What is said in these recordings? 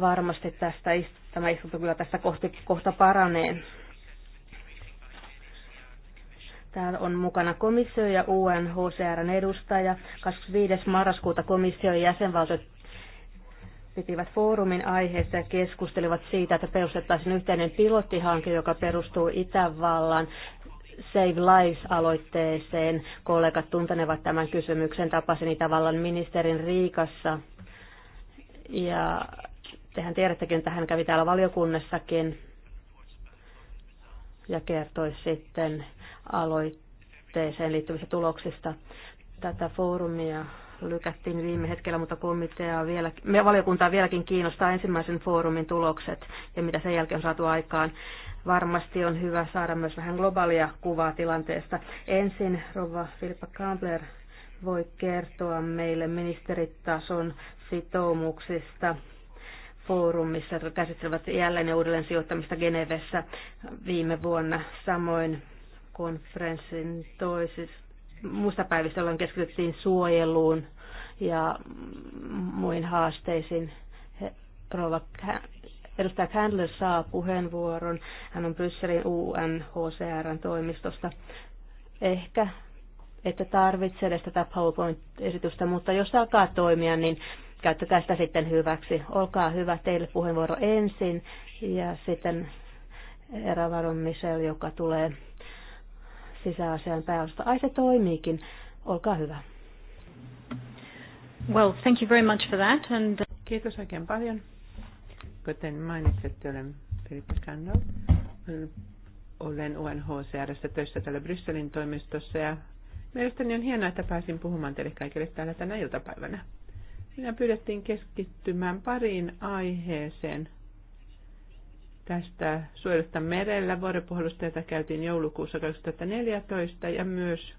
Varmasti tästä, tämä istunto kyllä tästä kohti, kohta paranee. Täällä on mukana komissio ja UNHCRn edustaja. 25. marraskuuta komission jäsenvaltiot pitivät foorumin aiheesta ja keskustelivat siitä, että perustettaisiin yhteinen pilottihanke, joka perustuu Itävallan Save Lives-aloitteeseen. Kollegat tuntenevat tämän kysymyksen, tapasin Itävallan ministerin Riikassa ja Tehän tiedättekin, että hän kävi täällä valiokunnassakin ja kertoi sitten aloitteeseen liittyvistä tuloksista. Tätä foorumia lykättiin viime hetkellä, mutta komitea vielä, me valiokuntaa vieläkin kiinnostaa ensimmäisen foorumin tulokset ja mitä sen jälkeen on saatu aikaan. Varmasti on hyvä saada myös vähän globaalia kuvaa tilanteesta. Ensin Rova Filippa Kampler voi kertoa meille ministeritason sitoumuksista foorumissa, jotka käsittelevät jälleen ja uudelleen sijoittamista Genevessä viime vuonna. Samoin konferenssin toisissa muista päivistä, jolloin keskityttiin suojeluun ja muihin haasteisiin. Rova Edustaja Candler saa puheenvuoron. Hän on Brysselin UNHCRn toimistosta. Ehkä että tarvitse edes tätä PowerPoint-esitystä, mutta jos alkaa toimia, niin käyttäkää sitä sitten hyväksi. Olkaa hyvä, teille puheenvuoro ensin ja sitten erävaron Michelle, joka tulee sisäasian pääosasta. Ai se toimiikin. Olkaa hyvä. Well, thank you very much for that. And... Uh, Kiitos oikein paljon. Kuten mainitsit, olen Filippa Skandal. Olen UNHCRstä töissä täällä Brysselin toimistossa ja mielestäni on hienoa, että pääsin puhumaan teille kaikille täällä tänä iltapäivänä. Minä pyydettiin keskittymään pariin aiheeseen tästä suojelusta merellä, vuoropuhelusta, jota käytiin joulukuussa 2014, ja myös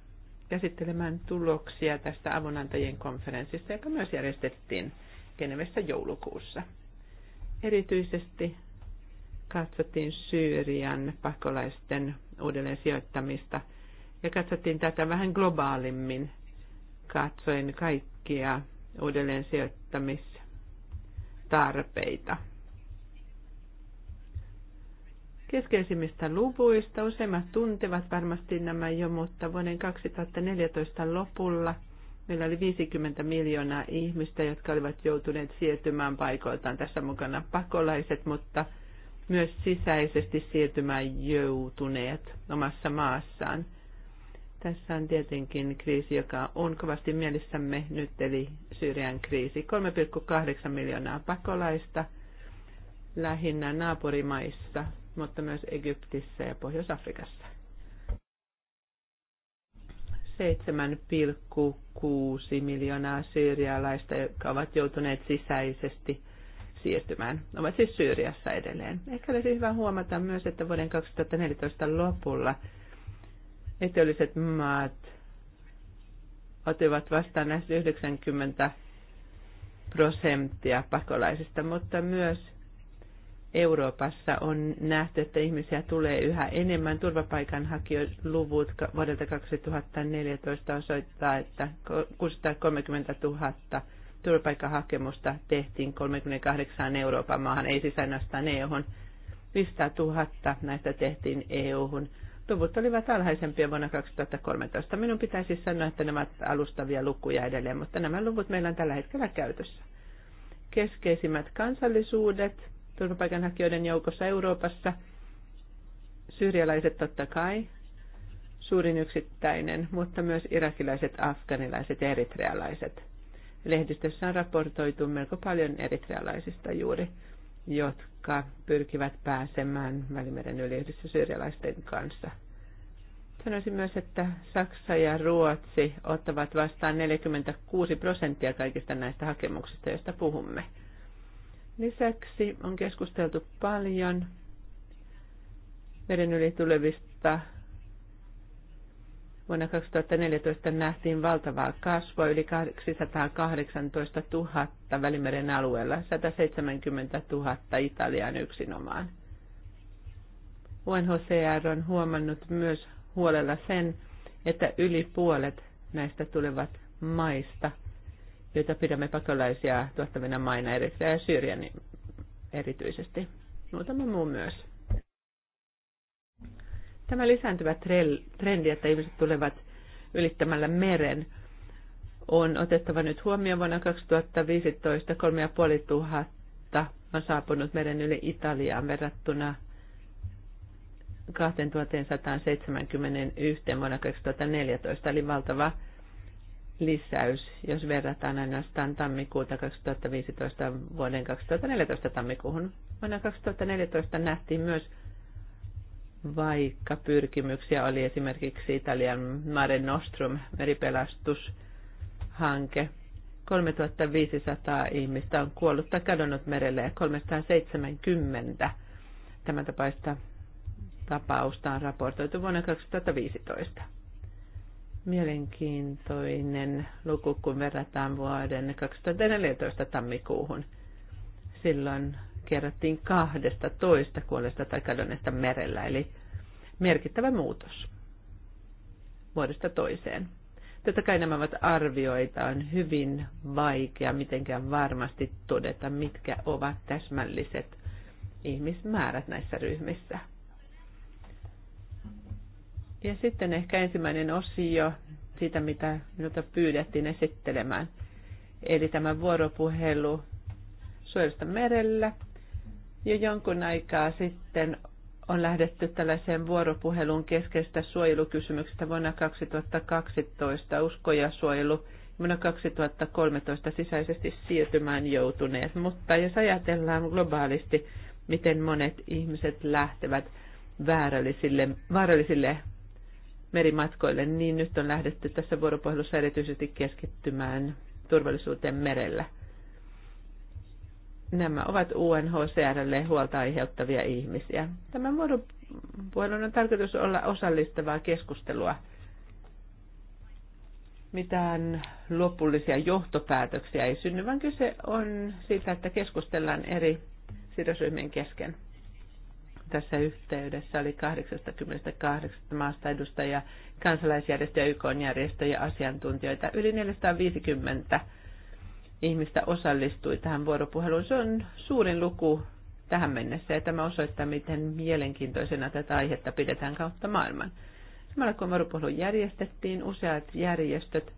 käsittelemään tuloksia tästä avunantajien konferenssista, joka myös järjestettiin Genevessä joulukuussa. Erityisesti katsottiin Syyrian pakolaisten uudelleen sijoittamista ja katsottiin tätä vähän globaalimmin, katsoin kaikkia uudelleen sijoittamistarpeita. Keskeisimmistä luvuista useimmat tuntevat varmasti nämä jo, mutta vuoden 2014 lopulla meillä oli 50 miljoonaa ihmistä, jotka olivat joutuneet siirtymään paikoiltaan. Tässä mukana pakolaiset, mutta myös sisäisesti siirtymään joutuneet omassa maassaan – tässä on tietenkin kriisi, joka on kovasti mielessämme nyt, eli Syyrian kriisi. 3,8 miljoonaa pakolaista lähinnä naapurimaissa, mutta myös Egyptissä ja Pohjois-Afrikassa. 7,6 miljoonaa syyrialaista, jotka ovat joutuneet sisäisesti siirtymään, ovat siis Syyriassa edelleen. Ehkä olisi hyvä huomata myös, että vuoden 2014 lopulla – teolliset maat otivat vastaan näistä 90 prosenttia pakolaisista, mutta myös Euroopassa on nähty, että ihmisiä tulee yhä enemmän. Turvapaikanhakijaluvut vuodelta 2014 osoittaa, että 630 000 turvapaikkahakemusta tehtiin 38 Euroopan maahan, ei siis ainoastaan EU-hun. 500 000 näistä tehtiin EU-hun. Luvut olivat alhaisempia vuonna 2013. Minun pitäisi sanoa, että nämä ovat alustavia lukuja edelleen, mutta nämä luvut meillä on tällä hetkellä käytössä. Keskeisimmät kansallisuudet turvapaikanhakijoiden joukossa Euroopassa, syyrialaiset totta kai, suurin yksittäinen, mutta myös irakilaiset, afganilaiset ja eritrealaiset. Lehdistössä on raportoitu melko paljon eritrealaisista juuri jotka pyrkivät pääsemään Välimeren yli yhdessä syyrialaisten kanssa. Sanoisin myös, että Saksa ja Ruotsi ottavat vastaan 46 prosenttia kaikista näistä hakemuksista, joista puhumme. Lisäksi on keskusteltu paljon meren yli tulevista Vuonna 2014 nähtiin valtavaa kasvua yli 818 000 Välimeren alueella, 170 000 Italian yksinomaan. UNHCR on huomannut myös huolella sen, että yli puolet näistä tulevat maista, joita pidämme pakolaisia tuottavina maina Eritrea ja Syyrian erityisesti. Muutama muu myös. Tämä lisääntyvä trendi, että ihmiset tulevat ylittämällä meren, on otettava nyt huomioon vuonna 2015 3500 on saapunut meren yli Italiaan verrattuna 2171 vuonna 2014, eli valtava lisäys, jos verrataan ainoastaan tammikuuta 2015 vuoden 2014 tammikuuhun. Vuonna 2014 nähtiin myös vaikka pyrkimyksiä oli esimerkiksi Italian Mare Nostrum meripelastushanke. 3500 ihmistä on kuollut tai kadonnut merelle ja 370 tämän tapaista tapausta on raportoitu vuonna 2015. Mielenkiintoinen luku, kun verrataan vuoden 2014 tammikuuhun. Silloin kerrottiin 12 kuolleesta tai kadonneesta merellä, eli merkittävä muutos vuodesta toiseen. Totta kai nämä ovat arvioita, on hyvin vaikea mitenkään varmasti todeta, mitkä ovat täsmälliset ihmismäärät näissä ryhmissä. Ja sitten ehkä ensimmäinen osio siitä, mitä minulta pyydettiin esittelemään. Eli tämä vuoropuhelu suojelusta merellä jo jonkun aikaa sitten on lähdetty tällaiseen vuoropuheluun keskeistä suojelukysymyksestä vuonna 2012 usko ja suojelu vuonna 2013 sisäisesti siirtymään joutuneet. Mutta jos ajatellaan globaalisti, miten monet ihmiset lähtevät väärällisille, vaarallisille merimatkoille, niin nyt on lähdetty tässä vuoropuhelussa erityisesti keskittymään turvallisuuteen merellä – nämä ovat UNHCRlle huolta aiheuttavia ihmisiä. Tämä vuoropuhelun on tarkoitus olla osallistavaa keskustelua. Mitään lopullisia johtopäätöksiä ei synny, vaan kyse on siitä, että keskustellaan eri sidosryhmien kesken. Tässä yhteydessä oli 88 maasta edustajia, kansalaisjärjestöjä, YK-järjestöjä, asiantuntijoita, yli 450 ihmistä osallistui tähän vuoropuheluun. Se on suurin luku tähän mennessä ja tämä osoittaa, miten mielenkiintoisena tätä aihetta pidetään kautta maailman. Samalla kun vuoropuhelu järjestettiin, useat järjestöt,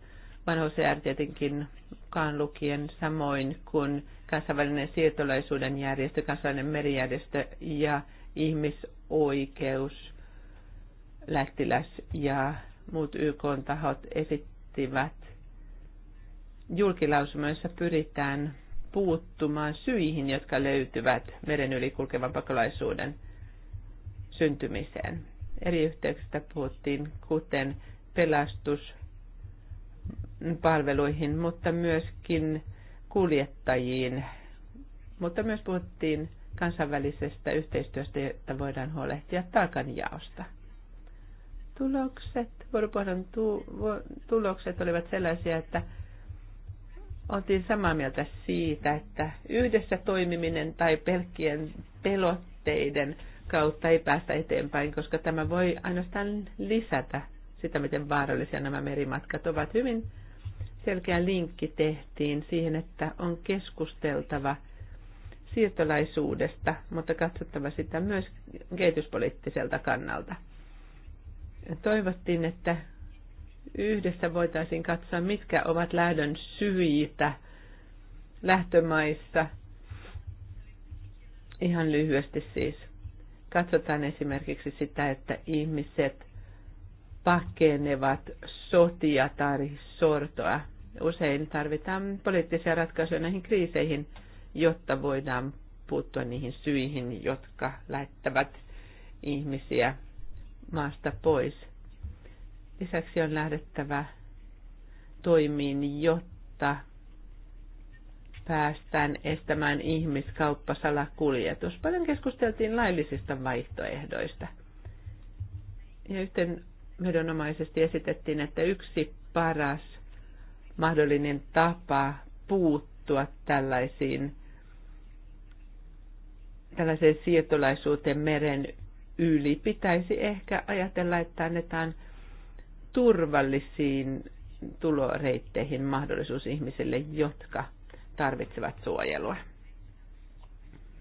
vanhoCR tietenkin mukaan lukien, samoin kuin kansainvälinen siirtolaisuuden järjestö, kansainvälinen merijärjestö ja ihmisoikeus, lähtiläs ja muut YK-tahot esittivät julkilausumoissa pyritään puuttumaan syihin, jotka löytyvät meren yli kulkevan pakolaisuuden syntymiseen. Eri yhteyksistä puhuttiin, kuten pelastuspalveluihin, mutta myöskin kuljettajiin, mutta myös puhuttiin kansainvälisestä yhteistyöstä, jotta voidaan huolehtia taakanjaosta. Tulokset, tulokset olivat sellaisia, että oltiin samaa mieltä siitä, että yhdessä toimiminen tai pelkkien pelotteiden kautta ei päästä eteenpäin, koska tämä voi ainoastaan lisätä sitä, miten vaarallisia nämä merimatkat ovat. Hyvin selkeä linkki tehtiin siihen, että on keskusteltava siirtolaisuudesta, mutta katsottava sitä myös kehityspoliittiselta kannalta. Toivottiin, että yhdessä voitaisiin katsoa, mitkä ovat lähdön syitä lähtömaissa. Ihan lyhyesti siis. Katsotaan esimerkiksi sitä, että ihmiset pakenevat sotia tai sortoa. Usein tarvitaan poliittisia ratkaisuja näihin kriiseihin, jotta voidaan puuttua niihin syihin, jotka lähettävät ihmisiä maasta pois – Lisäksi on lähdettävä toimiin, jotta päästään estämään ihmiskauppasalakuljetus. Paljon keskusteltiin laillisista vaihtoehdoista. Ja yhten vedonomaisesti esitettiin, että yksi paras mahdollinen tapa puuttua tällaisiin tällaiseen siirtolaisuuteen meren yli pitäisi ehkä ajatella, että annetaan – turvallisiin tuloreitteihin mahdollisuus ihmisille, jotka tarvitsevat suojelua.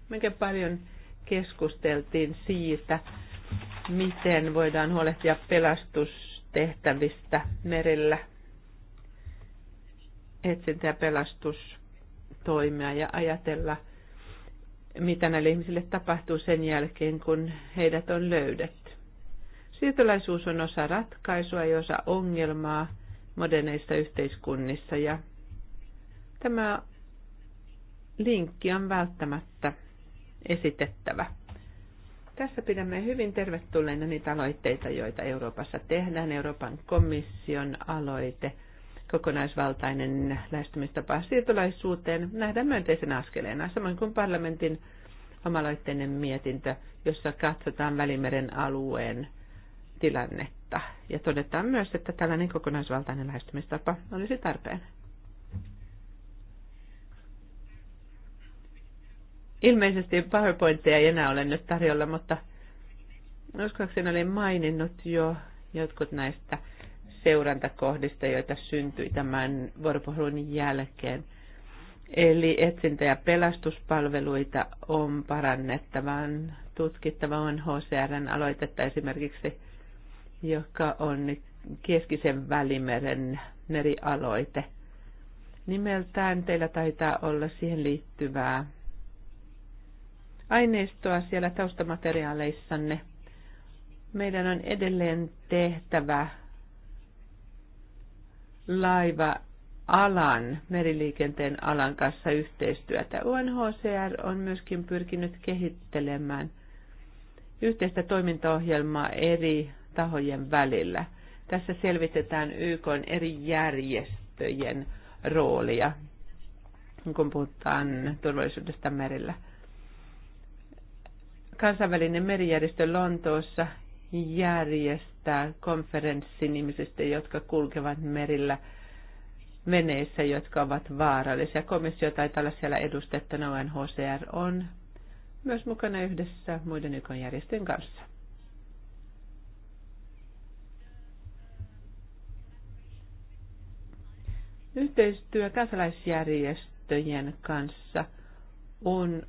Mikä paljon keskusteltiin siitä, miten voidaan huolehtia pelastustehtävistä merillä, etsintä- ja pelastustoimia ja ajatella, mitä näille ihmisille tapahtuu sen jälkeen, kun heidät on löydetty Siirtolaisuus on osa ratkaisua ja osa ongelmaa moderneissa yhteiskunnissa ja tämä linkki on välttämättä esitettävä. Tässä pidämme hyvin tervetulleina niitä aloitteita, joita Euroopassa tehdään. Euroopan komission aloite, kokonaisvaltainen lähestymistapa siirtolaisuuteen, nähdään myönteisen askeleena, samoin kuin parlamentin omaloitteinen mietintö, jossa katsotaan Välimeren alueen tilannetta ja todetaan myös, että tällainen kokonaisvaltainen lähestymistapa olisi tarpeen. Ilmeisesti PowerPointia ei enää ole nyt tarjolla, mutta uskoakseni olin maininnut jo jotkut näistä seurantakohdista, joita syntyi tämän vuoropuhelun jälkeen. Eli etsintä- ja pelastuspalveluita on parannettavan tutkittava on HCRn aloitetta esimerkiksi joka on Keskisen välimeren merialoite. Nimeltään teillä taitaa olla siihen liittyvää aineistoa siellä taustamateriaaleissanne. Meidän on edelleen tehtävä laiva alan, meriliikenteen alan kanssa yhteistyötä. UNHCR on myöskin pyrkinyt kehittelemään yhteistä toimintaohjelmaa eri tahojen välillä. Tässä selvitetään YK eri järjestöjen roolia, kun puhutaan turvallisuudesta merillä. Kansainvälinen merijärjestö Lontoossa järjestää konferenssin ihmisistä, jotka kulkevat merillä veneissä, jotka ovat vaarallisia. Komissio taitaa olla siellä edustettuna, UNHCR on myös mukana yhdessä muiden YK järjestöjen kanssa. Yhteistyö kansalaisjärjestöjen kanssa on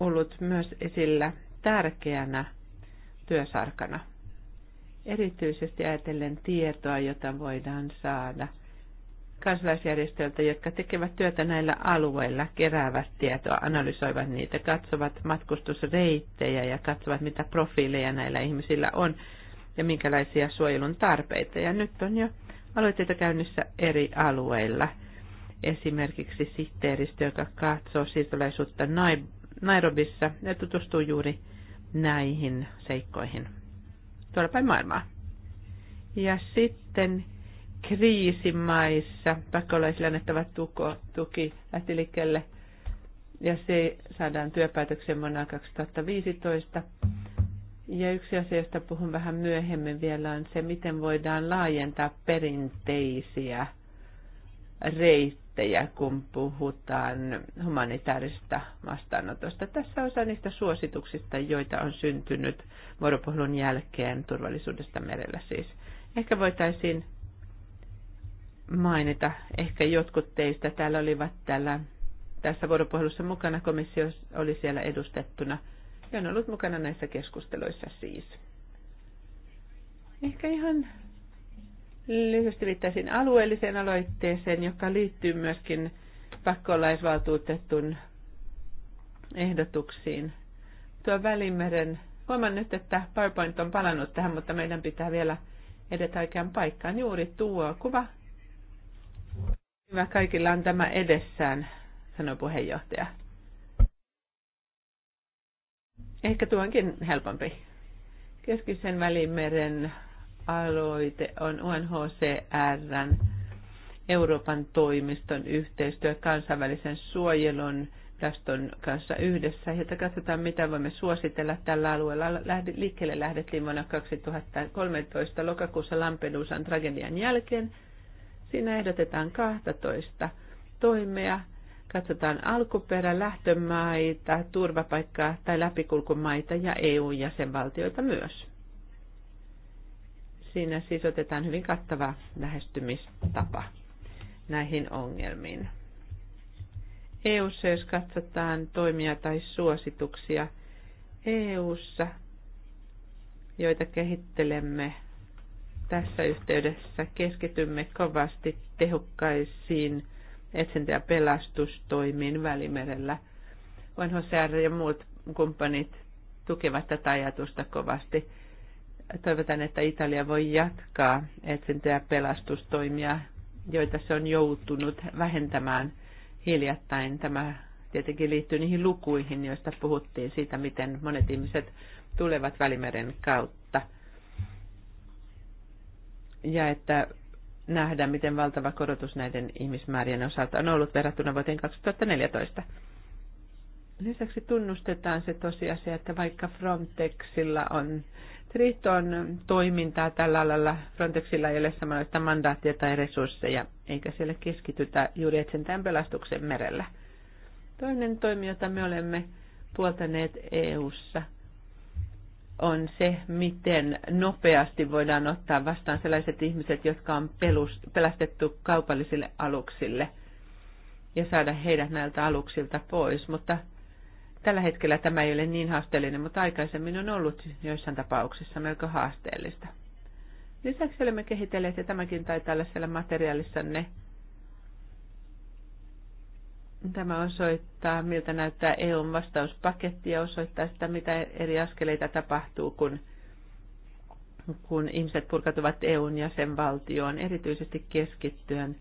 ollut myös esillä tärkeänä työsarkana. Erityisesti ajatellen tietoa, jota voidaan saada kansalaisjärjestöiltä, jotka tekevät työtä näillä alueilla, keräävät tietoa, analysoivat niitä, katsovat matkustusreittejä ja katsovat, mitä profiileja näillä ihmisillä on ja minkälaisia suojelun tarpeita. Ja nyt on jo aloitteita käynnissä eri alueilla. Esimerkiksi sihteeristö, joka katsoo siirtolaisuutta Nairobissa ja tutustuu juuri näihin seikkoihin tuolla päin maailmaa. Ja sitten kriisimaissa pakolaisille annettava tuko, tuki lähti liikkeelle ja se saadaan työpäätöksen vuonna 2015 ja yksi asia, josta puhun vähän myöhemmin vielä, on se, miten voidaan laajentaa perinteisiä reittejä, kun puhutaan humanitaarista vastaanotosta. Tässä osa niistä suosituksista, joita on syntynyt vuoropuhelun jälkeen turvallisuudesta merellä siis. Ehkä voitaisiin mainita, ehkä jotkut teistä täällä olivat täällä, tässä vuoropuhelussa mukana, komissio oli siellä edustettuna – ja on ollut mukana näissä keskusteluissa siis. Ehkä ihan lyhyesti viittaisin alueelliseen aloitteeseen, joka liittyy myöskin pakkolaisvaltuutetun ehdotuksiin. Tuo Välimeren, huomaan nyt, että PowerPoint on palannut tähän, mutta meidän pitää vielä edetä oikean paikkaan. Juuri tuo kuva. Hyvä, kaikilla on tämä edessään, sanoi puheenjohtaja. Ehkä tuonkin helpompi. Keskisen välimeren aloite on UNHCRn Euroopan toimiston yhteistyö kansainvälisen suojelun Raston kanssa yhdessä, jota katsotaan, mitä voimme suositella tällä alueella. Lähde, liikkeelle lähdettiin vuonna 2013 lokakuussa Lampedusan tragedian jälkeen. Siinä ehdotetaan 12 toimea, katsotaan alkuperä, lähtömaita, turvapaikkaa tai läpikulkumaita ja EU-jäsenvaltioita myös. Siinä siis otetaan hyvin kattava lähestymistapa näihin ongelmiin. EU:ssa jos katsotaan toimia tai suosituksia EU:ssa, joita kehittelemme tässä yhteydessä, keskitymme kovasti tehokkaisiin etsintä- ja pelastustoimiin Välimerellä. UNHCR ja muut kumppanit tukevat tätä ajatusta kovasti. Toivotan, että Italia voi jatkaa etsintä- ja pelastustoimia, joita se on joutunut vähentämään hiljattain. Tämä tietenkin liittyy niihin lukuihin, joista puhuttiin siitä, miten monet ihmiset tulevat Välimeren kautta. Ja että nähdä, miten valtava korotus näiden ihmismäärien osalta on ollut verrattuna vuoteen 2014. Lisäksi tunnustetaan se tosiasia, että vaikka Frontexilla on Triton toimintaa tällä alalla, Frontexilla ei ole samanlaista mandaattia tai resursseja, eikä siellä keskitytä juuri etsintään pelastuksen merellä. Toinen toimi, jota me olemme puoltaneet EU-ssa – on se, miten nopeasti voidaan ottaa vastaan sellaiset ihmiset, jotka on pelus, pelastettu kaupallisille aluksille ja saada heidät näiltä aluksilta pois. Mutta tällä hetkellä tämä ei ole niin haasteellinen, mutta aikaisemmin on ollut joissain tapauksissa melko haasteellista. Lisäksi olemme kehitelleet, ja tämäkin taitaa olla siellä materiaalissanne, Tämä osoittaa, miltä näyttää EUn vastauspaketti ja osoittaa sitä, mitä eri askeleita tapahtuu, kun, kun ihmiset purkautuvat EUn jäsenvaltioon, erityisesti keskittyen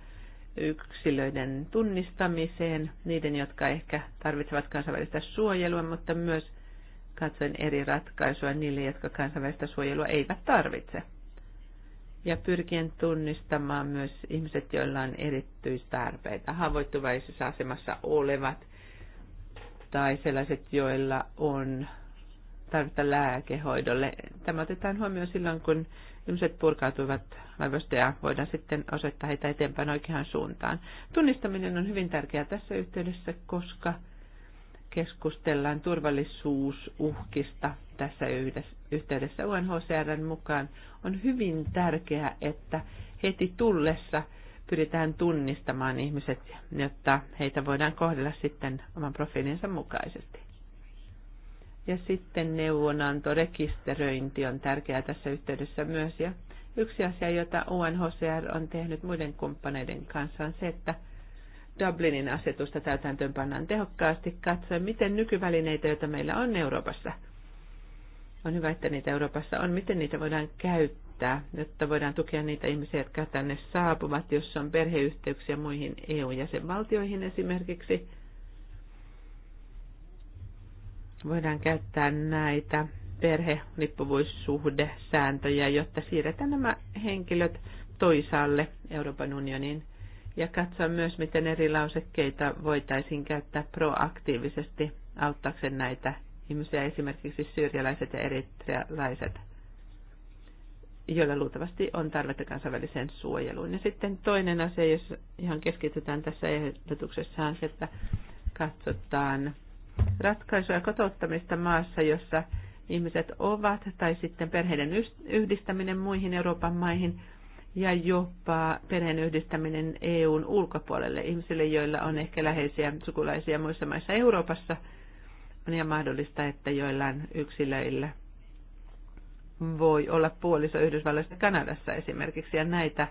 yksilöiden tunnistamiseen, niiden, jotka ehkä tarvitsevat kansainvälistä suojelua, mutta myös katsoen eri ratkaisuja niille, jotka kansainvälistä suojelua eivät tarvitse ja pyrkien tunnistamaan myös ihmiset, joilla on erityistarpeita, haavoittuvaisessa asemassa olevat tai sellaiset, joilla on tarvetta lääkehoidolle. Tämä otetaan huomioon silloin, kun ihmiset purkautuvat laivosta ja voidaan sitten osoittaa heitä eteenpäin oikeaan suuntaan. Tunnistaminen on hyvin tärkeää tässä yhteydessä, koska keskustellaan turvallisuusuhkista tässä yhteydessä UNHCRn mukaan on hyvin tärkeää, että heti tullessa pyritään tunnistamaan ihmiset, jotta heitä voidaan kohdella sitten oman profiilinsa mukaisesti. Ja sitten neuvonanto, rekisteröinti on tärkeää tässä yhteydessä myös. Ja yksi asia, jota UNHCR on tehnyt muiden kumppaneiden kanssa, on se, että Dublinin asetusta täytäntöönpannaan tehokkaasti katsoen, miten nykyvälineitä, joita meillä on Euroopassa – on hyvä, että niitä Euroopassa on. Miten niitä voidaan käyttää, jotta voidaan tukea niitä ihmisiä, jotka tänne saapuvat, jos on perheyhteyksiä muihin EU-jäsenvaltioihin esimerkiksi? Voidaan käyttää näitä perhelippuvuussuhdesääntöjä, jotta siirretään nämä henkilöt toisaalle Euroopan unionin ja katsoa myös, miten eri lausekkeita voitaisiin käyttää proaktiivisesti auttaakseen näitä ihmisiä, esimerkiksi syyrialaiset ja eritrealaiset, joilla luultavasti on tarvetta kansainväliseen suojeluun. Ja sitten toinen asia, jos ihan keskitytään tässä ehdotuksessa, on se, että katsotaan ratkaisuja kotouttamista maassa, jossa ihmiset ovat, tai sitten perheiden yhdistäminen muihin Euroopan maihin, ja jopa perheen yhdistäminen EUn ulkopuolelle ihmisille, joilla on ehkä läheisiä sukulaisia muissa maissa Euroopassa – on ihan mahdollista, että joillain yksilöillä voi olla puoliso yhdysvalloissa Kanadassa esimerkiksi, ja näitä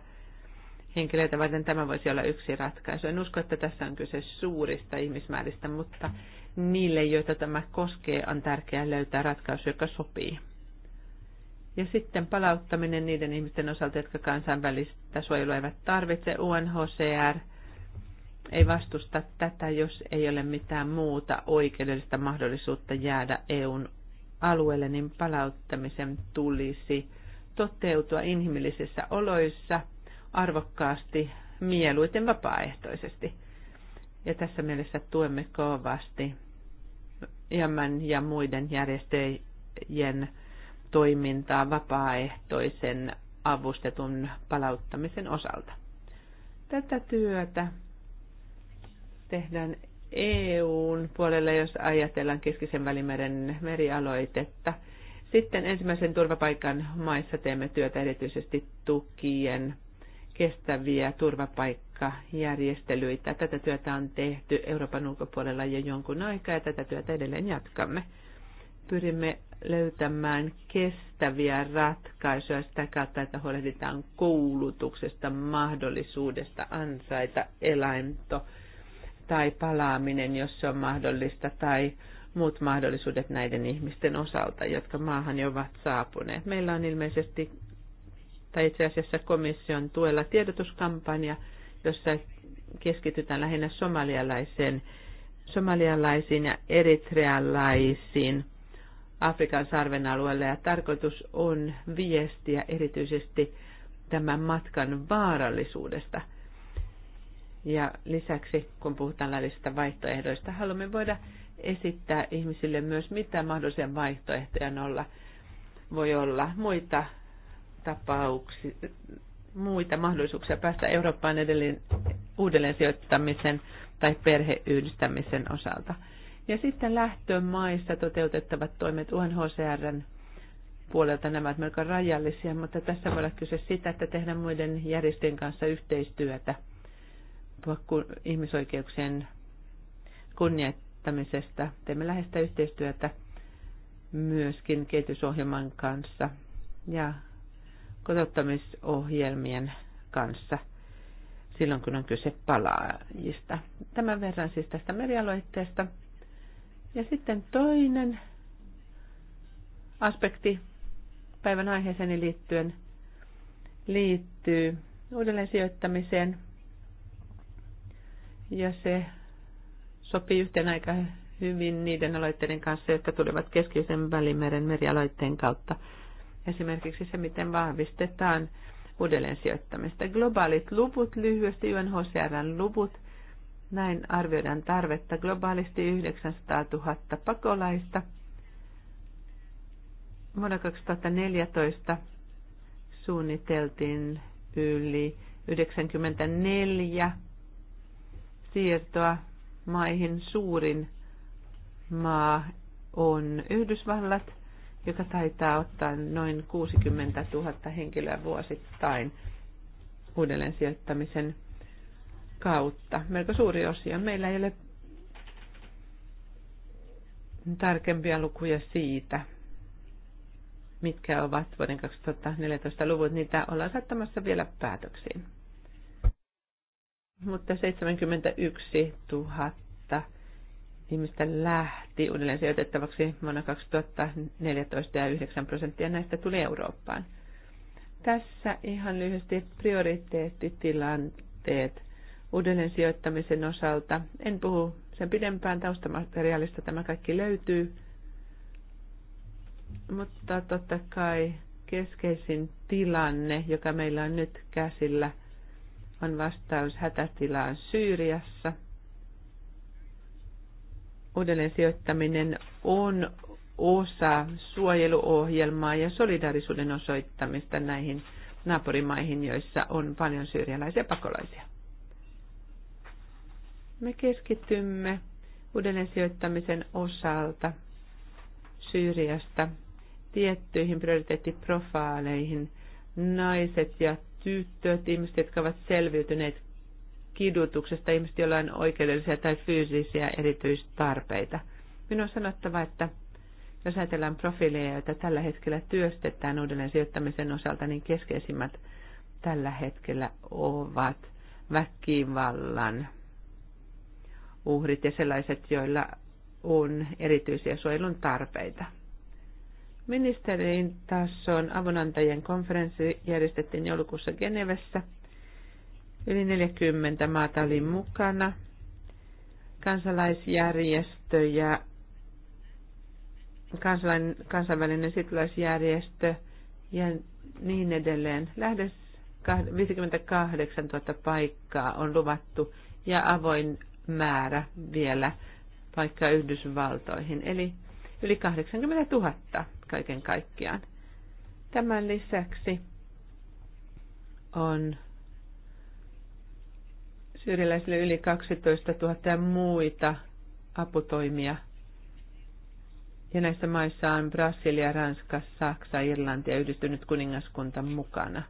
henkilöitä varten tämä voisi olla yksi ratkaisu. En usko, että tässä on kyse suurista ihmismääristä, mutta niille, joita tämä koskee, on tärkeää löytää ratkaisu, joka sopii. Ja sitten palauttaminen niiden ihmisten osalta, jotka kansainvälistä suojelua eivät tarvitse. UNHCR – ei vastusta tätä, jos ei ole mitään muuta oikeudellista mahdollisuutta jäädä EUn alueelle, niin palauttamisen tulisi toteutua inhimillisissä oloissa arvokkaasti, mieluiten vapaaehtoisesti. Ja tässä mielessä tuemme kovasti Jämän ja muiden järjestöjen toimintaa vapaaehtoisen avustetun palauttamisen osalta. Tätä työtä tehdään EUn puolelle, jos ajatellaan keskisen välimeren merialoitetta. Sitten ensimmäisen turvapaikan maissa teemme työtä erityisesti tukien kestäviä turvapaikkajärjestelyitä. Tätä työtä on tehty Euroopan ulkopuolella jo jonkun aikaa ja tätä työtä edelleen jatkamme. Pyrimme löytämään kestäviä ratkaisuja sitä kautta, että huolehditaan koulutuksesta, mahdollisuudesta ansaita eläinto tai palaaminen, jos se on mahdollista, tai muut mahdollisuudet näiden ihmisten osalta, jotka maahan jo ovat saapuneet. Meillä on ilmeisesti, tai itse asiassa komission tuella tiedotuskampanja, jossa keskitytään lähinnä somalialaiseen, somalialaisiin ja eritrealaisiin Afrikan sarven alueella, ja tarkoitus on viestiä erityisesti tämän matkan vaarallisuudesta – ja lisäksi, kun puhutaan laillisista vaihtoehdoista, haluamme voida esittää ihmisille myös, mitä mahdollisia vaihtoehtoja olla, voi olla. Muita tapauksia, muita mahdollisuuksia päästä Eurooppaan edelleen uudelleen sijoittamisen tai perheyhdistämisen osalta. Ja sitten lähtömaissa toteutettavat toimet UNHCRn puolelta nämä ovat melko rajallisia, mutta tässä voi olla kyse sitä, että tehdään muiden järjestöjen kanssa yhteistyötä puhua ihmisoikeuksien kunnioittamisesta. Teemme läheistä yhteistyötä myöskin kehitysohjelman kanssa ja kotouttamisohjelmien kanssa silloin, kun on kyse palaajista. Tämän verran siis tästä merialoitteesta. Ja sitten toinen aspekti päivän aiheeseen liittyen liittyy uudelleen sijoittamiseen. Ja se sopii yhteen aika hyvin niiden aloitteiden kanssa, jotka tulevat keskisen välimeren merialoitteen kautta. Esimerkiksi se, miten vahvistetaan uudelleen sijoittamista. Globaalit luvut, lyhyesti UNHCRn luvut. Näin arvioidaan tarvetta globaalisti 900 000 pakolaista. Vuonna 2014 suunniteltiin yli 94 siirtoa maihin. Suurin maa on Yhdysvallat, joka taitaa ottaa noin 60 000 henkilöä vuosittain uudelleen sijoittamisen kautta. Melko suuri osio. Meillä ei ole tarkempia lukuja siitä, mitkä ovat vuoden 2014 luvut. Niitä ollaan saattamassa vielä päätöksiin. Mutta 71 000 ihmistä lähti uudelleen sijoitettavaksi vuonna 2014 ja 9 prosenttia näistä tuli Eurooppaan. Tässä ihan lyhyesti prioriteettitilanteet uudelleen sijoittamisen osalta. En puhu sen pidempään taustamateriaalista, tämä kaikki löytyy. Mutta totta kai keskeisin tilanne, joka meillä on nyt käsillä – on vastaus hätätilaan Syyriassa. Uudelleen sijoittaminen on osa suojeluohjelmaa ja solidaarisuuden osoittamista näihin naapurimaihin, joissa on paljon syyrialaisia pakolaisia. Me keskitymme uudelleen sijoittamisen osalta Syyriasta tiettyihin prioriteettiprofaaleihin, naiset ja syyttöt, ihmiset, jotka ovat selviytyneet kidutuksesta, ihmiset, joilla on oikeudellisia tai fyysisiä erityistarpeita. Minun on sanottava, että jos ajatellaan profiileja, joita tällä hetkellä työstetään uudelleen sijoittamisen osalta, niin keskeisimmät tällä hetkellä ovat väkivallan uhrit ja sellaiset, joilla on erityisiä suojelun tarpeita. Ministerin tason avunantajien konferenssi järjestettiin joulukuussa Genevessä. Yli 40 maata oli mukana. Kansalaisjärjestöjä, kansainvälinen situlaisjärjestö ja niin edelleen. Lähdes 58 000 paikkaa on luvattu ja avoin määrä vielä paikkaa Yhdysvaltoihin, eli yli 80 000 kaiken kaikkiaan. Tämän lisäksi on syyriläisille yli 12 000 ja muita aputoimia. Ja näissä maissa on Brasilia, Ranska, Saksa, Irlanti ja yhdistynyt kuningaskunta mukana.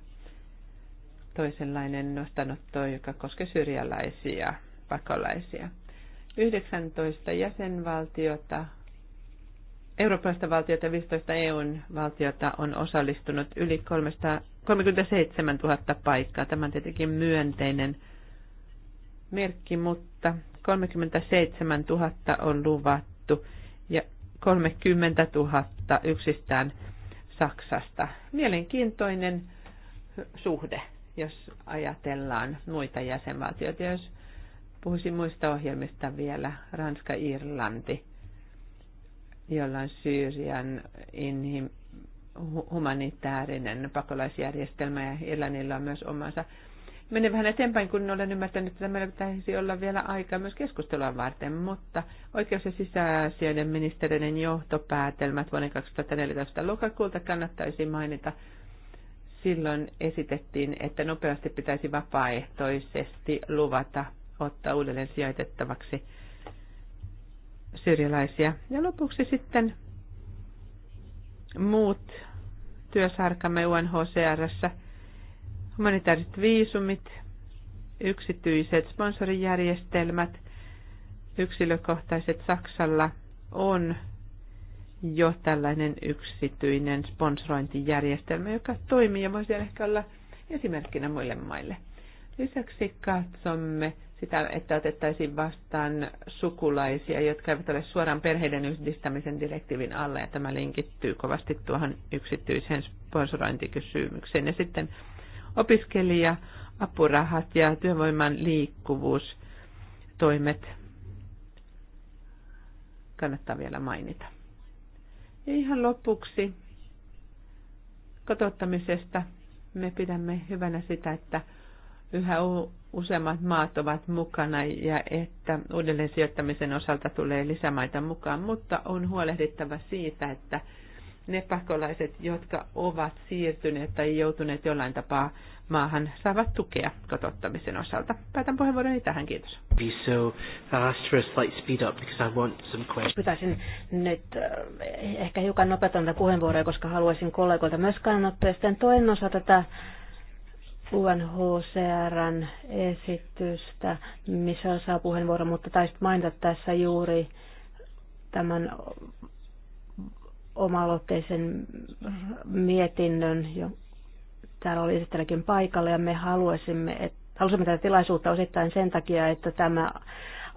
Toisenlainen nostanotto, joka koskee syrjäläisiä pakolaisia. 19 jäsenvaltiota Euroopasta valtiota 15 EUn valtiota on osallistunut yli 337 000 paikkaa. Tämä on tietenkin myönteinen merkki, mutta 37 000 on luvattu ja 30 000 yksistään Saksasta. Mielenkiintoinen suhde, jos ajatellaan muita jäsenvaltioita. Jos puhuisin muista ohjelmista vielä, Ranska, Irlanti, jollain Syyrian inhim, humanitaarinen pakolaisjärjestelmä ja Irlannilla on myös omansa. Menen vähän eteenpäin, kun olen ymmärtänyt, että meillä pitäisi olla vielä aikaa myös keskustelua varten, mutta oikeus- ja sisäasioiden ministeriöiden johtopäätelmät vuoden 2014 lokakuulta kannattaisi mainita. Silloin esitettiin, että nopeasti pitäisi vapaaehtoisesti luvata ottaa uudelleen sijoitettavaksi – syrjäläisiä. Ja lopuksi sitten muut työsarkamme UNHCRssä, humanitaariset viisumit, yksityiset sponsorijärjestelmät, yksilökohtaiset Saksalla on jo tällainen yksityinen sponsorointijärjestelmä, joka toimii ja voisi ehkä olla esimerkkinä muille maille. Lisäksi katsomme sitä, että otettaisiin vastaan sukulaisia, jotka eivät ole suoraan perheiden yhdistämisen direktiivin alle ja tämä linkittyy kovasti tuohon yksityiseen sponsorointikysymykseen. Ja sitten opiskelija, apurahat ja työvoiman liikkuvuustoimet kannattaa vielä mainita. Ja ihan lopuksi kotouttamisesta me pidämme hyvänä sitä, että yhä useammat maat ovat mukana ja että uudelleen sijoittamisen osalta tulee lisämaita mukaan, mutta on huolehdittava siitä, että ne pakolaiset, jotka ovat siirtyneet tai joutuneet jollain tapaa maahan, saavat tukea kotottamisen osalta. Päätän puheenvuoroni tähän, kiitos. Pitäisin nyt eh, ehkä hiukan nopeuttaa puheenvuoroja, koska haluaisin kollegoilta myös kannattaa. Ja sitten toinen osa tätä UNHCRn esitystä, missä saa puheenvuoro, mutta taisit mainita tässä juuri tämän omaloitteisen mietinnön, jo täällä oli esittelykin paikalla ja me haluaisimme, että halusimme tätä tilaisuutta osittain sen takia, että tämä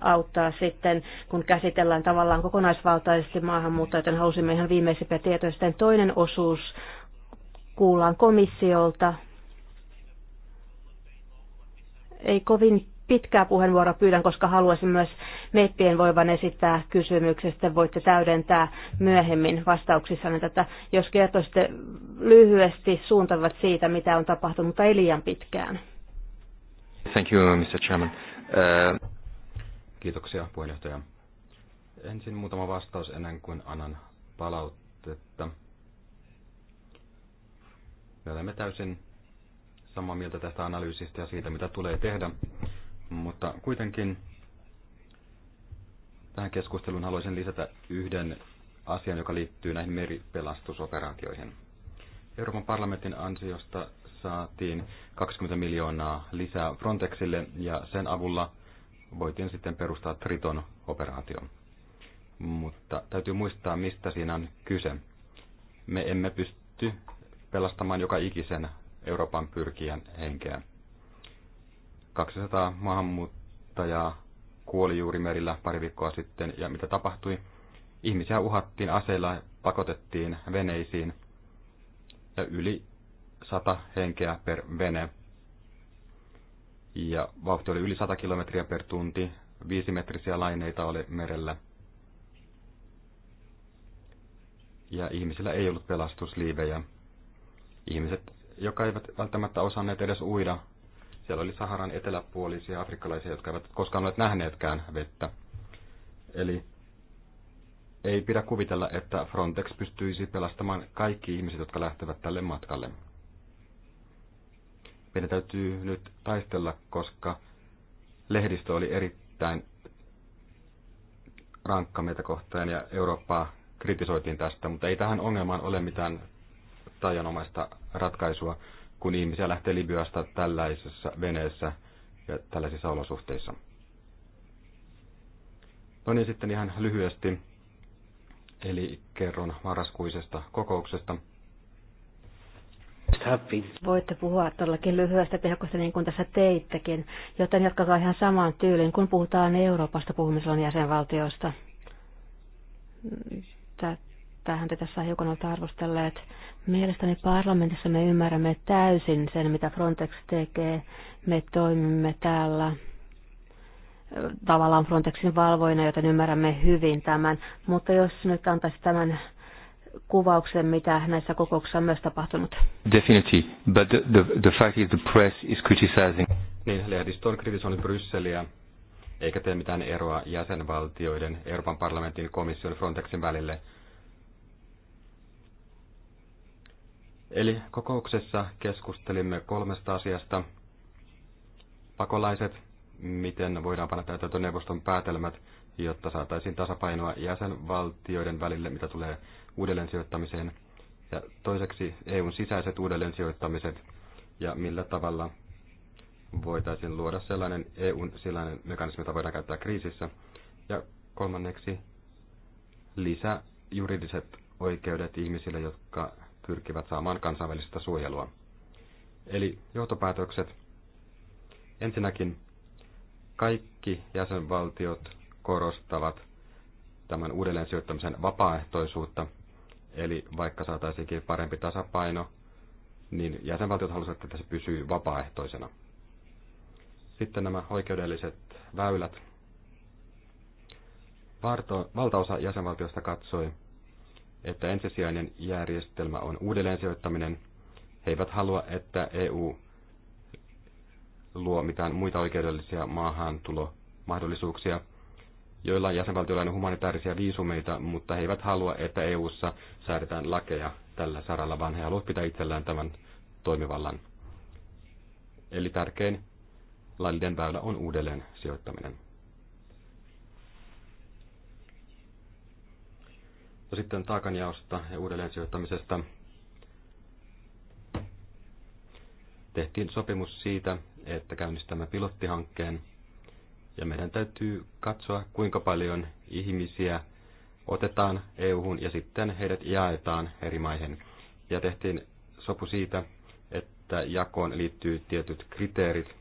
auttaa sitten, kun käsitellään tavallaan kokonaisvaltaisesti maahanmuuttajia, joten halusimme ihan viimeisimpiä tietoja. Sitten toinen osuus kuullaan komissiolta, ei kovin pitkää puheenvuoroa pyydän, koska haluaisin myös meppien voivan esittää kysymyksiä. Sitten voitte täydentää myöhemmin vastauksissanne tätä, jos kertoisitte lyhyesti suuntavat siitä, mitä on tapahtunut, mutta ei liian pitkään. Thank you, Mr. Chairman. Uh... Kiitoksia, puheenjohtaja. Ensin muutama vastaus ennen kuin annan palautetta. Me olemme täysin samaa mieltä tästä analyysistä ja siitä, mitä tulee tehdä. Mutta kuitenkin tähän keskusteluun haluaisin lisätä yhden asian, joka liittyy näihin meripelastusoperaatioihin. Euroopan parlamentin ansiosta saatiin 20 miljoonaa lisää Frontexille ja sen avulla voitiin sitten perustaa Triton operaatio. Mutta täytyy muistaa, mistä siinä on kyse. Me emme pysty pelastamaan joka ikisen Euroopan pyrkijän henkeä. 200 maahanmuuttajaa kuoli juuri merillä pari viikkoa sitten, ja mitä tapahtui? Ihmisiä uhattiin aseilla, pakotettiin veneisiin, ja yli 100 henkeä per vene. Ja vauhti oli yli 100 kilometriä per tunti, viisimetrisiä laineita oli merellä. Ja ihmisillä ei ollut pelastusliivejä. Ihmiset jotka eivät välttämättä osanneet edes uida. Siellä oli Saharan eteläpuolisia afrikkalaisia, jotka eivät koskaan ole nähneetkään vettä. Eli ei pidä kuvitella, että Frontex pystyisi pelastamaan kaikki ihmiset, jotka lähtevät tälle matkalle. Meidän täytyy nyt taistella, koska lehdistö oli erittäin rankka meitä kohtaan ja Eurooppaa kritisoitiin tästä, mutta ei tähän ongelmaan ole mitään taianomaista ratkaisua, kun ihmisiä lähtee Libyasta tällaisessa veneessä ja tällaisissa olosuhteissa. No niin, sitten ihan lyhyesti, eli kerron marraskuisesta kokouksesta. Voitte puhua todellakin lyhyestä tehokasta niin kuin tässä teittekin, joten jatkakaa ihan samaan tyyliin, kun puhutaan Euroopasta puhumisella jäsenvaltiosta että häntä tässä hiukan olette arvostelleet. Mielestäni parlamentissa me ymmärrämme täysin sen, mitä Frontex tekee. Me toimimme täällä tavallaan Frontexin valvoina, joten ymmärrämme hyvin tämän. Mutta jos nyt antaisi tämän kuvauksen, mitä näissä kokouksissa on myös tapahtunut. Definitely, but the, the, the fact is the press is criticizing. Niin, lehdistö on kritisoinut Brysseliä, eikä tee mitään eroa jäsenvaltioiden, Euroopan parlamentin, komission, Frontexin välille, Eli kokouksessa keskustelimme kolmesta asiasta. Pakolaiset, miten voidaan panna täytäntöön neuvoston päätelmät, jotta saataisiin tasapainoa jäsenvaltioiden välille, mitä tulee uudelleen sijoittamiseen. Ja toiseksi EUn sisäiset uudelleen sijoittamiset ja millä tavalla voitaisiin luoda sellainen EUn sellainen mekanismi, jota voidaan käyttää kriisissä. Ja kolmanneksi lisäjuridiset juridiset oikeudet ihmisille, jotka pyrkivät saamaan kansainvälistä suojelua. Eli johtopäätökset. Ensinnäkin kaikki jäsenvaltiot korostavat tämän uudelleen sijoittamisen vapaaehtoisuutta, eli vaikka saataisiinkin parempi tasapaino, niin jäsenvaltiot halusivat, että se pysyy vapaaehtoisena. Sitten nämä oikeudelliset väylät. Valtaosa jäsenvaltiosta katsoi, että ensisijainen järjestelmä on uudelleensijoittaminen. He eivät halua, että EU luo mitään muita oikeudellisia maahantulomahdollisuuksia. joilla jäsenvaltioilla on humanitaarisia viisumeita, mutta he eivät halua, että EU:ssa säädetään lakeja tällä saralla, vaan he haluavat pitää itsellään tämän toimivallan. Eli tärkein laillinen väylä on uudelleen sijoittaminen. No sitten taakanjaosta ja uudelleen sijoittamisesta tehtiin sopimus siitä, että käynnistämme pilottihankkeen ja meidän täytyy katsoa, kuinka paljon ihmisiä otetaan EU-hun ja sitten heidät jaetaan eri maihin. Ja tehtiin sopu siitä, että jakoon liittyy tietyt kriteerit.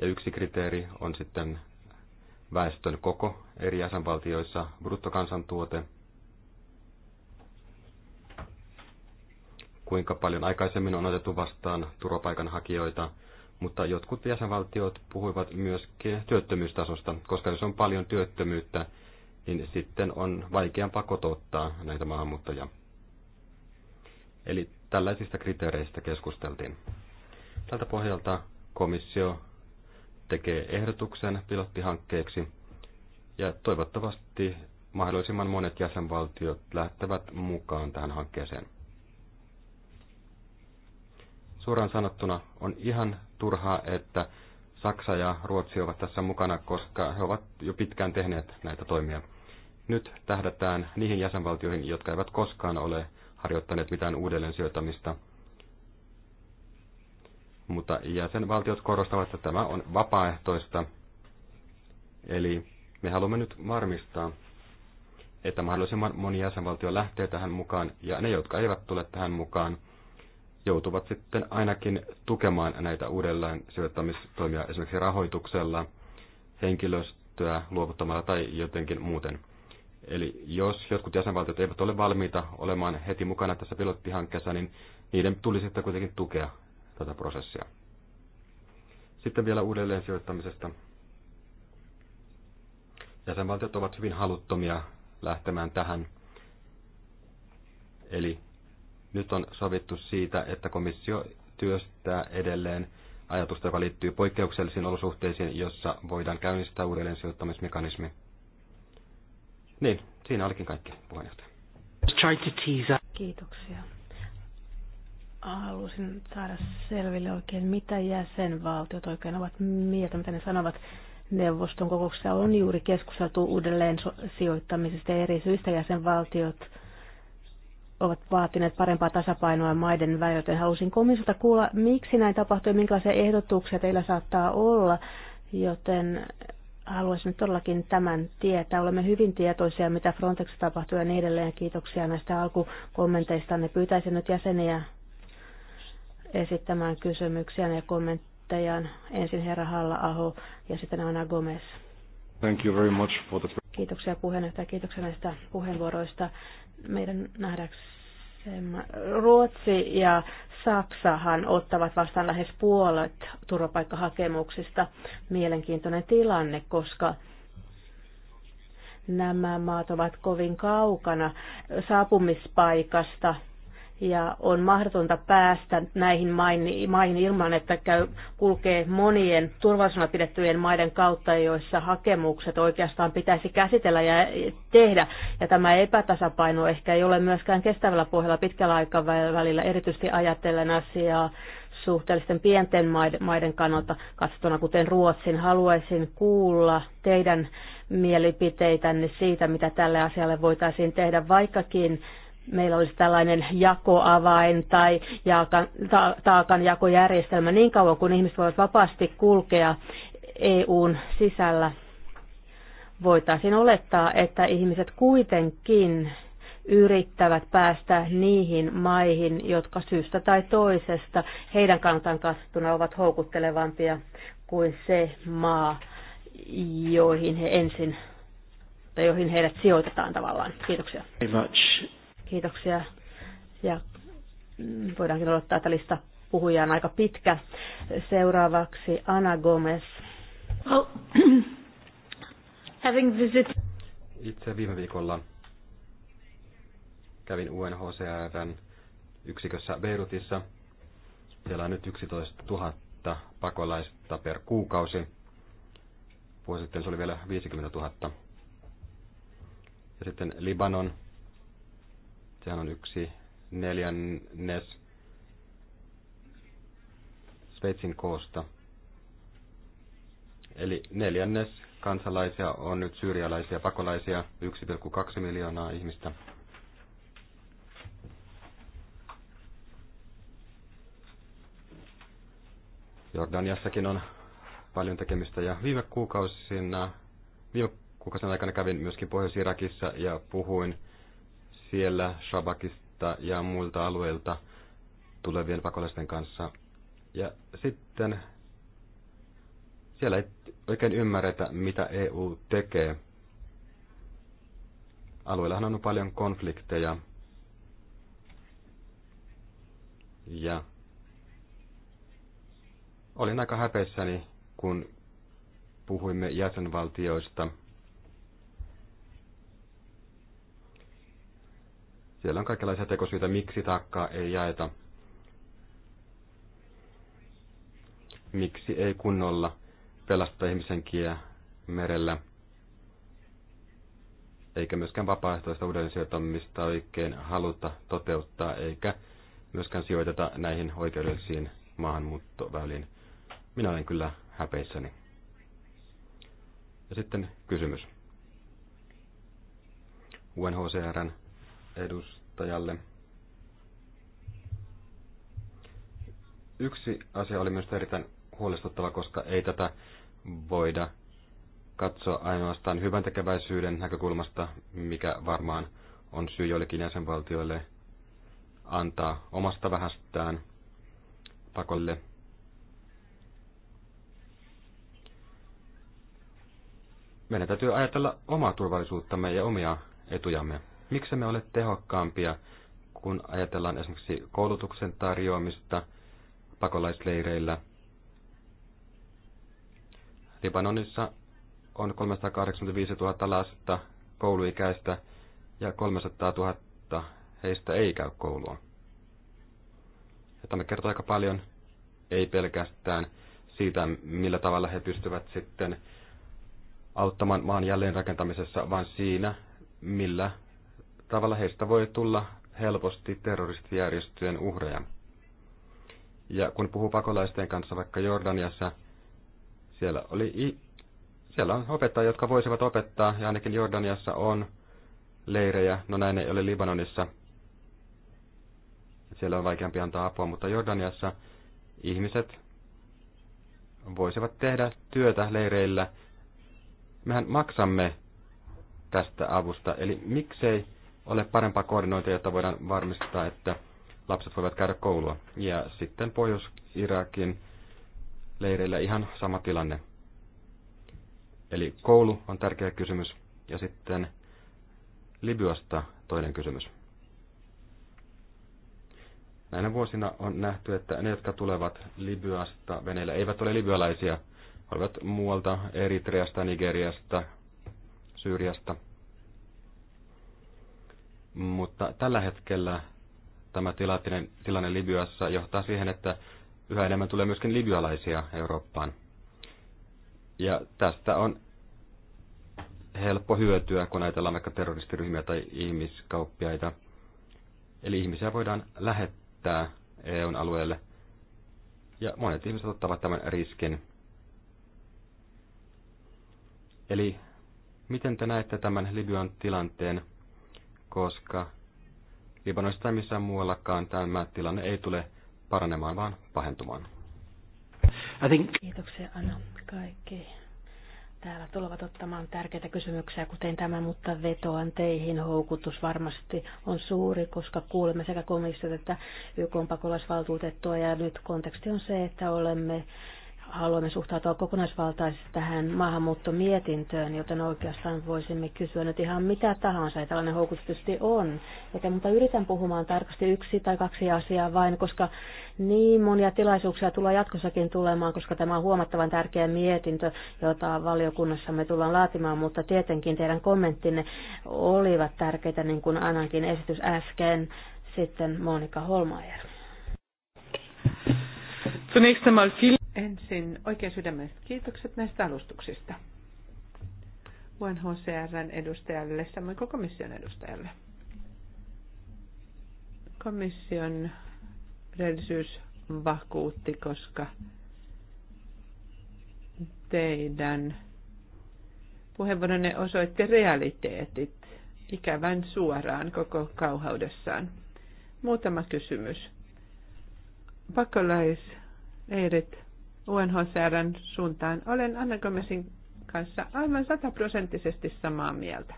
Ja yksi kriteeri on sitten väestön koko eri jäsenvaltioissa, bruttokansantuote – kuinka paljon aikaisemmin on otettu vastaan turvapaikanhakijoita, mutta jotkut jäsenvaltiot puhuivat myöskin työttömyystasosta, koska jos on paljon työttömyyttä, niin sitten on vaikeampaa kotouttaa näitä maahanmuuttajia. Eli tällaisista kriteereistä keskusteltiin. Tältä pohjalta komissio tekee ehdotuksen pilottihankkeeksi ja toivottavasti mahdollisimman monet jäsenvaltiot lähtevät mukaan tähän hankkeeseen. Suoraan sanottuna on ihan turhaa, että Saksa ja Ruotsi ovat tässä mukana, koska he ovat jo pitkään tehneet näitä toimia. Nyt tähdätään niihin jäsenvaltioihin, jotka eivät koskaan ole harjoittaneet mitään uudelleen sijoittamista. Mutta jäsenvaltiot korostavat, että tämä on vapaaehtoista. Eli me haluamme nyt varmistaa, että mahdollisimman moni jäsenvaltio lähtee tähän mukaan, ja ne, jotka eivät tule tähän mukaan, joutuvat sitten ainakin tukemaan näitä uudelleen sijoittamistoimia esimerkiksi rahoituksella, henkilöstöä luovuttamalla tai jotenkin muuten. Eli jos jotkut jäsenvaltiot eivät ole valmiita olemaan heti mukana tässä pilottihankkeessa, niin niiden tulisi sitten kuitenkin tukea tätä prosessia. Sitten vielä uudelleen sijoittamisesta. Jäsenvaltiot ovat hyvin haluttomia lähtemään tähän. Eli nyt on sovittu siitä, että komissio työstää edelleen ajatusta, joka liittyy poikkeuksellisiin olosuhteisiin, jossa voidaan käynnistää uudelleen sijoittamismekanismi. Niin, siinä olikin kaikki, puheenjohtaja. Kiitoksia. Halusin saada selville oikein, mitä jäsenvaltiot oikein ovat mieltä, mitä ne sanovat. Neuvoston kokouksessa on juuri keskusteltu uudelleen sijoittamisesta ja eri syistä jäsenvaltiot ovat vaatineet parempaa tasapainoa maiden välillä, joten halusin komissiolta kuulla, miksi näin tapahtui, minkälaisia ehdotuksia teillä saattaa olla, joten haluaisin todellakin tämän tietää. Olemme hyvin tietoisia, mitä Frontex tapahtuu ja niin edelleen. Kiitoksia näistä alkukommenteista. Ne pyytäisin nyt jäseniä esittämään kysymyksiä ja kommentteja. Ensin herra Halla-aho ja sitten Anna Gomez. Thank you very much for the... Kiitoksia puheenjohtaja, kiitoksia näistä puheenvuoroista. Meidän nähdäksemme Ruotsi ja Saksahan ottavat vastaan lähes puolet turvapaikkahakemuksista. Mielenkiintoinen tilanne, koska nämä maat ovat kovin kaukana saapumispaikasta – ja on mahdotonta päästä näihin maihin ilman, että käy, kulkee monien turvallisena pidettyjen maiden kautta, joissa hakemukset oikeastaan pitäisi käsitellä ja tehdä. Ja tämä epätasapaino ehkä ei ole myöskään kestävällä pohjalla pitkällä aikavälillä, erityisesti ajatellen asiaa suhteellisten pienten maiden kannalta katsottuna, kuten Ruotsin. Haluaisin kuulla teidän mielipiteitänne siitä, mitä tälle asialle voitaisiin tehdä, vaikkakin meillä olisi tällainen jakoavain tai jaakan, ta, taakanjakojärjestelmä niin kauan kuin ihmiset voivat vapaasti kulkea EUn sisällä. Voitaisiin olettaa, että ihmiset kuitenkin yrittävät päästä niihin maihin, jotka syystä tai toisesta heidän kantaan katsottuna ovat houkuttelevampia kuin se maa, joihin he ensin tai joihin heidät sijoitetaan tavallaan. Kiitoksia. Kiitoksia. Ja voidaankin odottaa, että lista puhujia on aika pitkä. Seuraavaksi Ana Gomez. Well, having visit... Itse viime viikolla kävin UNHCRn yksikössä Beirutissa. Siellä on nyt 11 000 pakolaista per kuukausi. Vuosi sitten se oli vielä 50 000. Ja sitten Libanon, Sehän on yksi neljännes Sveitsin koosta. Eli neljännes kansalaisia on nyt syyrialaisia pakolaisia, 1,2 miljoonaa ihmistä. Jordaniassakin on paljon tekemistä ja viime kuukausina, viime kuukausina aikana kävin myöskin Pohjois-Irakissa ja puhuin siellä Shabakista ja muilta alueilta tulevien pakolaisten kanssa. Ja sitten siellä ei oikein ymmärretä, mitä EU tekee. Alueellahan on paljon konflikteja. Ja olin aika häpeissäni, kun puhuimme jäsenvaltioista – Siellä on kaikenlaisia tekosyitä, miksi taakkaa ei jaeta, miksi ei kunnolla pelasta ihmisenkiä merellä, eikä myöskään vapaaehtoista sijoittamista oikein haluta toteuttaa, eikä myöskään sijoiteta näihin oikeudellisiin maahanmuuttoväyliin. Minä olen kyllä häpeissäni. Ja sitten kysymys. UNHCRn edus, puheenjohtajalle. Yksi asia oli myös erittäin huolestuttava, koska ei tätä voida katsoa ainoastaan hyvän tekeväisyyden näkökulmasta, mikä varmaan on syy joillekin jäsenvaltioille antaa omasta vähästään pakolle. Meidän täytyy ajatella omaa turvallisuuttamme ja omia etujamme. Miksi me ole tehokkaampia, kun ajatellaan esimerkiksi koulutuksen tarjoamista pakolaisleireillä? Libanonissa on 385 000 lasta kouluikäistä ja 300 000 heistä ei käy koulua. Ja tämä kertoo aika paljon, ei pelkästään siitä, millä tavalla he pystyvät sitten auttamaan maan jälleenrakentamisessa, vaan siinä, millä tavalla heistä voi tulla helposti terroristijärjestöjen uhreja. Ja kun puhuu pakolaisten kanssa vaikka Jordaniassa, siellä, oli, siellä on opettajia, jotka voisivat opettaa, ja ainakin Jordaniassa on leirejä. No näin ei ole Libanonissa. Siellä on vaikeampi antaa apua, mutta Jordaniassa ihmiset voisivat tehdä työtä leireillä. Mehän maksamme tästä avusta, eli miksei ole parempaa koordinointia, jotta voidaan varmistaa, että lapset voivat käydä koulua. Ja sitten Pohjois-Irakin leireillä ihan sama tilanne. Eli koulu on tärkeä kysymys ja sitten Libyasta toinen kysymys. Näinä vuosina on nähty, että ne, jotka tulevat Libyasta veneillä, eivät ole libyalaisia, olivat muualta Eritreasta, Nigeriasta, Syyriasta – mutta tällä hetkellä tämä tilanne, tilanne Libyassa johtaa siihen, että yhä enemmän tulee myöskin libyalaisia Eurooppaan. Ja tästä on helppo hyötyä, kun ajatellaan vaikka terroristiryhmiä tai ihmiskauppiaita. Eli ihmisiä voidaan lähettää EUn alueelle. Ja monet ihmiset ottavat tämän riskin. Eli miten te näette tämän Libyan tilanteen koska Libanonissa tai missään muuallakaan tämä tilanne ei tule paranemaan, vaan pahentumaan. I think... Kiitoksia Anna. Kaikki täällä tulevat ottamaan tärkeitä kysymyksiä, kuten tämä, mutta vetoan teihin. Houkutus varmasti on suuri, koska kuulemme sekä komissiota että YK pakolaisvaltuutettua. Ja nyt konteksti on se, että olemme haluamme suhtautua kokonaisvaltaisesti tähän maahanmuuttomietintöön, joten oikeastaan voisimme kysyä nyt ihan mitä tahansa, ja tällainen houkutusti on. Joten, mutta yritän puhumaan tarkasti yksi tai kaksi asiaa vain, koska niin monia tilaisuuksia tulee jatkossakin tulemaan, koska tämä on huomattavan tärkeä mietintö, jota valiokunnassa me tullaan laatimaan, mutta tietenkin teidän kommenttinne olivat tärkeitä, niin kuin ainakin esitys äsken, sitten Monika Holmaier. Zunächst einmal Ensin oikein sydämelliset kiitokset näistä alustuksista. UNHCRn edustajalle, samoin kuin komission edustajalle. Komission rehellisyys vakuutti, koska teidän puheenvuoronne osoitti realiteetit ikävän suoraan koko kauhaudessaan. Muutama kysymys. Pakolais leirit UNHCRn suuntaan. Olen Anna Gomesin kanssa aivan sataprosenttisesti samaa mieltä.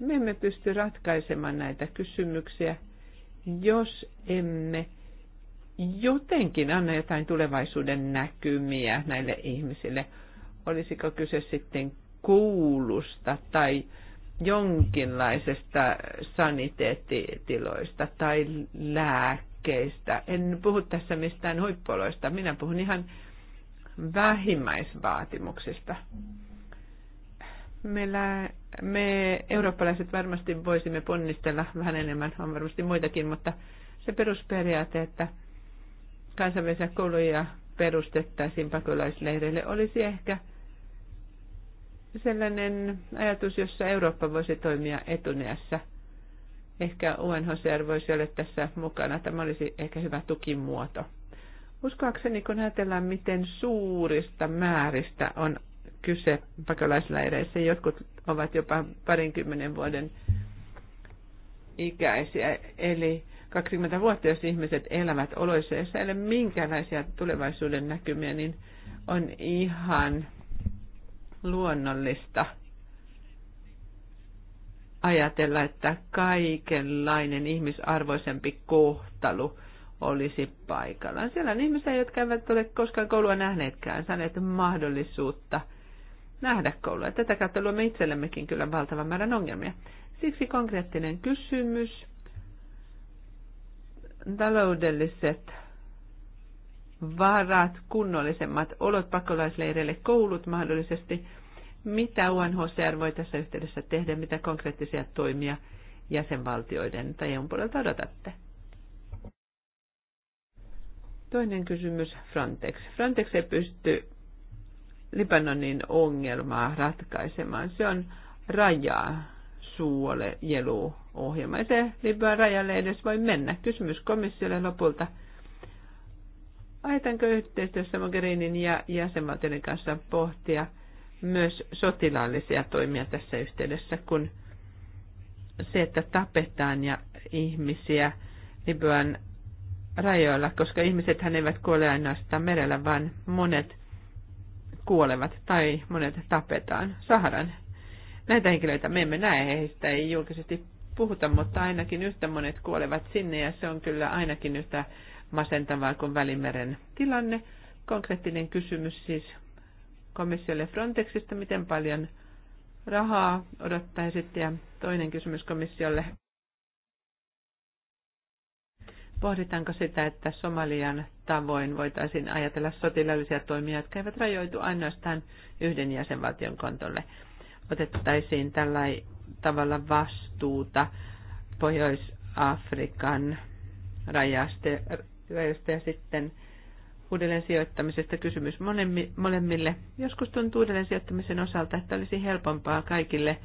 Me emme pysty ratkaisemaan näitä kysymyksiä, jos emme jotenkin anna jotain tulevaisuuden näkymiä näille ihmisille. Olisiko kyse sitten kuulusta tai jonkinlaisesta saniteettitiloista tai lääkkeistä lääkkeistä. En puhu tässä mistään huippoloista. Minä puhun ihan vähimmäisvaatimuksista. Meillä, me eurooppalaiset varmasti voisimme ponnistella vähän enemmän, on varmasti muitakin, mutta se perusperiaate, että kansainvälisiä kouluja perustettaisiin pakolaisleireille, olisi ehkä sellainen ajatus, jossa Eurooppa voisi toimia etuneessä. Ehkä UNHCR voisi olla tässä mukana. Tämä olisi ehkä hyvä tukimuoto. Uskoakseni, kun ajatellaan, miten suurista määristä on kyse pakolaisleireissä, jotkut ovat jopa parinkymmenen vuoden ikäisiä, eli 20 vuotta, jos ihmiset elävät oloissa, joissa ei ole minkäänlaisia tulevaisuuden näkymiä, niin on ihan luonnollista – ajatella, että kaikenlainen ihmisarvoisempi kohtelu olisi paikallaan. Siellä on ihmisiä, jotka eivät ole koskaan koulua nähneetkään, saaneet mahdollisuutta nähdä koulua. Tätä kautta luomme itsellemmekin kyllä valtavan määrän ongelmia. Siksi konkreettinen kysymys. Taloudelliset varat, kunnollisemmat olot pakolaisleireille, koulut mahdollisesti – mitä UNHCR voi tässä yhteydessä tehdä? Mitä konkreettisia toimia jäsenvaltioiden tai EUn puolelta odotatte? Toinen kysymys Frontex. Frontex ei pysty Libanonin ongelmaa ratkaisemaan. Se on rajaa suole ohjelma. Ja se Libyan rajalle edes voi mennä. Kysymys komissiolle lopulta. Aiotaanko yhteistyössä Mogherinin ja jäsenvaltioiden kanssa pohtia – myös sotilaallisia toimia tässä yhteydessä, kun se, että tapetaan ja ihmisiä Libyan rajoilla, koska ihmiset hän eivät kuole ainoastaan merellä, vaan monet kuolevat tai monet tapetaan Saharan. Näitä henkilöitä me emme näe, heistä ei julkisesti puhuta, mutta ainakin yhtä monet kuolevat sinne ja se on kyllä ainakin yhtä masentavaa kuin Välimeren tilanne. Konkreettinen kysymys siis, komissiolle Frontexista, miten paljon rahaa odottaisitte? Ja toinen kysymys komissiolle. Pohditaanko sitä, että Somalian tavoin voitaisiin ajatella sotilaallisia toimia, jotka eivät rajoitu ainoastaan yhden jäsenvaltion kontolle? Otettaisiin tällä tavalla vastuuta Pohjois-Afrikan rajasta, rajasta ja sitten uudelleen sijoittamisesta kysymys molemmille. Joskus tuntuu uudelleen sijoittamisen osalta, että olisi helpompaa kaikille,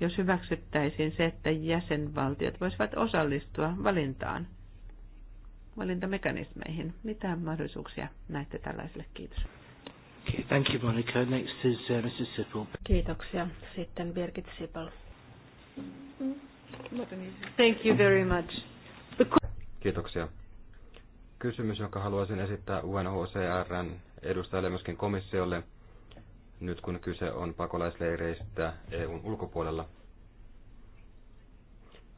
jos hyväksyttäisiin se, että jäsenvaltiot voisivat osallistua valintaan, valintamekanismeihin. Mitä mahdollisuuksia näette tällaiselle? Kiitos. Okay, thank you, Monica. Next is uh, Mrs. Sippel. Kiitoksia. Sitten Birgit Sipel. Thank you very much. Kiitoksia kysymys, jonka haluaisin esittää UNHCRn edustajalle myöskin komissiolle, nyt kun kyse on pakolaisleireistä EUn ulkopuolella.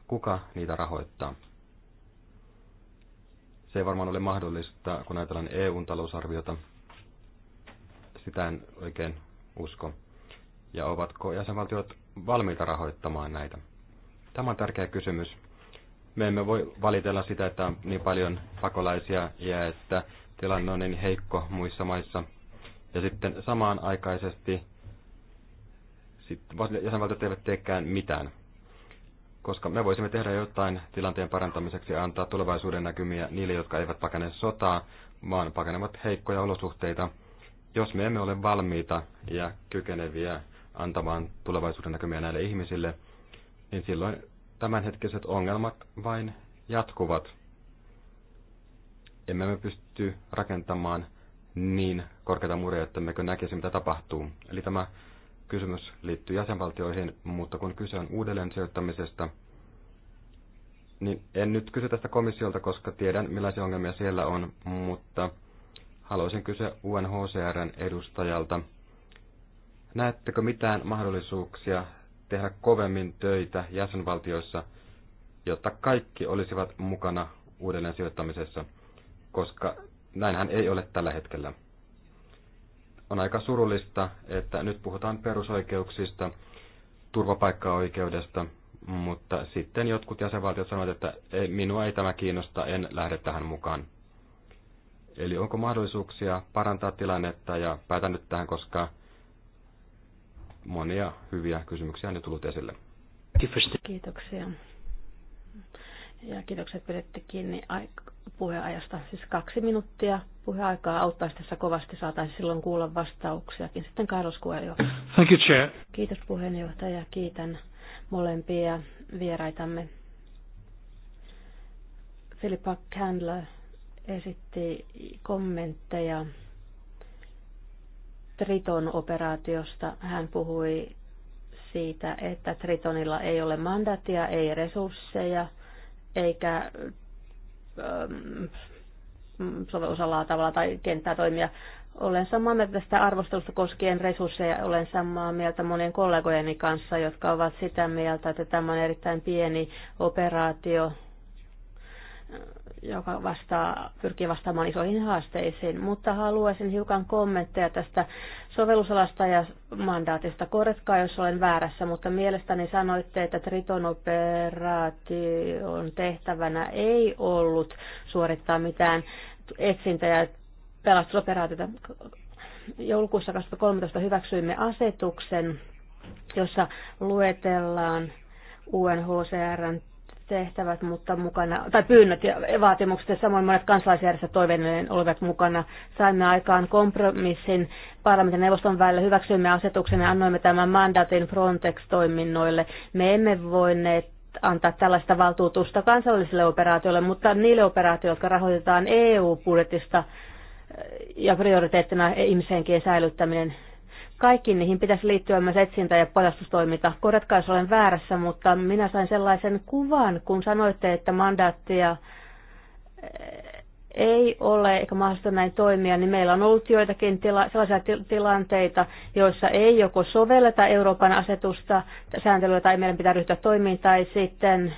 Kuka niitä rahoittaa? Se ei varmaan ole mahdollista, kun ajatellaan EUn talousarviota. Sitä en oikein usko. Ja ovatko jäsenvaltiot valmiita rahoittamaan näitä? Tämä on tärkeä kysymys. Me emme voi valitella sitä, että on niin paljon pakolaisia ja että tilanne on niin heikko muissa maissa. Ja sitten samaan sitten jäsenvaltiot eivät teekään mitään, koska me voisimme tehdä jotain tilanteen parantamiseksi ja antaa tulevaisuuden näkymiä niille, jotka eivät pakene sotaa, vaan pakenevat heikkoja olosuhteita, jos me emme ole valmiita ja kykeneviä antamaan tulevaisuuden näkymiä näille ihmisille, niin silloin tämänhetkiset ongelmat vain jatkuvat. Emme me pysty rakentamaan niin korkeita muureja, että mekö näkisi, mitä tapahtuu. Eli tämä kysymys liittyy jäsenvaltioihin, mutta kun kyse on uudelleen sijoittamisesta, niin en nyt kysy tästä komissiolta, koska tiedän millaisia ongelmia siellä on, mutta haluaisin kysyä UNHCRn edustajalta. Näettekö mitään mahdollisuuksia tehdä kovemmin töitä jäsenvaltioissa, jotta kaikki olisivat mukana uudelleen sijoittamisessa, koska näinhän ei ole tällä hetkellä. On aika surullista, että nyt puhutaan perusoikeuksista, turvapaikkaoikeudesta, mutta sitten jotkut jäsenvaltiot sanovat, että ei, minua ei tämä kiinnosta, en lähde tähän mukaan. Eli onko mahdollisuuksia parantaa tilannetta ja päätän nyt tähän, koska monia hyviä kysymyksiä on jo tullut esille. Kiitoksia. Ja kiitokset pidätte kiinni puheajasta. Siis kaksi minuuttia puheaikaa auttaisi tässä kovasti. Saataisiin silloin kuulla vastauksiakin. Sitten Carlos Coelho. Thank you, Chair. Kiitos puheenjohtaja. Kiitän molempia vieraitamme. Philippa Candler esitti kommentteja Triton operaatiosta. Hän puhui siitä, että Tritonilla ei ole mandaattia, ei resursseja eikä ähm, sovellusalaa tavalla tai kenttää toimia. Olen samaa mieltä tästä arvostelusta koskien resursseja. Olen samaa mieltä monien kollegojeni kanssa, jotka ovat sitä mieltä, että tämä on erittäin pieni operaatio joka vastaa, pyrkii vastaamaan isoihin haasteisiin, mutta haluaisin hiukan kommentteja tästä sovellusalasta ja mandaatista. Korjatkaa, jos olen väärässä, mutta mielestäni sanoitte, että Triton operaation tehtävänä ei ollut suorittaa mitään etsintä- ja pelastusoperaatiota. Joulukuussa 2013 hyväksyimme asetuksen, jossa luetellaan UNHCRn tehtävät, mutta mukana, tai pyynnöt ja vaatimukset ja samoin monet kansalaisjärjestöt toiveineen olivat mukana. Saimme aikaan kompromissin parlamentin neuvoston välillä, hyväksyimme asetuksen ja annoimme tämän mandaatin Frontex-toiminnoille. Me emme voineet antaa tällaista valtuutusta kansallisille operaatioille, mutta niille operaatioille, jotka rahoitetaan EU-budjetista ja prioriteettina ihmishenkien säilyttäminen Kaikkiin niihin pitäisi liittyä myös etsintä- ja paljastustoiminta. Korjatkaa, jos olen väärässä, mutta minä sain sellaisen kuvan, kun sanoitte, että mandaattia eh, ei ole eikä mahdollista näin toimia, niin meillä on ollut joitakin tila- sellaisia til- tilanteita, joissa ei joko sovelleta Euroopan asetusta, sääntelyä tai meidän pitää ryhtyä toimiin, tai sitten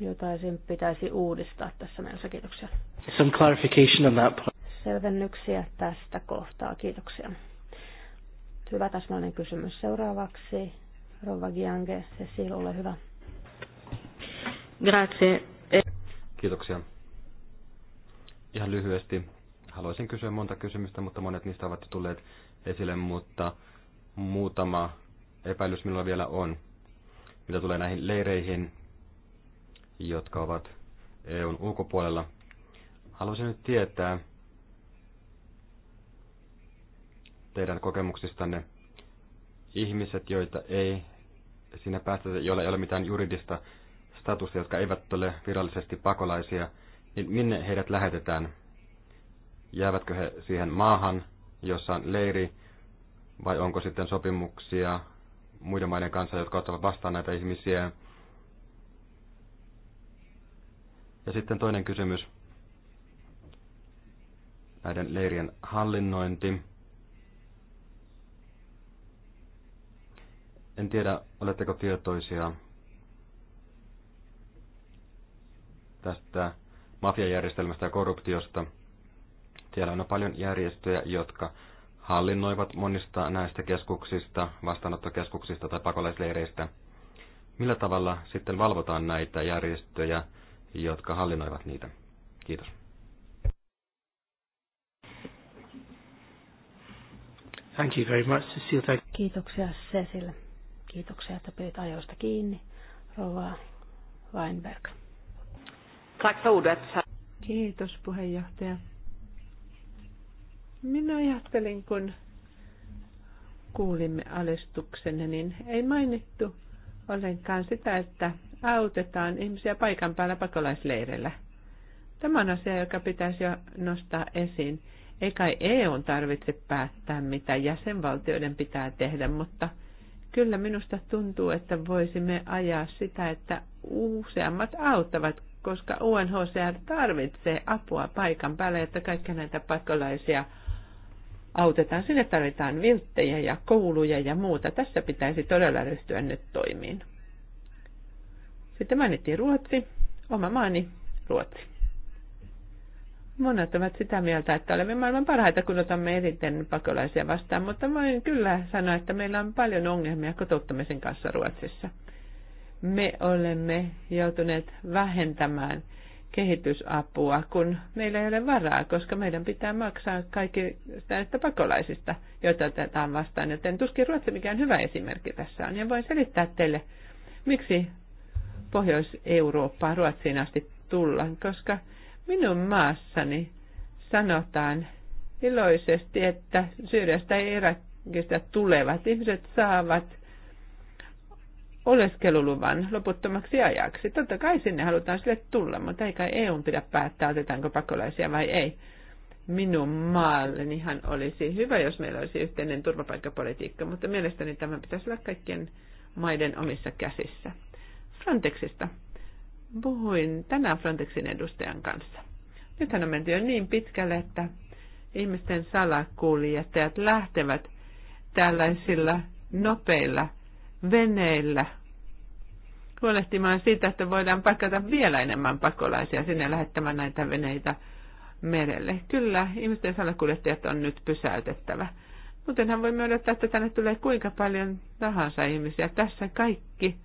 jotain sen pitäisi uudistaa tässä mielessä. Kiitoksia. Some clarification on that point selvennyksiä tästä kohtaa. Kiitoksia. Hyvä täsmällinen kysymys seuraavaksi. Rova Giange, Cecil, ole hyvä. Grazie. Kiitoksia. Ihan lyhyesti. Haluaisin kysyä monta kysymystä, mutta monet niistä ovat tulleet esille, mutta muutama epäilys minulla vielä on, mitä tulee näihin leireihin, jotka ovat EUn ulkopuolella. Haluaisin nyt tietää, teidän kokemuksistanne ihmiset, joita ei siinä päästä joilla ei ole mitään juridista statusta, jotka eivät ole virallisesti pakolaisia, niin minne heidät lähetetään? Jäävätkö he siihen maahan, jossa on leiri, vai onko sitten sopimuksia muiden maiden kanssa, jotka ottavat vastaan näitä ihmisiä? Ja sitten toinen kysymys, näiden leirien hallinnointi En tiedä, oletteko tietoisia tästä mafiajärjestelmästä ja korruptiosta. Siellä on paljon järjestöjä, jotka hallinnoivat monista näistä keskuksista, vastaanottokeskuksista tai pakolaisleireistä. Millä tavalla sitten valvotaan näitä järjestöjä, jotka hallinnoivat niitä? Kiitos. Thank you very much, Cecil. Kiitoksia Cecil. Kiitoksia, että pidit ajoista kiinni, Rova Weinberg. Kiitos puheenjohtaja. Minä ajattelin, kun kuulimme alistuksen, niin ei mainittu ollenkaan sitä, että autetaan ihmisiä paikan päällä pakolaisleireillä. Tämä on asia, joka pitäisi jo nostaa esiin. Ei kai EUn tarvitse päättää, mitä jäsenvaltioiden pitää tehdä, mutta – Kyllä minusta tuntuu, että voisimme ajaa sitä, että useammat auttavat, koska UNHCR tarvitsee apua paikan päälle, että kaikki näitä pakolaisia autetaan. Sinne tarvitaan vilttejä ja kouluja ja muuta. Tässä pitäisi todella ryhtyä nyt toimiin. Sitten mainittiin Ruotsi, oma maani Ruotsi. Monet ovat sitä mieltä, että olemme maailman parhaita, kun otamme eniten pakolaisia vastaan, mutta voin kyllä sanoa, että meillä on paljon ongelmia kotouttamisen kanssa Ruotsissa. Me olemme joutuneet vähentämään kehitysapua, kun meillä ei ole varaa, koska meidän pitää maksaa kaikki näistä pakolaisista, joita otetaan vastaan. Joten tuskin Ruotsi mikään hyvä esimerkki tässä on. Ja voin selittää teille, miksi Pohjois-Eurooppaa Ruotsiin asti tullaan, koska Minun maassani sanotaan iloisesti, että Syyriasta ja Irakista tulevat ihmiset saavat oleskeluluvan loputtomaksi ajaksi. Totta kai sinne halutaan sille tulla, mutta eikä EUn pidä päättää, otetaanko pakolaisia vai ei. Minun maallenihan olisi hyvä, jos meillä olisi yhteinen turvapaikkapolitiikka, mutta mielestäni tämä pitäisi olla kaikkien maiden omissa käsissä. Frontexista Puhuin tänään Frontexin edustajan kanssa. Nythän on menty jo niin pitkälle, että ihmisten salakuljettajat lähtevät tällaisilla nopeilla veneillä huolehtimaan siitä, että voidaan pakata vielä enemmän pakolaisia sinne lähettämään näitä veneitä merelle. Kyllä, ihmisten salakuljettajat on nyt pysäytettävä. Muutenhan voimme odottaa, että tänne tulee kuinka paljon tahansa ihmisiä. Tässä kaikki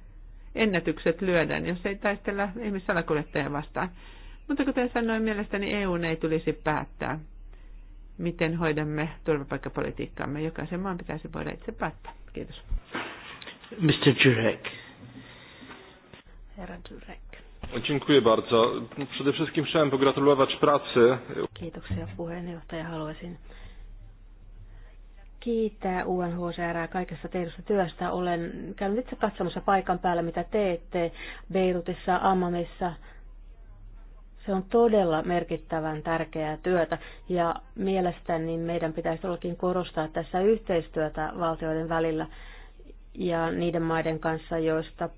ennätykset lyödään, jos ei taistella ihmissalakuljettajia vastaan. Mutta kuten sanoin, mielestäni EU ei tulisi päättää, miten hoidamme turvapaikkapolitiikkaamme. Jokaisen maan pitäisi voida itse päättää. Kiitos. Mr. Jurek. Herra Jurek. Dziękuję bardzo. Przede wszystkim chciałem pogratulować pracy. Kiitoksia puheenjohtaja. Haluaisin kiittää UNHCR kaikesta tehdystä työstä. Olen käynyt itse katsomassa paikan päällä, mitä teette Beirutissa, Ammamissa. Se on todella merkittävän tärkeää työtä ja mielestäni meidän pitäisi ollakin korostaa tässä yhteistyötä valtioiden välillä ja niiden maiden kanssa, joista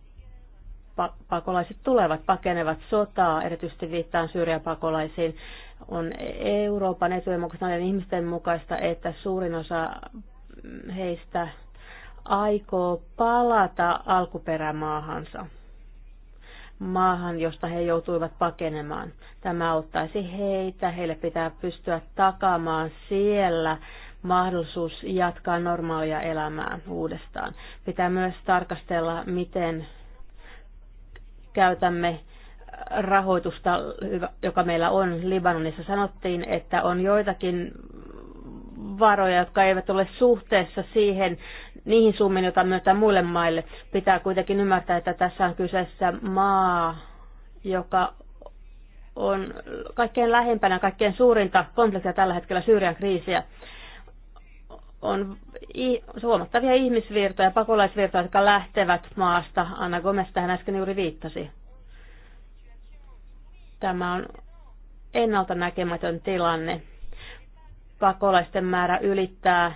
pakolaiset tulevat, pakenevat sotaa, erityisesti viittaan syrjäpakolaisiin. pakolaisiin on Euroopan etujen mukaista näiden ihmisten mukaista, että suurin osa heistä aikoo palata alkuperämaahansa, maahan, josta he joutuivat pakenemaan. Tämä auttaisi heitä, heille pitää pystyä takaamaan siellä mahdollisuus jatkaa normaalia elämää uudestaan. Pitää myös tarkastella, miten käytämme rahoitusta, joka meillä on Libanonissa, sanottiin, että on joitakin varoja, jotka eivät ole suhteessa siihen, niihin summiin, joita myötä muille maille. Pitää kuitenkin ymmärtää, että tässä on kyseessä maa, joka on kaikkein lähempänä, kaikkein suurinta konfliktia tällä hetkellä Syyrian kriisiä. On huomattavia ihmisvirtoja, pakolaisvirtoja, jotka lähtevät maasta. Anna Gomez tähän äsken juuri viittasi. Tämä on ennalta näkemätön tilanne. Pakolaisten määrä ylittää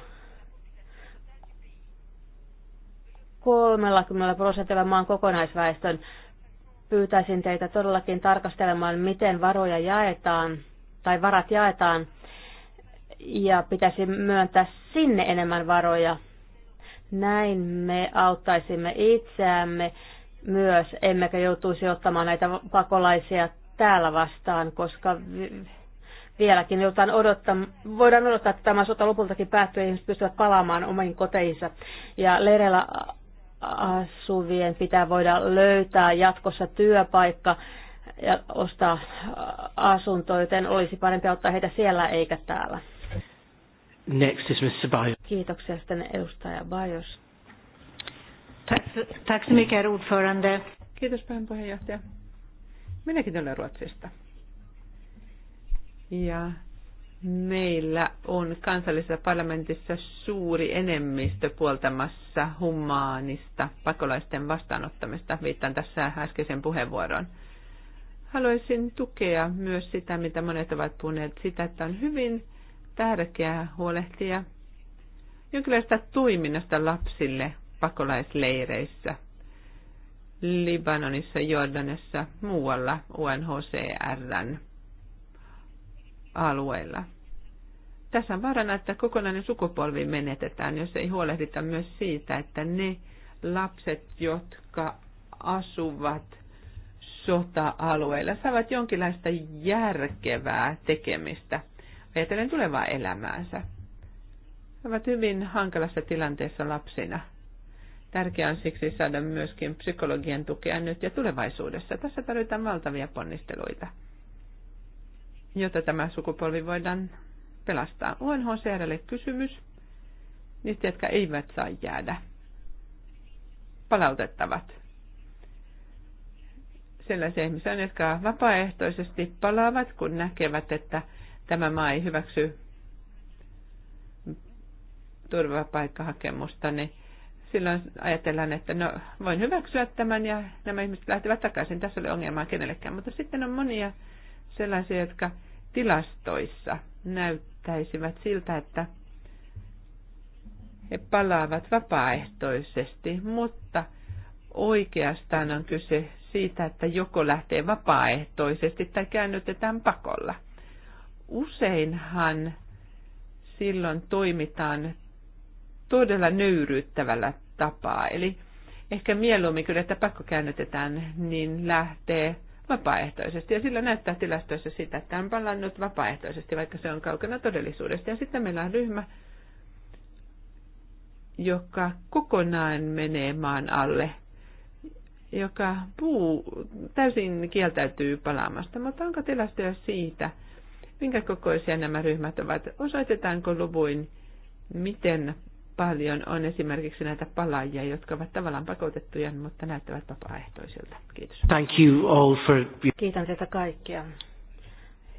30 prosentilla maan kokonaisväestön. Pyytäisin teitä todellakin tarkastelemaan, miten varoja jaetaan tai varat jaetaan ja pitäisi myöntää sinne enemmän varoja. Näin me auttaisimme itseämme myös, emmekä joutuisi ottamaan näitä pakolaisia täällä vastaan, koska vieläkin joudutaan odottaa. voidaan odottaa, että tämä sota lopultakin päättyy ja ihmiset pystyvät palaamaan omiin koteihinsa. Ja leireillä asuvien pitää voida löytää jatkossa työpaikka ja ostaa asunto, joten olisi parempi ottaa heitä siellä eikä täällä. Next is Mr. Bios. Kiitoksia sitten edustaja Bios. Tack så mycket, ordförande. Kiitos puheenjohtaja. Minäkin olen Ruotsista. Ja meillä on kansallisessa parlamentissa suuri enemmistö puoltamassa humaanista pakolaisten vastaanottamista. Viittaan tässä äskeisen puheenvuoroon. Haluaisin tukea myös sitä, mitä monet ovat puhuneet, sitä, että on hyvin tärkeää huolehtia jonkinlaista toiminnasta lapsille pakolaisleireissä – Libanonissa, Jordanissa, muualla UNHCRn alueilla. Tässä on vaarana, että kokonainen sukupolvi menetetään, jos ei huolehdita myös siitä, että ne lapset, jotka asuvat sota-alueilla, saavat jonkinlaista järkevää tekemistä ajatellen tulevaa elämäänsä. He ovat hyvin hankalassa tilanteessa lapsina – Tärkeää on siksi saada myöskin psykologian tukea nyt ja tulevaisuudessa. Tässä tarvitaan valtavia ponnisteluita, jotta tämä sukupolvi voidaan pelastaa. UNHCRlle kysymys. Niistä, jotka eivät saa jäädä. Palautettavat. Sellaisia ihmisiä, jotka vapaaehtoisesti palaavat, kun näkevät, että tämä maa ei hyväksy turvapaikkahakemusta, niin silloin ajatellaan, että no voin hyväksyä tämän ja nämä ihmiset lähtevät takaisin. Tässä oli ongelmaa kenellekään. Mutta sitten on monia sellaisia, jotka tilastoissa näyttäisivät siltä, että he palaavat vapaaehtoisesti, mutta oikeastaan on kyse siitä, että joko lähtee vapaaehtoisesti tai käännytetään pakolla. Useinhan silloin toimitaan todella nöyryyttävällä tapaa. Eli ehkä mieluummin kyllä, että pakko käännytetään, niin lähtee vapaaehtoisesti. Ja sillä näyttää tilastoissa sitä, että on palannut vapaaehtoisesti, vaikka se on kaukana todellisuudesta. Ja sitten meillä on ryhmä, joka kokonaan menee maan alle, joka puu täysin kieltäytyy palaamasta. Mutta onko tilastoja siitä, minkä kokoisia nämä ryhmät ovat? Osoitetaanko luvuin, miten paljon on esimerkiksi näitä palaajia, jotka ovat tavallaan pakotettuja, mutta näyttävät vapaaehtoisilta. Kiitos. Thank you all for... Kiitän teitä kaikkia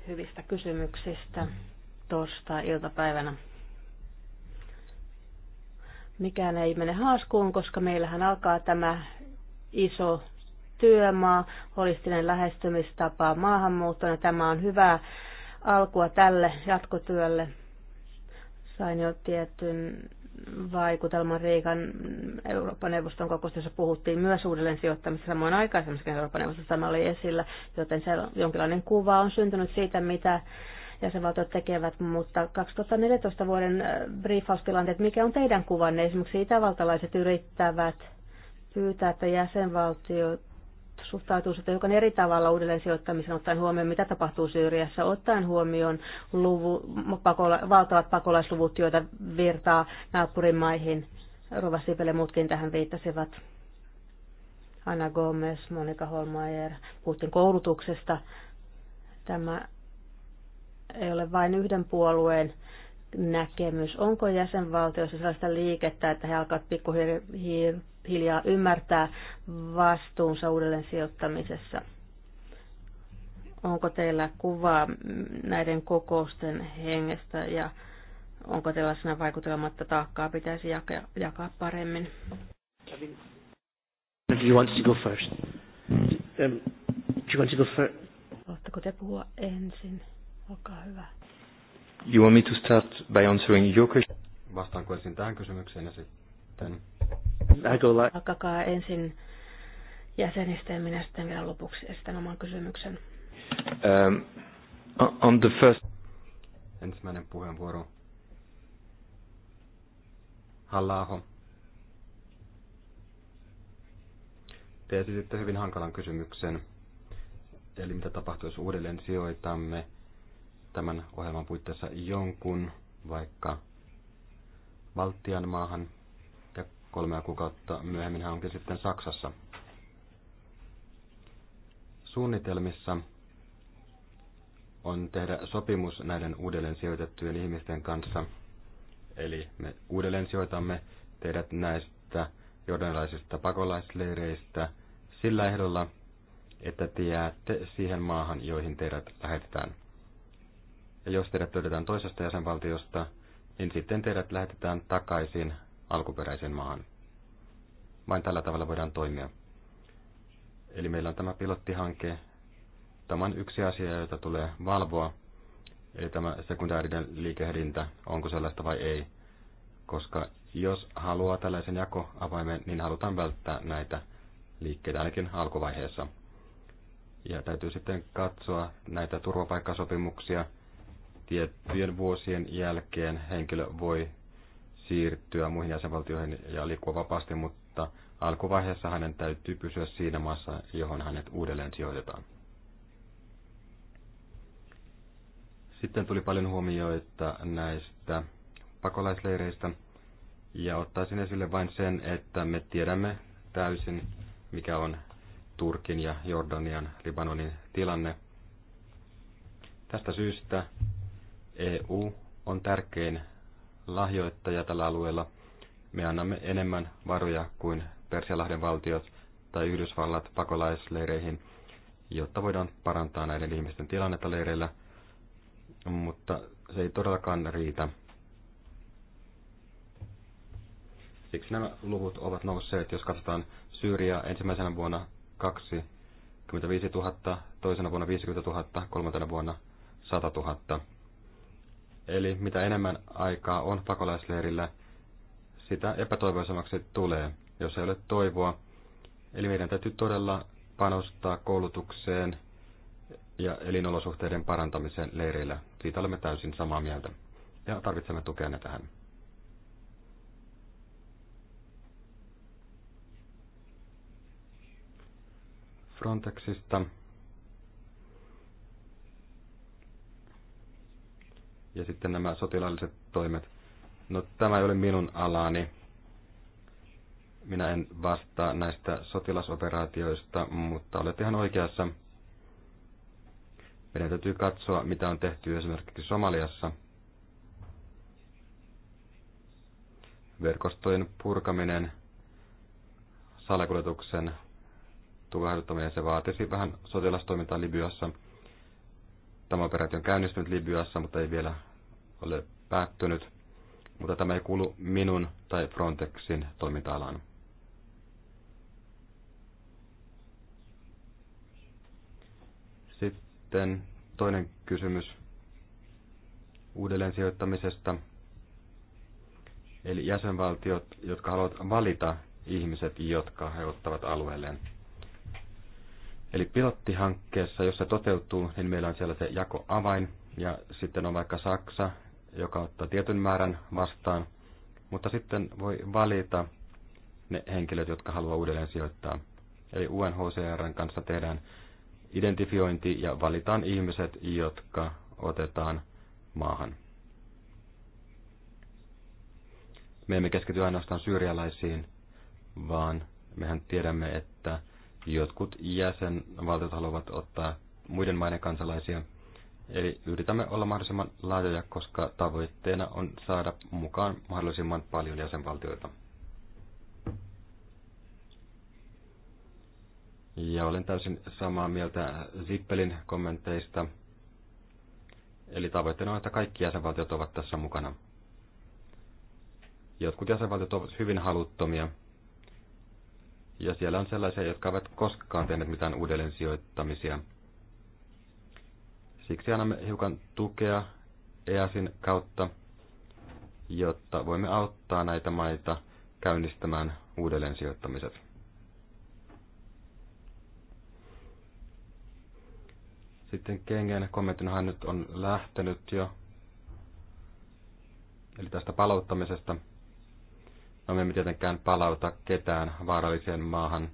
hyvistä kysymyksistä torstai-iltapäivänä. Mikään ei mene haaskuun, koska meillähän alkaa tämä iso työmaa, holistinen lähestymistapa maahanmuuttona. Tämä on hyvää alkua tälle jatkotyölle. Sain jo tietyn vaikutelman Riikan Euroopan neuvoston kokouksessa puhuttiin myös uudelleen sijoittamista samoin aikaisemmin Euroopan neuvostossa tämä oli esillä, joten se jonkinlainen kuva on syntynyt siitä, mitä jäsenvaltiot tekevät, mutta 2014 vuoden äh, briefaustilanteet, mikä on teidän kuvanne? Esimerkiksi itävaltalaiset yrittävät pyytää, että jäsenvaltiot suhtautuu sitten hiukan eri tavalla uudelleen sijoittamisen ottaen huomioon, mitä tapahtuu Syyriassa, ottaen huomioon luvu, pakola, valtavat pakolaisluvut, joita virtaa maihin. Rova Sipele muutkin tähän viittasivat. Anna Gomez, Monika Holmeier, puhuttiin koulutuksesta. Tämä ei ole vain yhden puolueen näkemys. Onko jäsenvaltioissa sellaista liikettä, että he alkavat pikkuhiljaa hiljaa ymmärtää vastuunsa uudelleen sijoittamisessa. Onko teillä kuvaa näiden kokousten hengestä ja onko tällaisena vaikutelmatta taakkaa pitäisi jakaa, jakaa paremmin? If you want to go first. Um, do you want to go first? Haluatteko te puhua ensin? Olkaa hyvä. You want me to start by answering your question? Vastaanko ensin tähän kysymykseen ja sitten Hakakaa ensin jäsenistä ja minä sitten vielä lopuksi esitän oman kysymyksen. Um, on the first... Ensimmäinen puheenvuoro. Hallaho. Te esititte hyvin hankalan kysymyksen. Eli mitä tapahtuu, jos uudelleen sijoitamme tämän ohjelman puitteissa jonkun, vaikka Valtian maahan, Kolmea kuukautta myöhemmin hän onkin sitten Saksassa. Suunnitelmissa on tehdä sopimus näiden uudelleen sijoitettujen ihmisten kanssa. Eli me uudelleen sijoitamme teidät näistä jordanilaisista pakolaisleireistä sillä ehdolla, että te jäätte siihen maahan, joihin teidät lähetetään. Ja jos teidät löydetään toisesta jäsenvaltiosta, niin sitten teidät lähetetään takaisin alkuperäisen maahan. Vain tällä tavalla voidaan toimia. Eli meillä on tämä pilottihanke. Tämä on yksi asia, jota tulee valvoa. Eli tämä sekundaarinen liikehdintä, onko sellaista vai ei. Koska jos haluaa tällaisen jakoavaimen, niin halutaan välttää näitä liikkeitä ainakin alkuvaiheessa. Ja täytyy sitten katsoa näitä turvapaikkasopimuksia. Tiettyjen vuosien jälkeen henkilö voi siirtyä muihin jäsenvaltioihin ja liikkua vapaasti, mutta alkuvaiheessa hänen täytyy pysyä siinä maassa, johon hänet uudelleen sijoitetaan. Sitten tuli paljon huomioita näistä pakolaisleireistä, ja ottaisin esille vain sen, että me tiedämme täysin, mikä on Turkin ja Jordanian, Libanonin tilanne. Tästä syystä EU on tärkein lahjoittaja tällä alueella. Me annamme enemmän varoja kuin Persialahden valtiot tai Yhdysvallat pakolaisleireihin, jotta voidaan parantaa näiden ihmisten tilannetta leireillä, mutta se ei todellakaan riitä. Siksi nämä luvut ovat nousseet, jos katsotaan Syyriaa ensimmäisenä vuonna 25 000, toisena vuonna 50 000, kolmantena vuonna 100 000. Eli mitä enemmän aikaa on pakolaisleirillä, sitä epätoivoisemmaksi tulee, jos ei ole toivoa. Eli meidän täytyy todella panostaa koulutukseen ja elinolosuhteiden parantamiseen leirillä. Siitä olemme täysin samaa mieltä ja tarvitsemme tukea tähän. Frontexista ja sitten nämä sotilaalliset toimet. No tämä ei ole minun alani. Minä en vastaa näistä sotilasoperaatioista, mutta olet ihan oikeassa. Meidän täytyy katsoa, mitä on tehty esimerkiksi Somaliassa. Verkostojen purkaminen, salakuljetuksen tukahduttaminen, se vaatisi vähän sotilastoimintaa Libyassa. Tämä operaatio on käynnistynyt Libyassa, mutta ei vielä ole päättynyt, mutta tämä ei kuulu minun tai Frontexin toiminta-alaan. Sitten toinen kysymys uudelleensijoittamisesta. Eli jäsenvaltiot, jotka haluavat valita ihmiset, jotka he ottavat alueelleen. Eli pilottihankkeessa, jos se toteutuu, niin meillä on siellä se jakoavain, ja sitten on vaikka Saksa, joka ottaa tietyn määrän vastaan, mutta sitten voi valita ne henkilöt, jotka haluaa uudelleen sijoittaa. Eli UNHCRn kanssa tehdään identifiointi ja valitaan ihmiset, jotka otetaan maahan. Me emme keskity ainoastaan syyrialaisiin, vaan mehän tiedämme, että jotkut jäsenvaltiot haluavat ottaa muiden maiden kansalaisia. Eli yritämme olla mahdollisimman laajoja, koska tavoitteena on saada mukaan mahdollisimman paljon jäsenvaltioita. Ja olen täysin samaa mieltä Zippelin kommenteista. Eli tavoitteena on, että kaikki jäsenvaltiot ovat tässä mukana. Jotkut jäsenvaltiot ovat hyvin haluttomia. Ja siellä on sellaisia, jotka eivät koskaan tehneet mitään uudelleen sijoittamisia – Siksi annamme hiukan tukea EASin kautta, jotta voimme auttaa näitä maita käynnistämään uudelleen sijoittamiset. Sitten Kengen kommenttinahan nyt on lähtenyt jo, eli tästä palauttamisesta. No me emme tietenkään palauta ketään vaaralliseen maahan.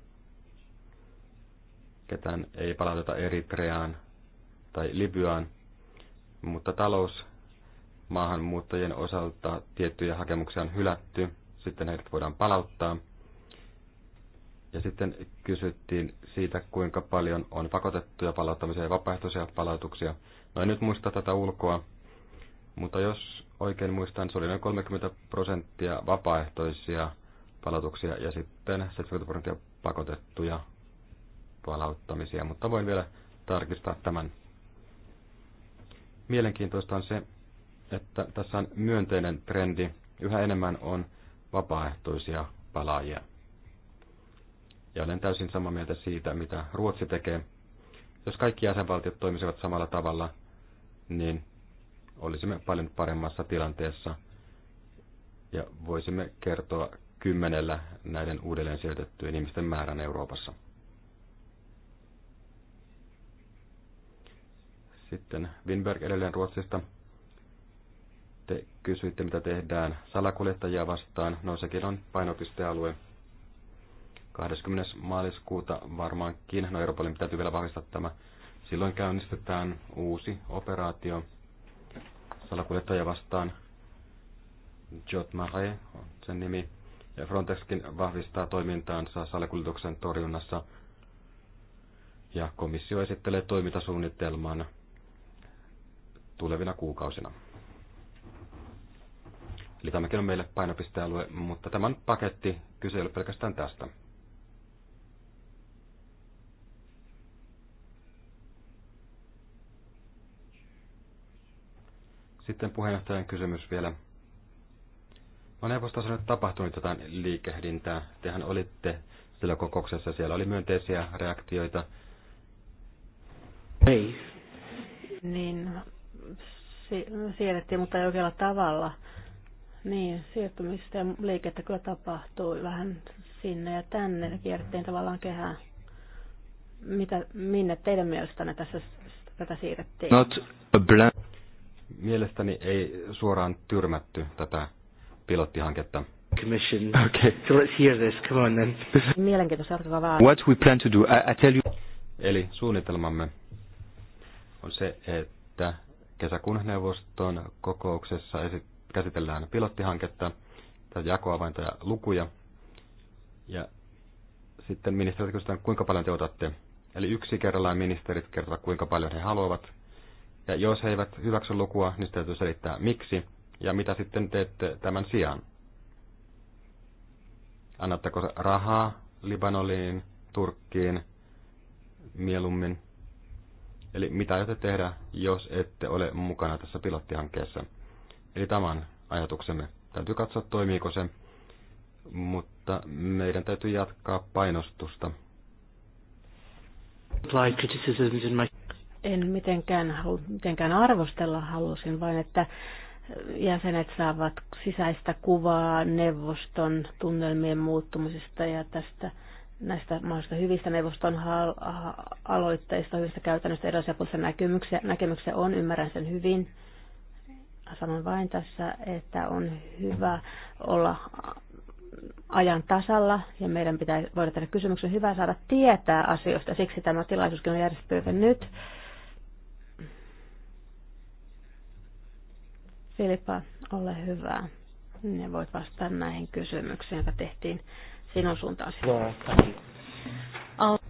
Ketään ei palauteta Eritreaan tai Libyaan, mutta talous maahanmuuttajien osalta tiettyjä hakemuksia on hylätty, sitten heidät voidaan palauttaa. Ja sitten kysyttiin siitä, kuinka paljon on pakotettuja palauttamisia ja vapaaehtoisia palautuksia. No en nyt muista tätä ulkoa, mutta jos oikein muistan, se oli noin 30 prosenttia vapaaehtoisia palautuksia ja sitten 70 prosenttia pakotettuja palauttamisia, mutta voin vielä tarkistaa tämän mielenkiintoista on se, että tässä on myönteinen trendi. Yhä enemmän on vapaaehtoisia palaajia. Ja olen täysin samaa mieltä siitä, mitä Ruotsi tekee. Jos kaikki jäsenvaltiot toimisivat samalla tavalla, niin olisimme paljon paremmassa tilanteessa ja voisimme kertoa kymmenellä näiden uudelleen sijoitettujen ihmisten määrän Euroopassa. Sitten Winberg edelleen Ruotsista. Te kysyitte, mitä tehdään salakuljettajia vastaan. No sekin on painopistealue. 20. maaliskuuta varmaankin, no Europolin täytyy vielä vahvistaa tämä, silloin käynnistetään uusi operaatio salakuljettajia vastaan. Jot Marais on sen nimi. Ja Frontexkin vahvistaa toimintaansa salakuljetuksen torjunnassa. Ja komissio esittelee toimintasuunnitelman tulevina kuukausina. Eli tämäkin on meille painopistealue, mutta tämän paketti kyse ei ole pelkästään tästä. Sitten puheenjohtajan kysymys vielä. No, on neuvostossa nyt tapahtunut jotain liikehdintää. Tehän olitte sillä kokouksessa, siellä oli myönteisiä reaktioita. Ei. Niin, niin si- siirrettiin, mutta ei oikealla tavalla. Niin, siirtymistä ja liikettä kyllä tapahtui vähän sinne ja tänne. Kierrettiin tavallaan kehää. Mitä, minne teidän mielestänne tässä tätä siirrettiin? Not a blank. Mielestäni ei suoraan tyrmätty tätä pilottihanketta. Commission. Okay. So let's hear this. Come on then. Mielenkiintoista, jatkakaa vaan. What we plan to do, I, I tell you. Eli suunnitelmamme on se, että Kesäkuun neuvoston kokouksessa käsitellään pilottihanketta, tai jakoavainta ja lukuja. Ja sitten ministerit kysytään, kuinka paljon te otatte. Eli yksi kerrallaan ministerit kertovat, kuinka paljon he haluavat. Ja jos he eivät hyväksy lukua, niin sitten täytyy selittää miksi ja mitä sitten teette tämän sijaan. Annatteko rahaa Libanoliin, Turkkiin, mieluummin Eli mitä aiotte tehdä, jos ette ole mukana tässä pilottihankkeessa? Eli tämän ajatuksemme. Täytyy katsoa, toimiiko se, mutta meidän täytyy jatkaa painostusta. En mitenkään, halu, mitenkään arvostella, halusin vain, että jäsenet saavat sisäistä kuvaa neuvoston tunnelmien muuttumisesta ja tästä näistä mahdollisista hyvistä neuvoston aloitteista, hyvistä käytännöistä erilaisia puolista näkemyksiä, näkemyksiä on, ymmärrän sen hyvin. Sanon vain tässä, että on hyvä olla ajan tasalla ja meidän pitää voida tehdä kysymyksen. Hyvä saada tietää asioista, siksi tämä tilaisuuskin on järjestetty nyt. Filippa, ole hyvä. Ne voit vastata näihin kysymyksiin, jotka tehtiin sinun suuntaasi. No,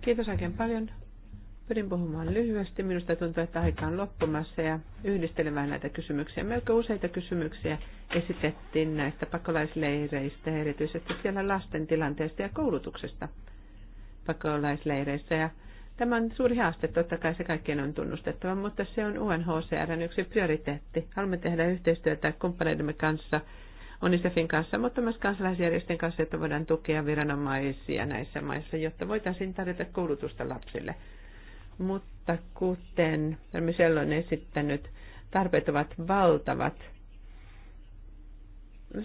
Kiitos oikein paljon. Pyrin puhumaan lyhyesti. Minusta tuntuu, että aika on loppumassa ja yhdistelemään näitä kysymyksiä. Melko useita kysymyksiä esitettiin näistä pakolaisleireistä, erityisesti siellä lasten tilanteesta ja koulutuksesta pakolaisleireissä. Ja tämä on suuri haaste, totta kai se kaikkien on tunnustettava, mutta se on UNHCRn yksi prioriteetti. Haluamme tehdä yhteistyötä kumppaneidemme kanssa – UNICEFin kanssa, mutta myös kansalaisjärjestön kanssa, että voidaan tukea viranomaisia näissä maissa, jotta voitaisiin tarjota koulutusta lapsille. Mutta kuten Michelle on esittänyt, tarpeet ovat valtavat.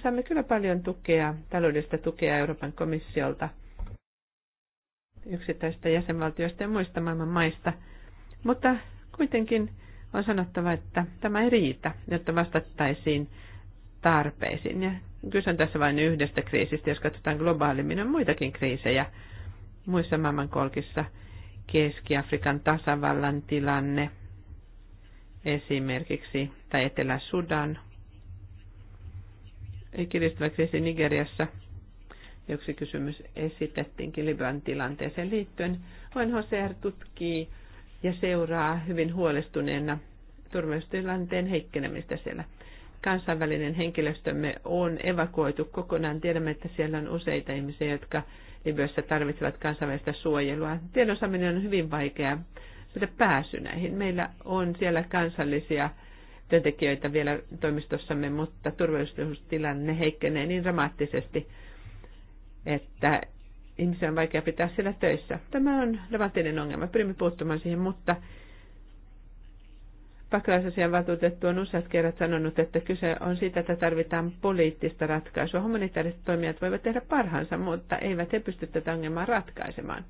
Saamme kyllä paljon tukea, taloudellista tukea Euroopan komissiolta, yksittäistä jäsenvaltioista ja muista maailman maista. Mutta kuitenkin on sanottava, että tämä ei riitä, jotta vastattaisiin tarpeisiin. Ja kyse on tässä vain yhdestä kriisistä, jos katsotaan globaalimmin, on muitakin kriisejä muissa maailmankolkissa. Keski-Afrikan tasavallan tilanne esimerkiksi, tai Etelä-Sudan, kiristävä kriisi Nigeriassa, joksi kysymys esitettiinkin Libyan tilanteeseen liittyen. UNHCR tutkii ja seuraa hyvin huolestuneena turvallisuustilanteen heikkenemistä siellä kansainvälinen henkilöstömme on evakuoitu kokonaan. Tiedämme, että siellä on useita ihmisiä, jotka Libyassa tarvitsevat kansainvälistä suojelua. Tiedon saaminen on hyvin vaikeaa saada pääsy näihin. Meillä on siellä kansallisia työntekijöitä vielä toimistossamme, mutta turvallisuustilanne heikkenee niin dramaattisesti, että ihmisiä on vaikea pitää siellä töissä. Tämä on levantinen ongelma. Pyrimme puuttumaan siihen, mutta pakolaisasian valtuutettu on useat kerrat sanonut, että kyse on siitä, että tarvitaan poliittista ratkaisua. Humanitaariset toimijat voivat tehdä parhaansa, mutta eivät he pysty tätä ongelmaa ratkaisemaan.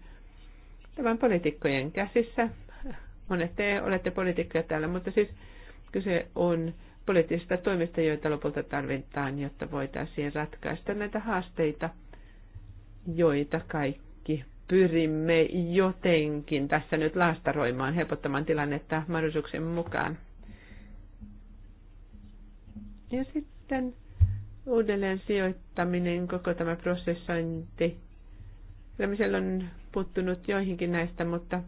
Tämä on poliitikkojen käsissä. Monet te olette poliitikkoja täällä, mutta siis kyse on poliittisista toimista, joita lopulta tarvitaan, jotta voitaisiin ratkaista näitä haasteita, joita kaikki pyrimme jotenkin tässä nyt laastaroimaan, helpottamaan tilannetta mahdollisuuksien mukaan. Ja sitten uudelleen sijoittaminen, koko tämä prosessointi. Kyllä siellä on puuttunut joihinkin näistä, mutta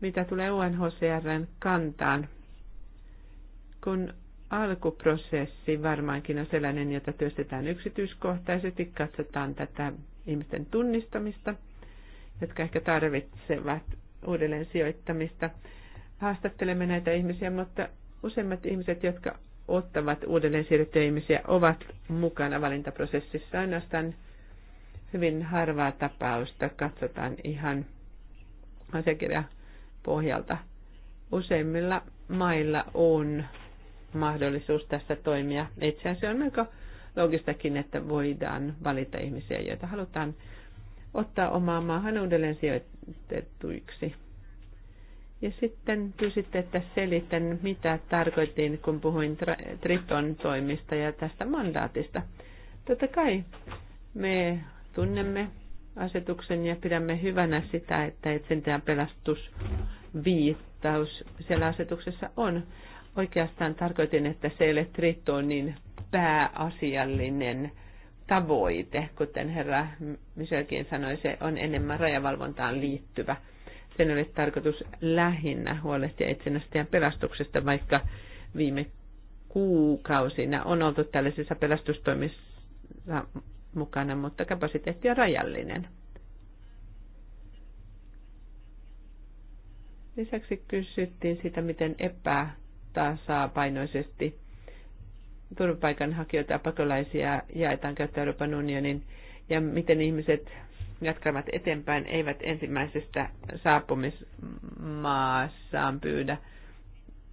mitä tulee UNHCRn kantaan, kun alkuprosessi varmaankin on sellainen, jota työstetään yksityiskohtaisesti, katsotaan tätä ihmisten tunnistamista – jotka ehkä tarvitsevat uudelleen sijoittamista. Haastattelemme näitä ihmisiä, mutta useimmat ihmiset, jotka ottavat uudelleen siirrettyjä ihmisiä, ovat mukana valintaprosessissa. Ainoastaan hyvin harvaa tapausta katsotaan ihan asiakirjan pohjalta. Useimmilla mailla on mahdollisuus tässä toimia. Itse asiassa on melko loogistakin, että voidaan valita ihmisiä, joita halutaan ottaa omaa maahan uudelleen sijoitettuiksi. Ja sitten pyysitte, että selitän, mitä tarkoitin, kun puhuin Triton toimista ja tästä mandaatista. Totta kai me tunnemme asetuksen ja pidämme hyvänä sitä, että etsintä- ja pelastusviittaus siellä asetuksessa on. Oikeastaan tarkoitin, että se ei ole Tritonin pääasiallinen tavoite, kuten herra Myselkin sanoi, se on enemmän rajavalvontaan liittyvä. Sen olisi tarkoitus lähinnä huolehtia itsenästä ja pelastuksesta, vaikka viime kuukausina on oltu tällaisissa pelastustoimissa mukana, mutta kapasiteetti on rajallinen. Lisäksi kysyttiin sitä, miten epätasapainoisesti turvapaikanhakijoita ja pakolaisia jaetaan käyttöön Euroopan unionin ja miten ihmiset jatkavat eteenpäin, eivät ensimmäisestä saapumismaassaan pyydä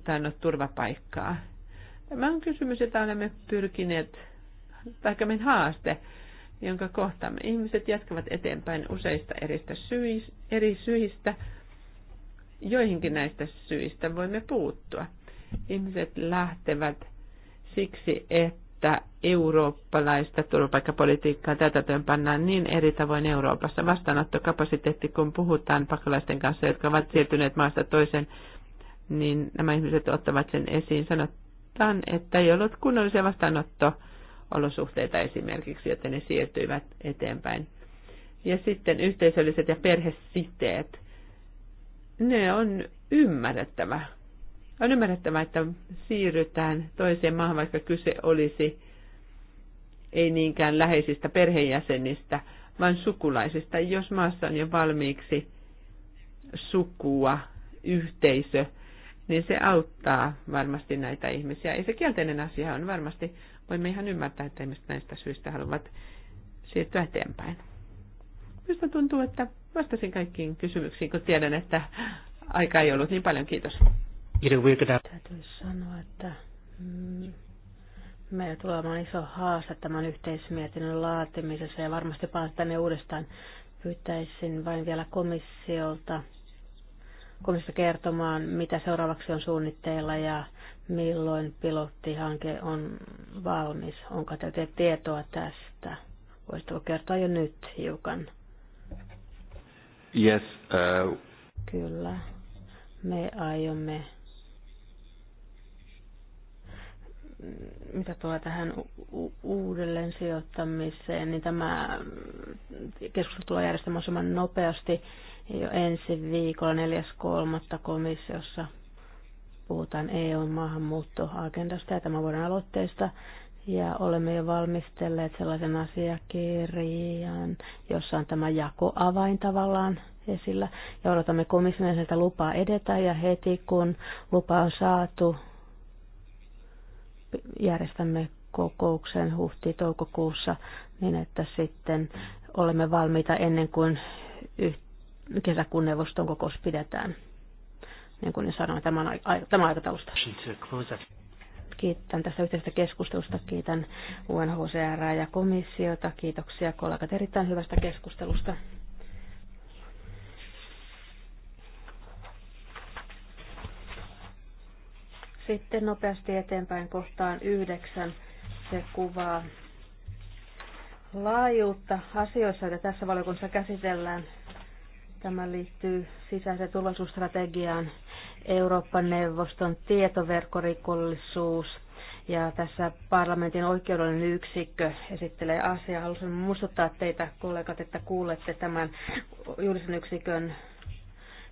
tai no turvapaikkaa. Tämä on kysymys, jota olemme pyrkineet, tai haaste, jonka kohtaamme. Ihmiset jatkavat eteenpäin useista eristä syis, eri syistä. Joihinkin näistä syistä voimme puuttua. Ihmiset lähtevät siksi, että eurooppalaista turvapaikkapolitiikkaa tätä pannaan niin eri tavoin Euroopassa. Vastaanottokapasiteetti, kun puhutaan pakolaisten kanssa, jotka ovat siirtyneet maasta toiseen, niin nämä ihmiset ottavat sen esiin. Sanotaan, että ei ollut kunnollisia vastaanotto-olosuhteita esimerkiksi, joten ne siirtyivät eteenpäin. Ja sitten yhteisölliset ja perhesiteet. Ne on ymmärrettävä on ymmärrettävä, että siirrytään toiseen maahan, vaikka kyse olisi ei niinkään läheisistä perheenjäsenistä, vaan sukulaisista. Jos maassa on jo valmiiksi sukua, yhteisö, niin se auttaa varmasti näitä ihmisiä. Ei se kielteinen asia on varmasti. Voimme ihan ymmärtää, että ihmiset näistä syistä haluavat siirtyä eteenpäin. Minusta tuntuu, että vastasin kaikkiin kysymyksiin, kun tiedän, että aika ei ollut niin paljon. Kiitos. Täytyy sanoa, että mm, meillä tulee olemaan iso haaste tämän yhteismietinnön laatimisessa ja varmasti palaan tänne uudestaan. Pyytäisin vain vielä komissiolta komissio kertomaan, mitä seuraavaksi on suunnitteilla ja milloin pilottihanke on valmis. Onko teillä tietoa tästä? Voisitko kertoa jo nyt hiukan? Yes. Uh... Kyllä. Me aiomme mitä tulee tähän uudelleen sijoittamiseen, niin tämä keskustelu tulee järjestämään nopeasti jo ensi viikolla 4.3. komissiossa. Puhutaan eu maahanmuuttoagendasta ja tämän vuoden aloitteista. Ja olemme jo valmistelleet sellaisen asiakirjan, jossa on tämä jakoavain tavallaan esillä. Ja odotamme komission lupaa edetä ja heti kun lupa on saatu, järjestämme kokouksen huhti-toukokuussa niin, että sitten olemme valmiita ennen kuin kesäkuun neuvoston kokous pidetään. Niin kuin sanoin, tämän, tämän aikataulusta. Kiitän tästä yhteisestä keskustelusta. Kiitän UNHCR ja komissiota. Kiitoksia kollegat erittäin hyvästä keskustelusta. Sitten nopeasti eteenpäin kohtaan yhdeksän. Se kuvaa laajuutta asioissa, joita tässä valiokunnassa käsitellään. Tämä liittyy sisäiseen turvallisuusstrategiaan, Euroopan neuvoston tietoverkkorikollisuus ja tässä parlamentin oikeudellinen yksikkö esittelee asiaa. Haluaisin muistuttaa teitä kollegat, että kuulette tämän julkisen yksikön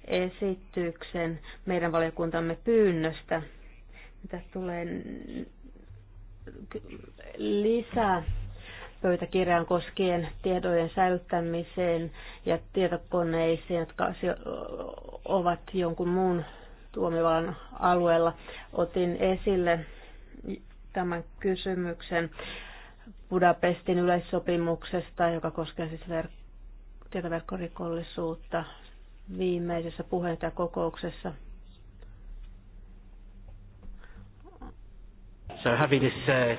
esityksen meidän valiokuntamme pyynnöstä mitä tulee lisää pöytäkirjaan koskien tiedojen säilyttämiseen ja tietokoneisiin, jotka ovat jonkun muun tuomivan alueella. Otin esille tämän kysymyksen Budapestin yleissopimuksesta, joka koskee siis ver- tietoverkkorikollisuutta viimeisessä puheenjohtajakokouksessa So having this, uh,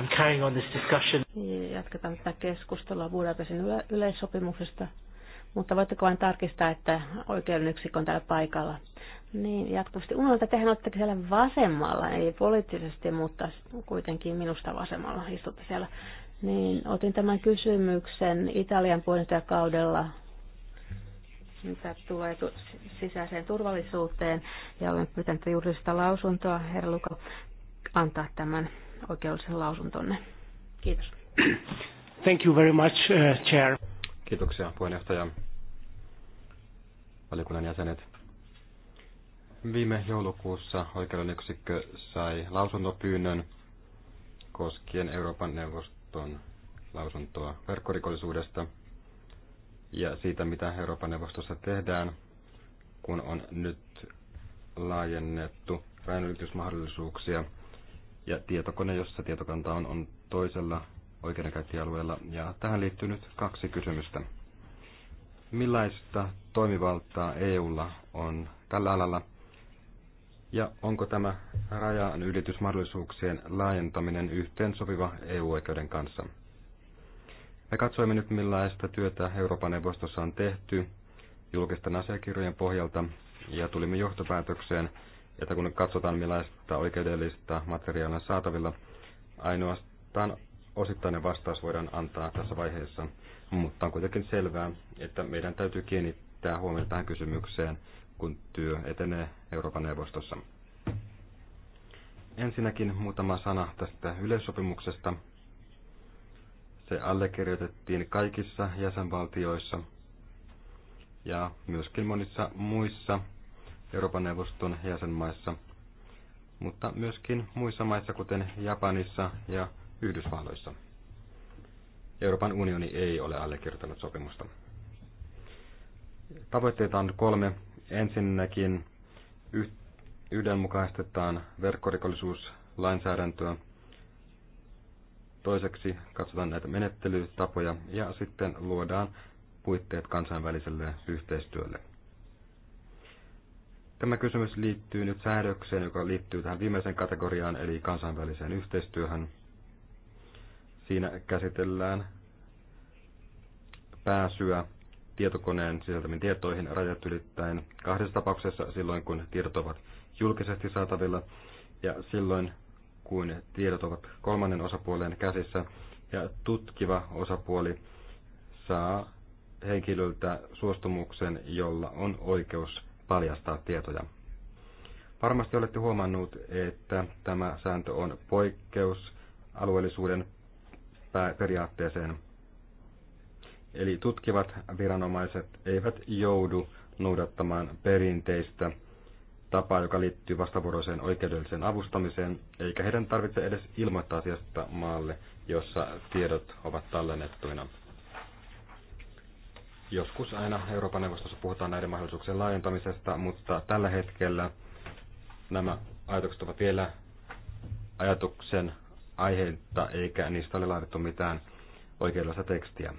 I'm carrying on this discussion. Niin, jatketaan tätä keskustelua Budapestin yle- yleissopimuksesta, mutta voitteko vain tarkistaa, että oikeuden yksikkö on täällä paikalla? Niin, jatkuvasti unohdan, että tehän olette siellä vasemmalla, ei poliittisesti, mutta kuitenkin minusta vasemmalla istutte siellä. Niin, otin tämän kysymyksen Italian puheenjohtajakaudella mitä tulee sisäiseen turvallisuuteen, ja olen pyytänyt sitä lausuntoa, herra Luka antaa tämän oikeudellisen lausuntonne. Kiitos. Thank you very much, uh, Chair. Kiitoksia puheenjohtaja, valiokunnan jäsenet. Viime joulukuussa oikeuden yksikkö sai lausuntopyynnön koskien Euroopan neuvoston lausuntoa verkkorikollisuudesta ja siitä, mitä Euroopan neuvostossa tehdään, kun on nyt laajennettu rajanylitysmahdollisuuksia ja tietokone, jossa tietokanta on, on toisella oikeudenkäyntialueella. Ja tähän liittyy nyt kaksi kysymystä. Millaista toimivaltaa EUlla on tällä alalla? Ja onko tämä rajan ylitysmahdollisuuksien laajentaminen yhteen sopiva EU-oikeuden kanssa? Me katsoimme nyt, millaista työtä Euroopan neuvostossa on tehty julkisten asiakirjojen pohjalta ja tulimme johtopäätökseen, että kun katsotaan millaista oikeudellista materiaalia saatavilla, ainoastaan osittainen vastaus voidaan antaa tässä vaiheessa, mutta on kuitenkin selvää, että meidän täytyy kiinnittää huomiota tähän kysymykseen, kun työ etenee Euroopan neuvostossa. Ensinnäkin muutama sana tästä yleissopimuksesta. Se allekirjoitettiin kaikissa jäsenvaltioissa ja myöskin monissa muissa Euroopan neuvoston jäsenmaissa, mutta myöskin muissa maissa, kuten Japanissa ja Yhdysvalloissa. Euroopan unioni ei ole allekirjoittanut sopimusta. Tavoitteita on kolme. Ensinnäkin yhdenmukaistetaan verkkorikollisuuslainsäädäntöä. Toiseksi katsotaan näitä menettelytapoja ja sitten luodaan puitteet kansainväliselle yhteistyölle. Tämä kysymys liittyy nyt säädökseen, joka liittyy tähän viimeiseen kategoriaan, eli kansainväliseen yhteistyöhön. Siinä käsitellään pääsyä tietokoneen sisältämiin tietoihin rajat ylittäen kahdessa tapauksessa silloin, kun tiedot ovat julkisesti saatavilla ja silloin, kun tiedot ovat kolmannen osapuolen käsissä ja tutkiva osapuoli saa henkilöltä suostumuksen, jolla on oikeus paljastaa tietoja. Varmasti olette huomannut, että tämä sääntö on poikkeus alueellisuuden periaatteeseen. Eli tutkivat viranomaiset eivät joudu noudattamaan perinteistä tapaa, joka liittyy vastavuoroiseen oikeudelliseen avustamiseen, eikä heidän tarvitse edes ilmoittaa asiasta maalle, jossa tiedot ovat tallennettuina. Joskus aina Euroopan neuvostossa puhutaan näiden mahdollisuuksien laajentamisesta, mutta tällä hetkellä nämä ajatukset ovat vielä ajatuksen aiheita, eikä niistä ole laadittu mitään oikeudellista tekstiä.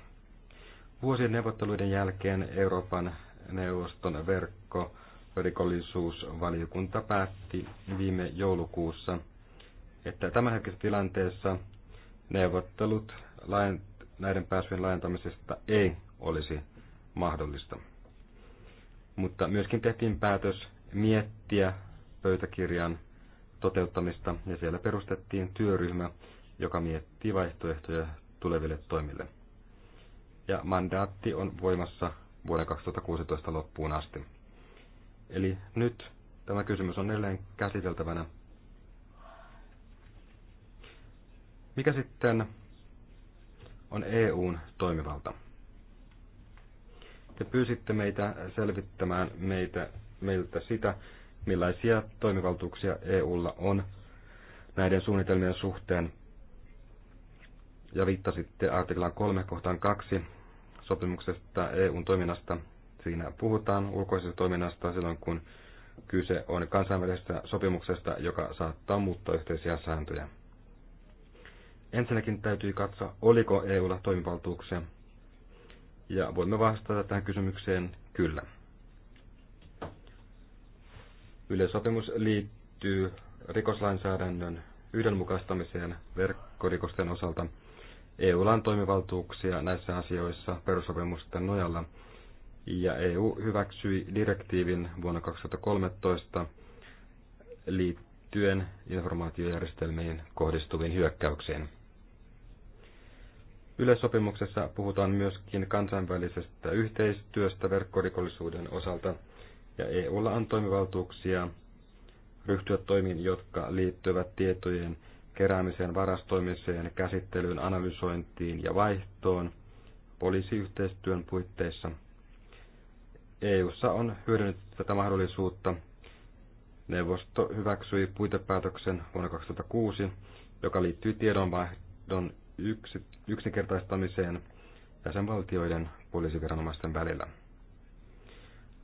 Vuosien neuvotteluiden jälkeen Euroopan neuvoston verkko rikollisuusvaliokunta päätti viime joulukuussa, että tämänhetkisessä tilanteessa neuvottelut näiden pääsyjen laajentamisesta ei olisi mahdollista. Mutta myöskin tehtiin päätös miettiä pöytäkirjan toteuttamista ja siellä perustettiin työryhmä, joka miettii vaihtoehtoja tuleville toimille. Ja mandaatti on voimassa vuoden 2016 loppuun asti. Eli nyt tämä kysymys on edelleen käsiteltävänä. Mikä sitten on EUn toimivalta? Te pyysitte meitä selvittämään meitä, meiltä sitä, millaisia toimivaltuuksia EUlla on näiden suunnitelmien suhteen. Ja viittasitte artiklan 3 kohtaan 2 sopimuksesta EUn toiminnasta. Siinä puhutaan ulkoisesta toiminnasta silloin, kun kyse on kansainvälisestä sopimuksesta, joka saattaa muuttaa yhteisiä sääntöjä. Ensinnäkin täytyy katsoa, oliko EUlla toimivaltuuksia ja voimme vastata tähän kysymykseen kyllä. Yleisopimus liittyy rikoslainsäädännön yhdenmukaistamiseen verkkorikosten osalta. EUlla on toimivaltuuksia näissä asioissa perusopimusten nojalla, ja EU hyväksyi direktiivin vuonna 2013 liittyen informaatiojärjestelmiin kohdistuviin hyökkäyksiin. Yleissopimuksessa puhutaan myöskin kansainvälisestä yhteistyöstä verkkorikollisuuden osalta, ja EUlla on toimivaltuuksia ryhtyä toimiin, jotka liittyvät tietojen keräämiseen, varastoimiseen, käsittelyyn, analysointiin ja vaihtoon poliisiyhteistyön puitteissa. EUssa on hyödynnetty tätä mahdollisuutta. Neuvosto hyväksyi puitepäätöksen vuonna 2006, joka liittyy tiedonvaihdon yksi, yksinkertaistamiseen jäsenvaltioiden poliisiviranomaisten välillä.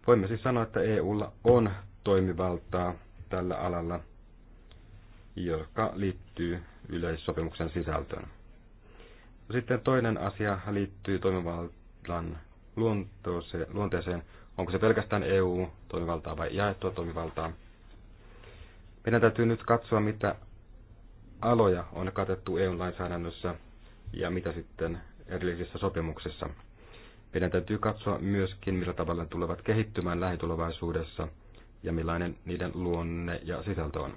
Voimme siis sanoa, että EUlla on toimivaltaa tällä alalla, joka liittyy yleissopimuksen sisältöön. Sitten toinen asia liittyy toimivallan luonteeseen. Onko se pelkästään EU-toimivaltaa vai jaettua toimivaltaa? Meidän täytyy nyt katsoa, mitä aloja on katettu EU-lainsäädännössä ja mitä sitten erillisissä sopimuksissa. Meidän täytyy katsoa myöskin, millä tavalla ne tulevat kehittymään lähitulevaisuudessa ja millainen niiden luonne ja sisältö on.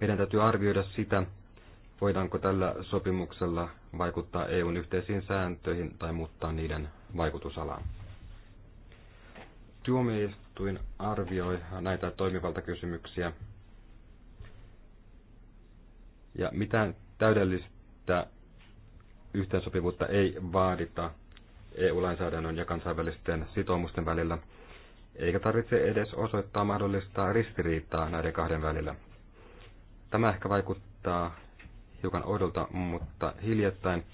Meidän täytyy arvioida sitä, voidaanko tällä sopimuksella vaikuttaa EUn yhteisiin sääntöihin tai muuttaa niiden vaikutusalaa. Tuomioistuin arvioi näitä toimivaltakysymyksiä ja mitään täydellistä että yhteensopivuutta ei vaadita EU-lainsäädännön ja kansainvälisten sitoumusten välillä, eikä tarvitse edes osoittaa mahdollista ristiriitaa näiden kahden välillä. Tämä ehkä vaikuttaa hiukan oudolta, mutta hiljattain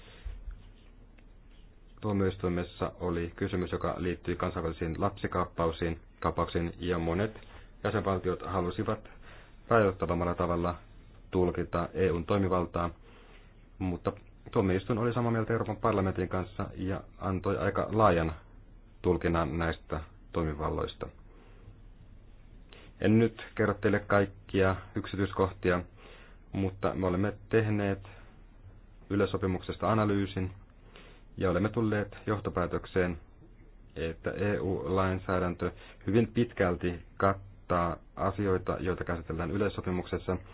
tuomioistuimessa oli kysymys, joka liittyi kansainvälisiin lapsikaappauksiin kapauksiin, ja monet jäsenvaltiot halusivat rajoittavammalla tavalla tulkita EUn toimivaltaa mutta tuomioistuin oli samaa mieltä Euroopan parlamentin kanssa ja antoi aika laajan tulkinnan näistä toimivalloista. En nyt kerro teille kaikkia yksityiskohtia, mutta me olemme tehneet yleisopimuksesta analyysin ja olemme tulleet johtopäätökseen, että EU-lainsäädäntö hyvin pitkälti kattaa asioita, joita käsitellään yleissopimuksessa –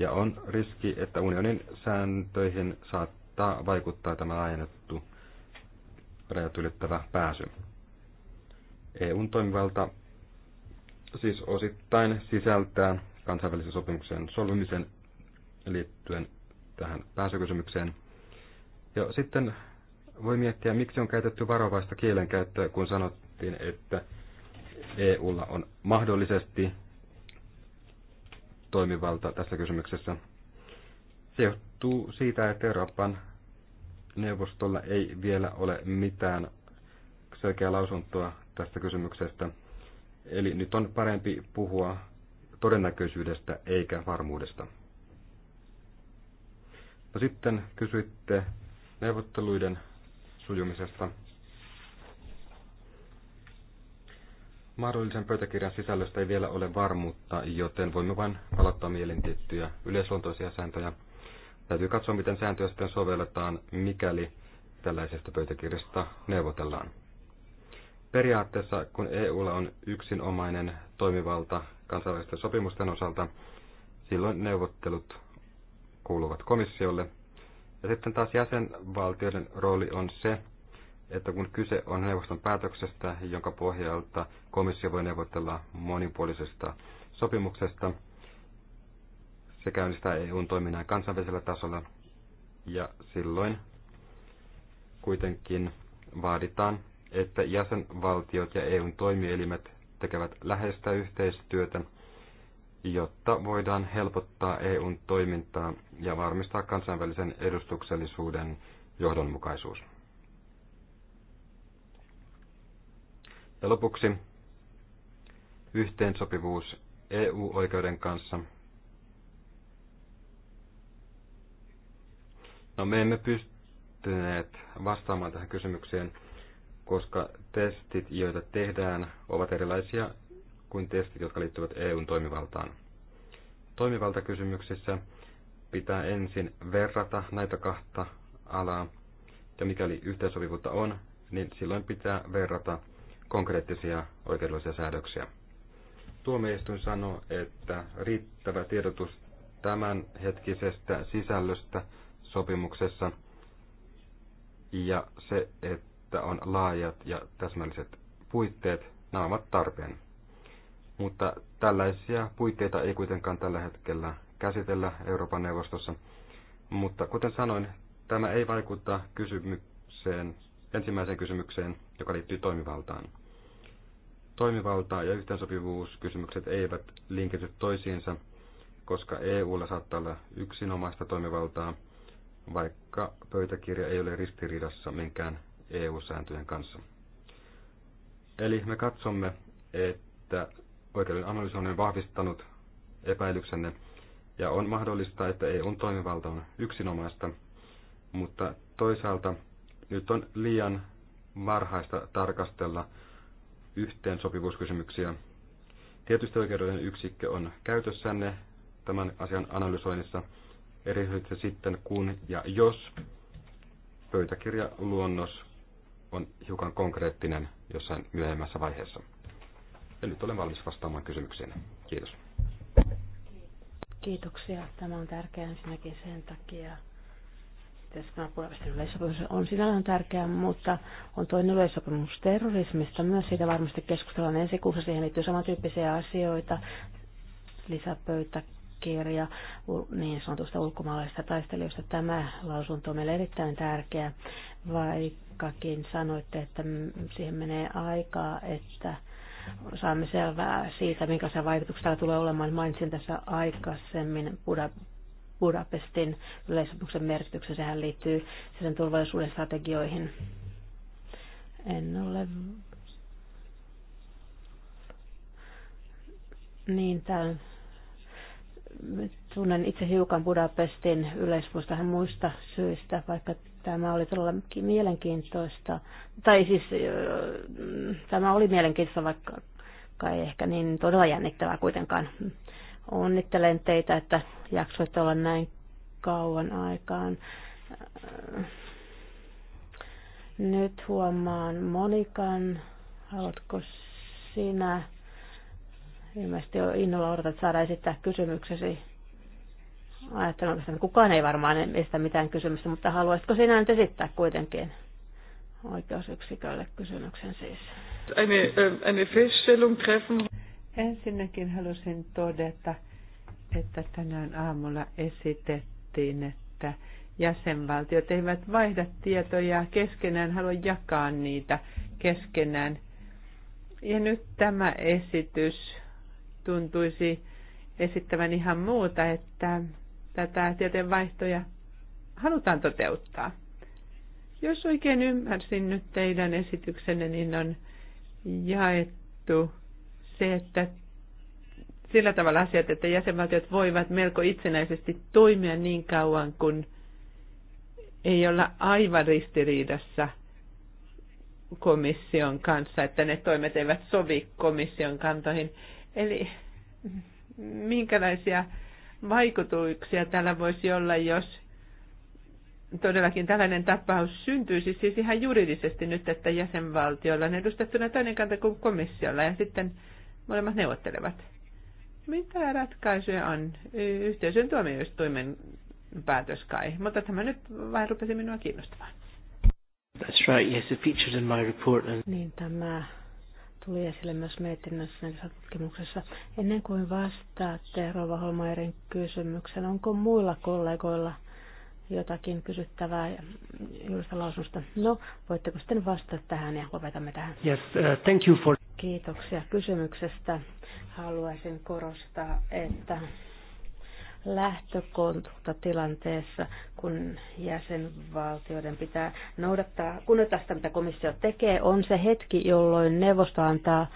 ja on riski, että unionin sääntöihin saattaa vaikuttaa tämä laajennettu rajat ylittävä pääsy. EUn toimivalta siis osittain sisältää kansainvälisen sopimuksen solmimisen liittyen tähän pääsykysymykseen. Ja sitten voi miettiä, miksi on käytetty varovaista kielenkäyttöä, kun sanottiin, että EUlla on mahdollisesti toimivalta tässä kysymyksessä. Se johtuu siitä, että Euroopan neuvostolla ei vielä ole mitään selkeää lausuntoa tästä kysymyksestä. Eli nyt on parempi puhua todennäköisyydestä eikä varmuudesta. No sitten kysyitte neuvotteluiden sujumisesta. Mahdollisen pöytäkirjan sisällöstä ei vielä ole varmuutta, joten voimme vain palauttaa mielin tiettyjä yleisluontoisia sääntöjä. Täytyy katsoa, miten sääntöjä sitten sovelletaan, mikäli tällaisesta pöytäkirjasta neuvotellaan. Periaatteessa, kun EUlla on yksinomainen toimivalta kansainvälisten sopimusten osalta, silloin neuvottelut kuuluvat komissiolle. Ja sitten taas jäsenvaltioiden rooli on se, että kun kyse on neuvoston päätöksestä, jonka pohjalta komissio voi neuvotella monipuolisesta sopimuksesta, se käynnistää EUn toiminnan kansainvälisellä tasolla ja silloin kuitenkin vaaditaan, että jäsenvaltiot ja EUn toimielimet tekevät läheistä yhteistyötä, jotta voidaan helpottaa EUn toimintaa ja varmistaa kansainvälisen edustuksellisuuden johdonmukaisuus. Ja lopuksi yhteensopivuus EU-oikeuden kanssa. No me emme pystyneet vastaamaan tähän kysymykseen, koska testit, joita tehdään, ovat erilaisia kuin testit, jotka liittyvät EUn toimivaltaan. Toimivaltakysymyksissä pitää ensin verrata näitä kahta alaa, ja mikäli yhteensopivuutta on, niin silloin pitää verrata konkreettisia oikeudellisia säädöksiä. Tuomioistuin sanoo, että riittävä tiedotus tämänhetkisestä sisällöstä sopimuksessa ja se, että on laajat ja täsmälliset puitteet, nämä ovat tarpeen. Mutta tällaisia puitteita ei kuitenkaan tällä hetkellä käsitellä Euroopan neuvostossa. Mutta kuten sanoin, tämä ei vaikuta kysymykseen, ensimmäiseen kysymykseen, joka liittyy toimivaltaan toimivaltaa ja yhteensopivuuskysymykset eivät linkity toisiinsa, koska EUlla saattaa olla yksinomaista toimivaltaa, vaikka pöytäkirja ei ole ristiriidassa minkään EU-sääntöjen kanssa. Eli me katsomme, että oikeuden analysoinnin vahvistanut epäilyksenne ja on mahdollista, että EUn toimivalta on yksinomaista, mutta toisaalta nyt on liian varhaista tarkastella yhteensopivuuskysymyksiä. Tietysti oikeudellinen yksikkö on käytössänne tämän asian analysoinnissa, erityisesti sitten kun ja jos pöytäkirjaluonnos on hiukan konkreettinen jossain myöhemmässä vaiheessa. Ja nyt olen valmis vastaamaan kysymyksiin. Kiitos. Kiitoksia. Tämä on tärkeää ensinnäkin sen takia, tämä puolivälisten yleissopimus on sinällään tärkeä, mutta on toinen yleissopimus terrorismista. Myös siitä varmasti keskustellaan ensi kuussa. Siihen liittyy samantyyppisiä asioita, lisäpöytäkirja niin sanotusta ulkomaalaisista taistelijoista. Tämä lausunto on meille erittäin tärkeä, vaikkakin sanoitte, että siihen menee aikaa, että saamme selvää siitä, minkälaisia vaikutuksia tulee olemaan. Mainitsin tässä aikaisemmin Budapestin yleisopimuksen merkityksen. Sehän liittyy sen turvallisuuden strategioihin. En ole niin tämän tunnen itse hiukan Budapestin yleismuista vähän muista syistä, vaikka tämä oli todella mielenkiintoista. Tai siis tämä oli mielenkiintoista, vaikka ei ehkä niin todella jännittävää kuitenkaan. Onnittelen teitä, että jaksoit olla näin kauan aikaan. Nyt huomaan Monikan. Haluatko sinä? Ilmeisesti on innolla odotat saada esittää kysymyksesi. Ajattelen oikeastaan, että kukaan ei varmaan estä mitään kysymystä, mutta haluaisitko sinä nyt esittää kuitenkin oikeusyksikölle kysymyksen siis? Eine, äh, eine Feststellung treffen. Ensinnäkin halusin todeta, että tänään aamulla esitettiin, että jäsenvaltiot eivät vaihda tietoja keskenään, halua jakaa niitä keskenään. Ja nyt tämä esitys tuntuisi esittävän ihan muuta, että tätä tietojenvaihtoja halutaan toteuttaa. Jos oikein ymmärsin nyt teidän esityksenne, niin on jaettu se, että sillä tavalla asiat, että jäsenvaltiot voivat melko itsenäisesti toimia niin kauan, kun ei olla aivan ristiriidassa komission kanssa, että ne toimet eivät sovi komission kantoihin. Eli minkälaisia vaikutuksia tällä voisi olla, jos todellakin tällainen tapaus syntyisi siis ihan juridisesti nyt, että jäsenvaltiolla on edustettuna toinen kanta kuin komissiolla ja sitten molemmat neuvottelevat. Mitä ratkaisuja on? Yhteisön tuomioistuimen päätös kai, mutta tämä nyt vähän rupesi minua kiinnostamaan. That's right, yes, it featured in my report. And... Niin tämä tuli esille myös mietinnössä näissä tutkimuksessa. Ennen kuin vastaatte Rova Holmairin kysymykseen, onko muilla kollegoilla – jotakin kysyttävää juurista laususta. No, voitteko sitten vastata tähän ja lopetamme tähän? Yes, uh, thank you for... Kiitoksia kysymyksestä. Haluaisin korostaa, että lähtökohta tilanteessa, kun jäsenvaltioiden pitää noudattaa, kunnioittaa sitä, mitä komissio tekee, on se hetki, jolloin neuvosto antaa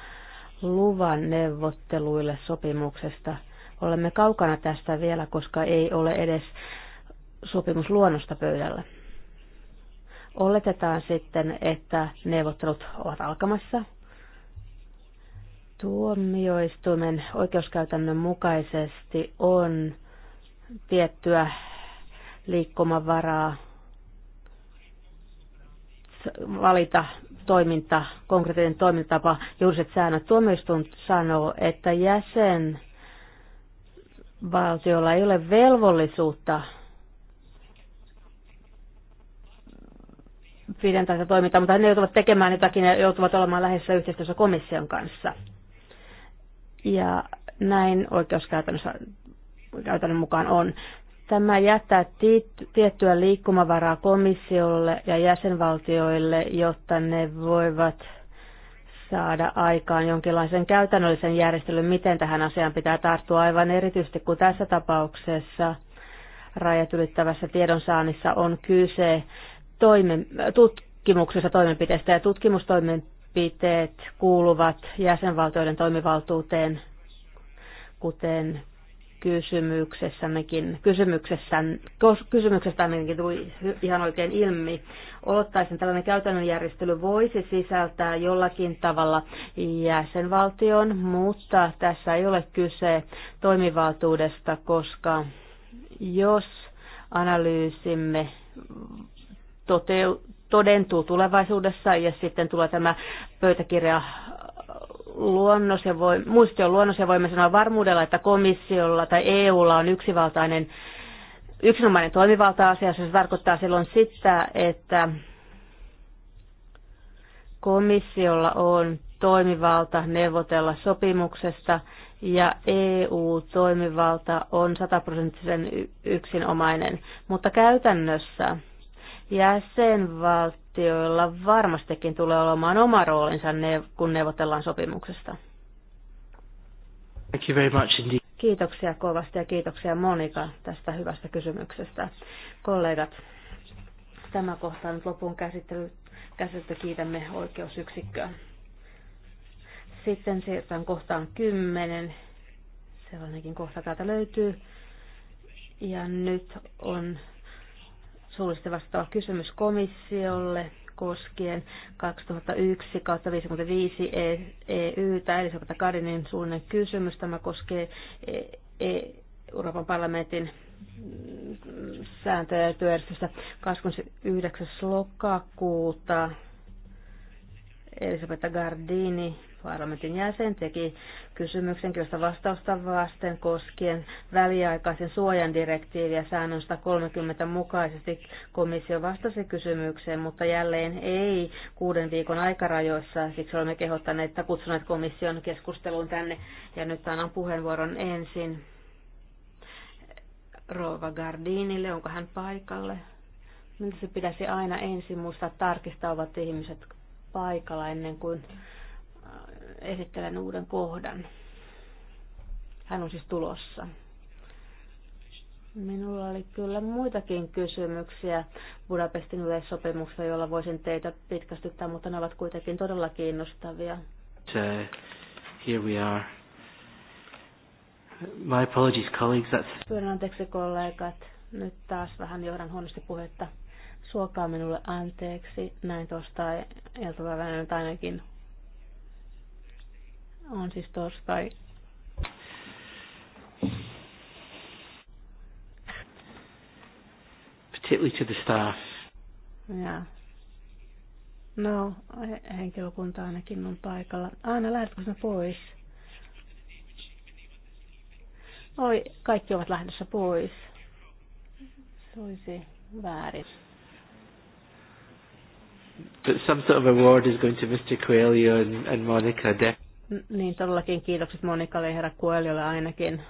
luvan neuvotteluille sopimuksesta. Olemme kaukana tästä vielä, koska ei ole edes sopimusluonnosta pöydälle. Oletetaan sitten, että neuvottelut ovat alkamassa. Tuomioistuimen oikeuskäytännön mukaisesti on tiettyä liikkumavaraa valita toiminta, konkreettinen toimintatapa, juuriset säännöt. Tuomioistuin sanoo, että jäsenvaltiolla ei ole velvollisuutta pidän tätä toimintaa, mutta ne joutuvat tekemään jotakin ja joutuvat olemaan lähes yhteistyössä komission kanssa. Ja näin oikeuskäytännössä käytännön mukaan on. Tämä jättää tiettyä liikkumavaraa komissiolle ja jäsenvaltioille, jotta ne voivat saada aikaan jonkinlaisen käytännöllisen järjestelyn, miten tähän asiaan pitää tarttua aivan erityisesti, kun tässä tapauksessa rajat ylittävässä tiedonsaannissa on kyse toimen, tutkimuksessa toimenpiteistä ja tutkimustoimenpiteet kuuluvat jäsenvaltioiden toimivaltuuteen, kuten kysymyksessämmekin, kysymyksessään, kysymyksestämmekin tuli ihan oikein ilmi. Olettaisin tällainen käytännön järjestely voisi sisältää jollakin tavalla jäsenvaltion, mutta tässä ei ole kyse toimivaltuudesta, koska jos analyysimme toteu, todentuu tulevaisuudessa ja sitten tulee tämä pöytäkirja luonnos ja voi, on luonnos ja voimme sanoa varmuudella, että komissiolla tai EUlla on yksivaltainen yksinomainen toimivalta asiassa. Se tarkoittaa silloin sitä, että komissiolla on toimivalta neuvotella sopimuksesta ja EU-toimivalta on sataprosenttisen yksinomainen, mutta käytännössä jäsenvaltioilla varmastikin tulee olemaan oma roolinsa, kun neuvotellaan sopimuksesta. Thank you very much Kiitoksia kovasti ja kiitoksia Monika tästä hyvästä kysymyksestä. Kollegat, tämä kohta on nyt lopun käsittely. Käsittely kiitämme oikeusyksikköä. Sitten siirrytään kohtaan kymmenen. Sellainenkin kohta täältä löytyy. Ja nyt on suullisesti vastaava kysymys komissiolle koskien 2001-55 tai e- e eli Sopata Kadinin suullinen kysymys. Tämä koskee e- Euroopan parlamentin sääntöjä ja työjärjestystä 29. lokakuuta Elisabetta Gardini, parlamentin jäsen, teki kysymyksen josta vastausta vasten koskien väliaikaisen suojan direktiiviä säännön 130 mukaisesti. Komissio vastasi kysymykseen, mutta jälleen ei kuuden viikon aikarajoissa. Siksi olemme kehottaneet että kutsuneet komission keskusteluun tänne. Ja nyt annan puheenvuoron ensin Rova Gardinille. Onko hän paikalle? Miltä se pitäisi aina ensin muistaa tarkistaa, ovat ihmiset paikalla ennen kuin äh, esittelen uuden kohdan. Hän on siis tulossa. Minulla oli kyllä muitakin kysymyksiä Budapestin yleissopimuksesta, jolla voisin teitä pitkästyttää, mutta ne ovat kuitenkin todella kiinnostavia. Uh, here we are. My apologies, colleagues. That's... Pyydän anteeksi kollegat. Nyt taas vähän johdan huonosti puhetta. Suokaa minulle anteeksi, näin torstai iltapäivänä nyt ainakin. On siis torstai. Particularly to the staff. Yeah. No, henkilökunta ainakin on paikalla. Aina lähdetkö sinä pois? Oi, kaikki ovat lähdössä pois. Se olisi väärin. But some sort of award is going to Mr. Coelho and, and Monica. De- niin todellakin kiitokset Monikalle ja herra Coelholle ainakin.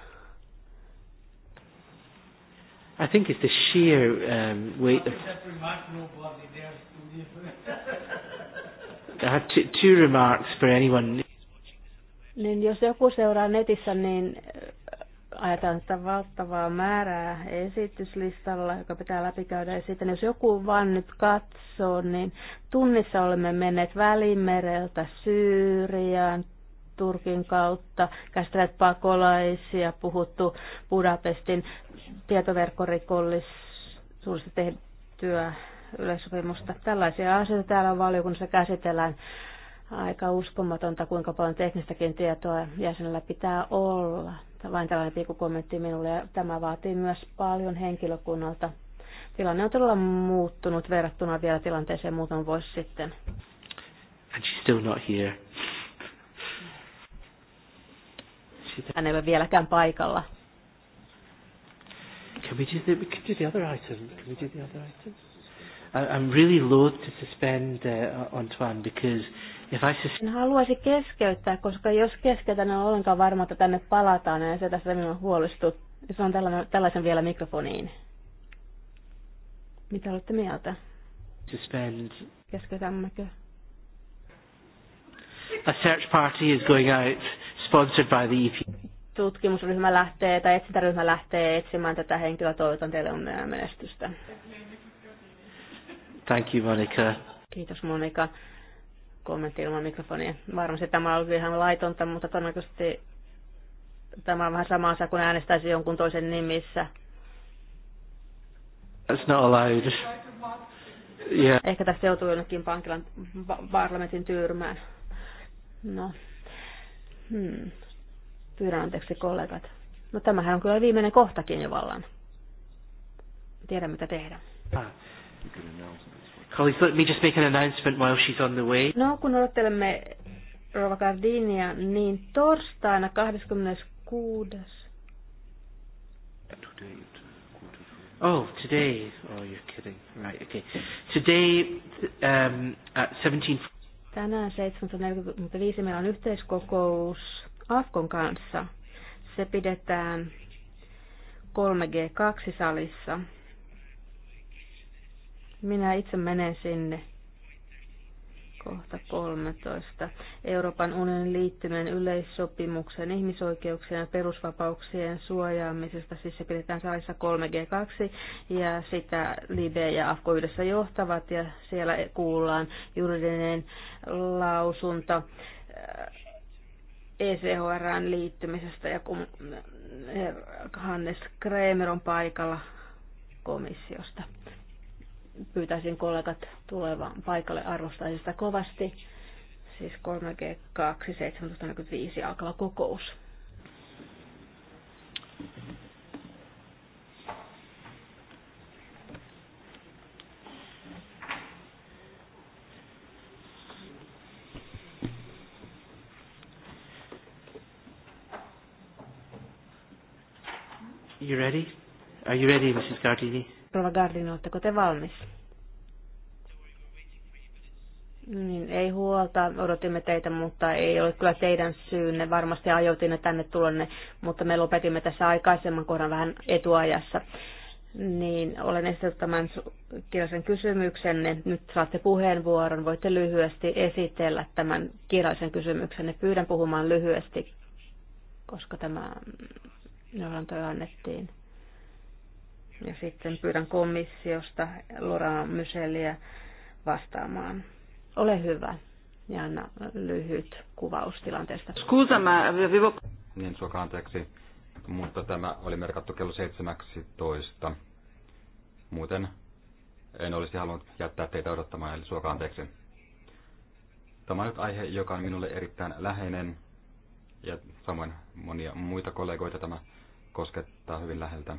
I think it's the sheer um, weight of. I have two, two remarks for anyone. Niin jos joku seuraa netissä, niin ajetaan sitä valtavaa määrää esityslistalla, joka pitää läpikäydä. Ja sitten jos joku vaan nyt katsoo, niin tunnissa olemme menneet Välimereltä Syyriaan, Turkin kautta, käsitelleet pakolaisia, puhuttu Budapestin tietoverkkorikollisuudesta tehtyä yleissopimusta. Tällaisia asioita täällä valiokunnassa käsitellään aika uskomatonta, kuinka paljon teknistäkin tietoa jäsenellä pitää olla. Vain tällainen pikku kommentti minulle ja tämä vaatii myös paljon henkilökunnalta. Tilanne on todella muuttunut verrattuna vielä tilanteeseen muutaman vuosi sitten. And she's still not here. Hän ei ole vieläkään paikalla. Can we do the, we can do the other item? Can we do the other item? I, I'm really loath to suspend uh, Antoine because en haluaisi keskeyttää, koska jos keskeytän, niin on ollenkaan varma, että tänne palataan ja se tässä minua huolestuu. Se on tällainen, tällaisen vielä mikrofoniin. Mitä olette mieltä? Suspend. Keskeytämmekö? A search party is going out, sponsored by the EP. Tutkimusryhmä lähtee tai etsintäryhmä lähtee etsimään tätä henkilöä. Toivotan teille onnea menestystä. Thank you, Monica. Kiitos, Monika kommentti ilman mikrofonia. Varmasti tämä on ihan laitonta, mutta todennäköisesti tämä on vähän sama asia kuin äänestäisi jonkun toisen nimissä. That's not allowed. Yeah. Ehkä tässä joutuu jonnekin pankilan parlamentin tyyrmään. No. Hmm. Pyydän anteeksi kollegat. No tämähän on kyllä viimeinen kohtakin jo vallan. Tiedän mitä tehdä. Ah. Colleagues, let me just make an announcement while she's on the way. No, kun odottelemme Rova Gardinia, niin torstaina 26. Oh, today. Oh, you're kidding. Right, okay. Today um, at 17... Tänään 17.45 meillä on yhteiskokous Afkon kanssa. Se pidetään 3G2-salissa. Minä itse menen sinne kohta 13. Euroopan unionin liittyminen yleissopimuksen ihmisoikeuksien ja perusvapauksien suojaamisesta, siis se pidetään salissa 3G2, ja sitä Libe ja Afko yhdessä johtavat, ja siellä kuullaan juridinen lausunto äh, ECHRn liittymisestä, ja kun Hannes Kremer on paikalla komissiosta pyytäisin kollegat tulevan paikalle, arvostaisin sitä kovasti. Siis 3G2, 17.45 alkava kokous. You ready? Are you ready, Mrs. Gardini? Rova Gardin, oletteko te valmis? Niin, ei huolta, odotimme teitä, mutta ei ole kyllä teidän syynne. Varmasti ajoitimme tänne tulonne, mutta me lopetimme tässä aikaisemman kohdan vähän etuajassa. Niin, olen esittänyt tämän kirjallisen kysymyksenne. Nyt saatte puheenvuoron. Voitte lyhyesti esitellä tämän kirjallisen kysymyksenne. Pyydän puhumaan lyhyesti, koska tämä johdantoja annettiin. Ja sitten pyydän komissiosta Laura Myseliä vastaamaan. Ole hyvä ja anna lyhyt kuvaus tilanteesta. Skuusa, mä... Niin, suokaa anteeksi, mutta tämä oli merkattu kello 17. Muuten en olisi halunnut jättää teitä odottamaan, eli suokaa anteeksi. Tämä on nyt aihe, joka on minulle erittäin läheinen, ja samoin monia muita kollegoita tämä koskettaa hyvin läheltä.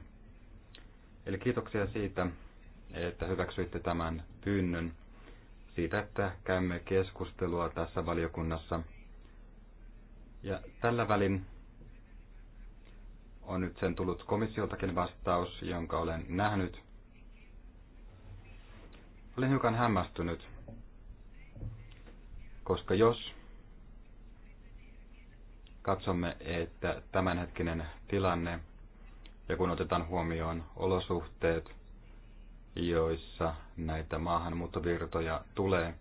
Eli kiitoksia siitä, että hyväksyitte tämän pyynnön siitä, että käymme keskustelua tässä valiokunnassa. Ja tällä välin on nyt sen tullut komissiotakin vastaus, jonka olen nähnyt. Olen hiukan hämmästynyt, koska jos katsomme, että tämänhetkinen tilanne ja kun otetaan huomioon olosuhteet, joissa näitä maahanmuuttovirtoja tulee,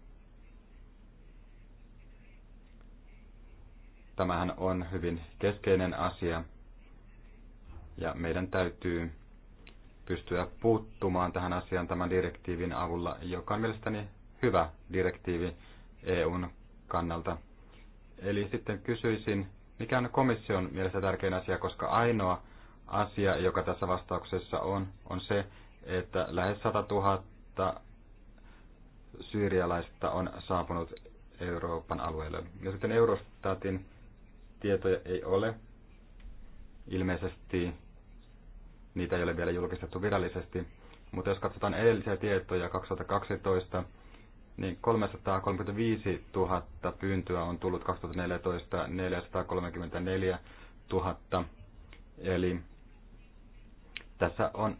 tämähän on hyvin keskeinen asia. Ja meidän täytyy pystyä puuttumaan tähän asiaan tämän direktiivin avulla, joka on mielestäni hyvä direktiivi EUn kannalta. Eli sitten kysyisin, mikä on komission mielestä tärkein asia, koska ainoa asia, joka tässä vastauksessa on, on se, että lähes 100 000 syyrialaista on saapunut Euroopan alueelle. Ja sitten Eurostatin tietoja ei ole. Ilmeisesti niitä ei ole vielä julkistettu virallisesti. Mutta jos katsotaan edellisiä tietoja 2012, niin 335 000 pyyntöä on tullut 2014, 434 000. Eli tässä on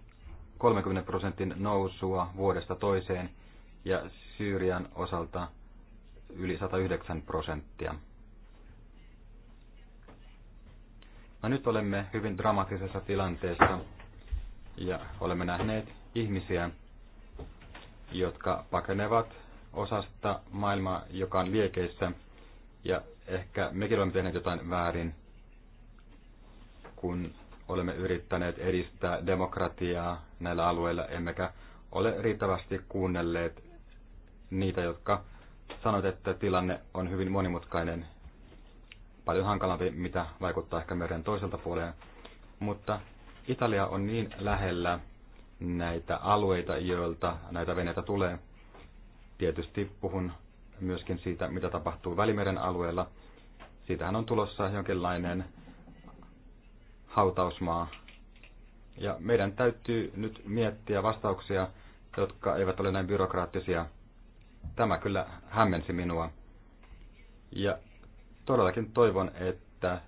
30 prosentin nousua vuodesta toiseen ja Syyrian osalta yli 109 prosenttia. No nyt olemme hyvin dramaattisessa tilanteessa ja olemme nähneet ihmisiä, jotka pakenevat osasta maailmaa, joka on liekeissä. Ja ehkä mekin olemme tehneet jotain väärin, kun olemme yrittäneet edistää demokratiaa näillä alueilla, emmekä ole riittävästi kuunnelleet niitä, jotka sanovat, että tilanne on hyvin monimutkainen, paljon hankalampi, mitä vaikuttaa ehkä meren toiselta puoleen. Mutta Italia on niin lähellä näitä alueita, joilta näitä veneitä tulee. Tietysti puhun myöskin siitä, mitä tapahtuu Välimeren alueella. Siitähän on tulossa jonkinlainen hautausmaa. Ja meidän täytyy nyt miettiä vastauksia, jotka eivät ole näin byrokraattisia. Tämä kyllä hämmensi minua. Ja todellakin toivon, että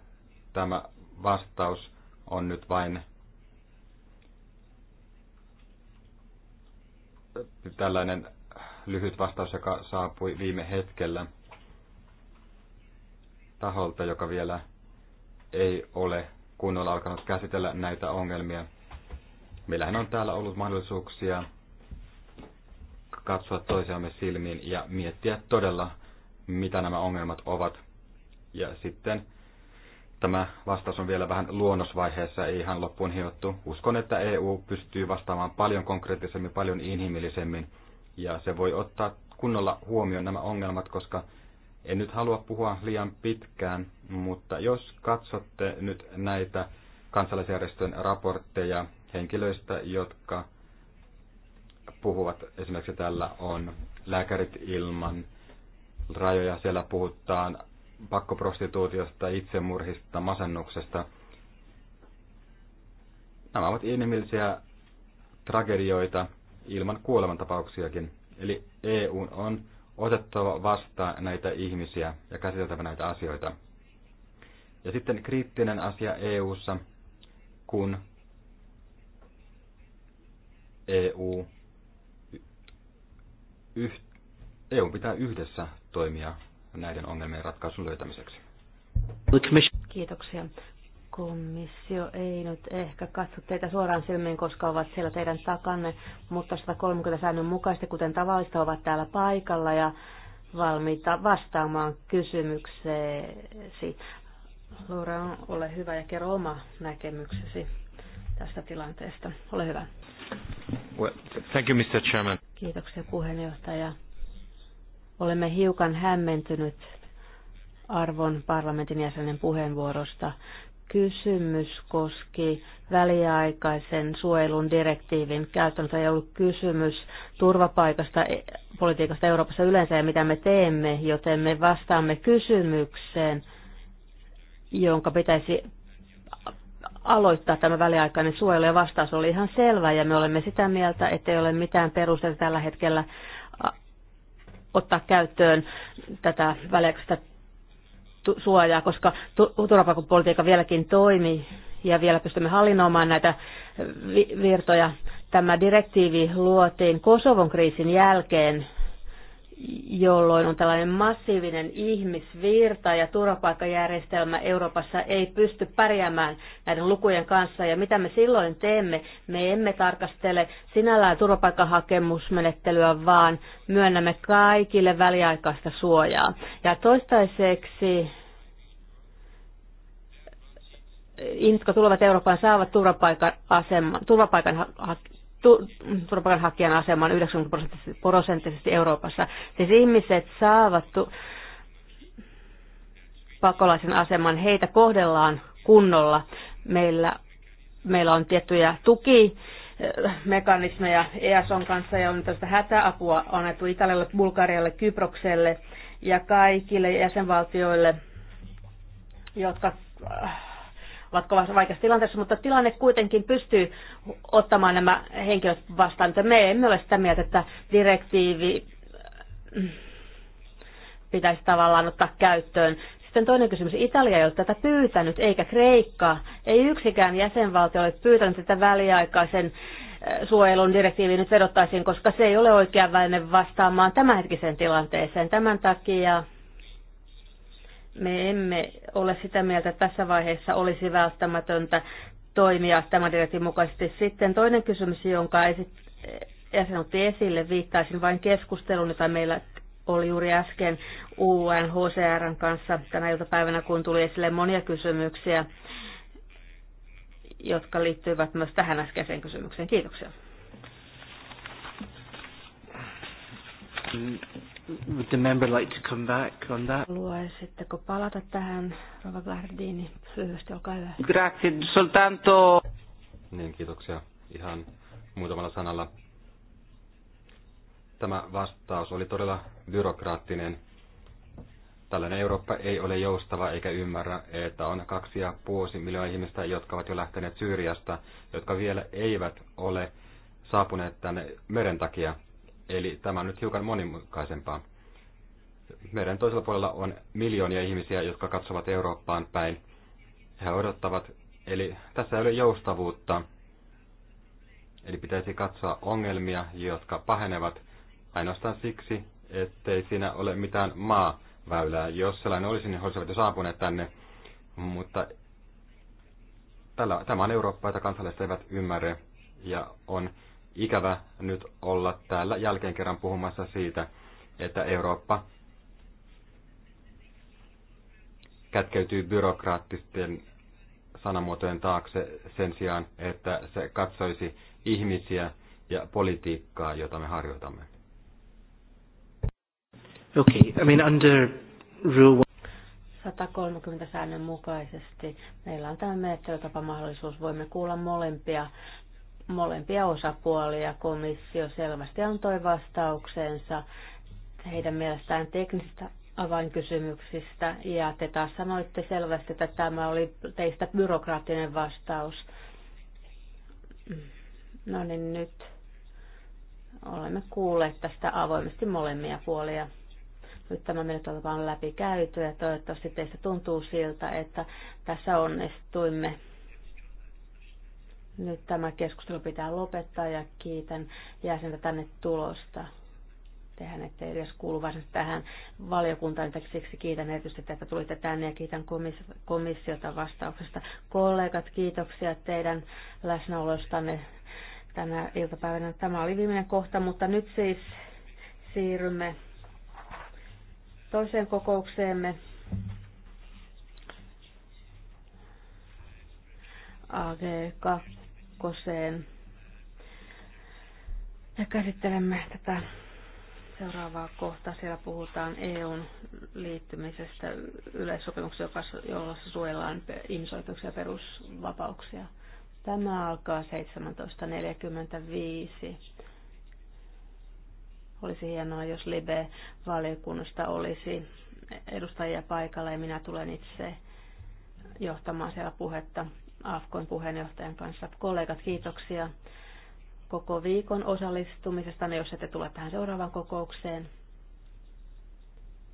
tämä vastaus on nyt vain tällainen lyhyt vastaus, joka saapui viime hetkellä taholta, joka vielä ei ole kunnolla alkanut käsitellä näitä ongelmia. Meillähän on täällä ollut mahdollisuuksia katsoa toisiamme silmiin ja miettiä todella, mitä nämä ongelmat ovat. Ja sitten tämä vastaus on vielä vähän luonnosvaiheessa, ei ihan loppuun hiottu. Uskon, että EU pystyy vastaamaan paljon konkreettisemmin, paljon inhimillisemmin, ja se voi ottaa kunnolla huomioon nämä ongelmat, koska en nyt halua puhua liian pitkään, mutta jos katsotte nyt näitä kansalaisjärjestön raportteja henkilöistä, jotka puhuvat, esimerkiksi täällä on lääkärit ilman rajoja, siellä puhutaan pakkoprostituutiosta, itsemurhista, masennuksesta. Nämä ovat inhimillisiä tragedioita ilman kuolemantapauksiakin. Eli EU on otettava vastaan näitä ihmisiä ja käsiteltävä näitä asioita. Ja sitten kriittinen asia EU:ssa, kun EU, yht, EU pitää yhdessä toimia näiden ongelmien ratkaisun löytämiseksi. Kiitoksia komissio ei nyt ehkä katso teitä suoraan silmiin, koska ovat siellä teidän takanne, mutta 130 säännön mukaisesti, kuten tavallista, ovat täällä paikalla ja valmiita vastaamaan kysymykseesi. Laura, ole hyvä ja kerro oma näkemyksesi tästä tilanteesta. Ole hyvä. Well, thank you, Mr. Chairman. Kiitoksia puheenjohtaja. Olemme hiukan hämmentynyt arvon parlamentin jäsenen puheenvuorosta kysymys koski väliaikaisen suojelun direktiivin käytännössä ei ollut kysymys turvapaikasta e, politiikasta Euroopassa yleensä ja mitä me teemme, joten me vastaamme kysymykseen, jonka pitäisi aloittaa tämä väliaikainen suojelu ja vastaus oli ihan selvä ja me olemme sitä mieltä, että ei ole mitään perusteita tällä hetkellä ottaa käyttöön tätä väliaikaista suojaa, koska turvapaikkapolitiikka vieläkin toimii ja vielä pystymme hallinnoimaan näitä eh, virtoja. Tämä direktiivi luotiin Kosovon kriisin jälkeen, jolloin on tällainen massiivinen ihmisvirta ja turvapaikkajärjestelmä Euroopassa ei pysty pärjäämään näiden lukujen kanssa. Ja mitä me silloin teemme, me emme tarkastele sinällään turvapaikkahakemusmenettelyä, vaan myönnämme kaikille väliaikaista suojaa. Ja toistaiseksi ihmiset, jotka tulevat Eurooppaan, saavat turvapaikan aseman, turvapaikan turvapaikanhakijan aseman 90 prosenttisesti Euroopassa. Siis ihmiset saavat tu- pakolaisen aseman, heitä kohdellaan kunnolla. Meillä, meillä on tiettyjä tuki mekanismeja EASON kanssa ja on tästä hätäapua annettu Italialle, Bulgarialle, Kyprokselle ja kaikille jäsenvaltioille, jotka äh, ovat kovasti vaikeassa tilanteessa, mutta tilanne kuitenkin pystyy ottamaan nämä henkilöt vastaan. Me emme ole sitä mieltä, että direktiivi mm, pitäisi tavallaan ottaa käyttöön. Sitten toinen kysymys. Italia ei ole tätä pyytänyt, eikä Kreikka. Ei yksikään jäsenvaltio ole pyytänyt tätä väliaikaisen eh, suojelun direktiiviin nyt vedottaisiin, koska se ei ole oikea väline vastaamaan tämänhetkiseen tilanteeseen. Tämän takia me emme ole sitä mieltä, että tässä vaiheessa olisi välttämätöntä toimia tämän direktiivin mukaisesti. Sitten toinen kysymys, jonka jäsen otti esille, viittaisin vain keskusteluun, jota meillä oli juuri äsken UNHCRn kanssa tänä iltapäivänä, kun tuli esille monia kysymyksiä, jotka liittyivät myös tähän äskeiseen kysymykseen. Kiitoksia. Mm. Would the member like to come back on that? Haluaisitteko palata tähän, Rova Glardini? Lyhyesti, olkaa hyvä. Grazie, soltanto... Niin, kiitoksia. Ihan muutamalla sanalla. Tämä vastaus oli todella byrokraattinen. Tällainen Eurooppa ei ole joustava eikä ymmärrä, että on kaksi ja puoli miljoonaa ihmistä, jotka ovat jo lähteneet Syyriasta, jotka vielä eivät ole saapuneet tänne meren takia Eli tämä on nyt hiukan monimutkaisempaa. Meidän toisella puolella on miljoonia ihmisiä, jotka katsovat Eurooppaan päin. He odottavat, eli tässä ei ole joustavuutta. Eli pitäisi katsoa ongelmia, jotka pahenevat ainoastaan siksi, ettei siinä ole mitään maaväylää. Jos sellainen olisi, niin he olisivat jo saapuneet tänne. Mutta tällä, tämä on Eurooppa, jota kansalaiset eivät ymmärrä. Ja on ikävä nyt olla täällä jälkeen kerran puhumassa siitä, että Eurooppa kätkeytyy byrokraattisten sanamuotojen taakse sen sijaan, että se katsoisi ihmisiä ja politiikkaa, jota me harjoitamme. Okay, I mean under rule 130 säännön mukaisesti meillä on tämä menettelytapamahdollisuus. Voimme kuulla molempia molempia osapuolia. Komissio selvästi antoi vastauksensa heidän mielestään teknisistä avainkysymyksistä, ja te taas sanoitte selvästi, että tämä oli teistä byrokraattinen vastaus. No niin, nyt olemme kuulleet tästä avoimesti molemmia puolia. Nyt tämä meni läpi käyty ja toivottavasti teistä tuntuu siltä, että tässä onnistuimme nyt tämä keskustelu pitää lopettaa ja kiitän jäsentä tänne tulosta. Tehän ette edes kuulu varsinaisesti tähän valiokuntaan, siksi kiitän erityisesti, että tulitte tänne ja kiitän komissiota vastauksesta. Kollegat, kiitoksia teidän läsnäolostanne tänä iltapäivänä. Tämä oli viimeinen kohta, mutta nyt siis siirrymme toiseen kokoukseemme. AG2 kakkoseen. Ja käsittelemme tätä seuraavaa kohtaa. Siellä puhutaan EUn liittymisestä yleissopimuksen, jolla suojellaan ihmisoikeuksia ja perusvapauksia. Tämä alkaa 17.45. Olisi hienoa, jos Libe-valiokunnasta olisi edustajia paikalla ja minä tulen itse johtamaan siellä puhetta. AFKon puheenjohtajan kanssa. Kollegat, kiitoksia koko viikon osallistumisesta, jos ette tule tähän seuraavaan kokoukseen.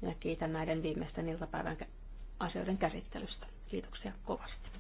Ja kiitän näiden viimeisten iltapäivän asioiden käsittelystä. Kiitoksia kovasti.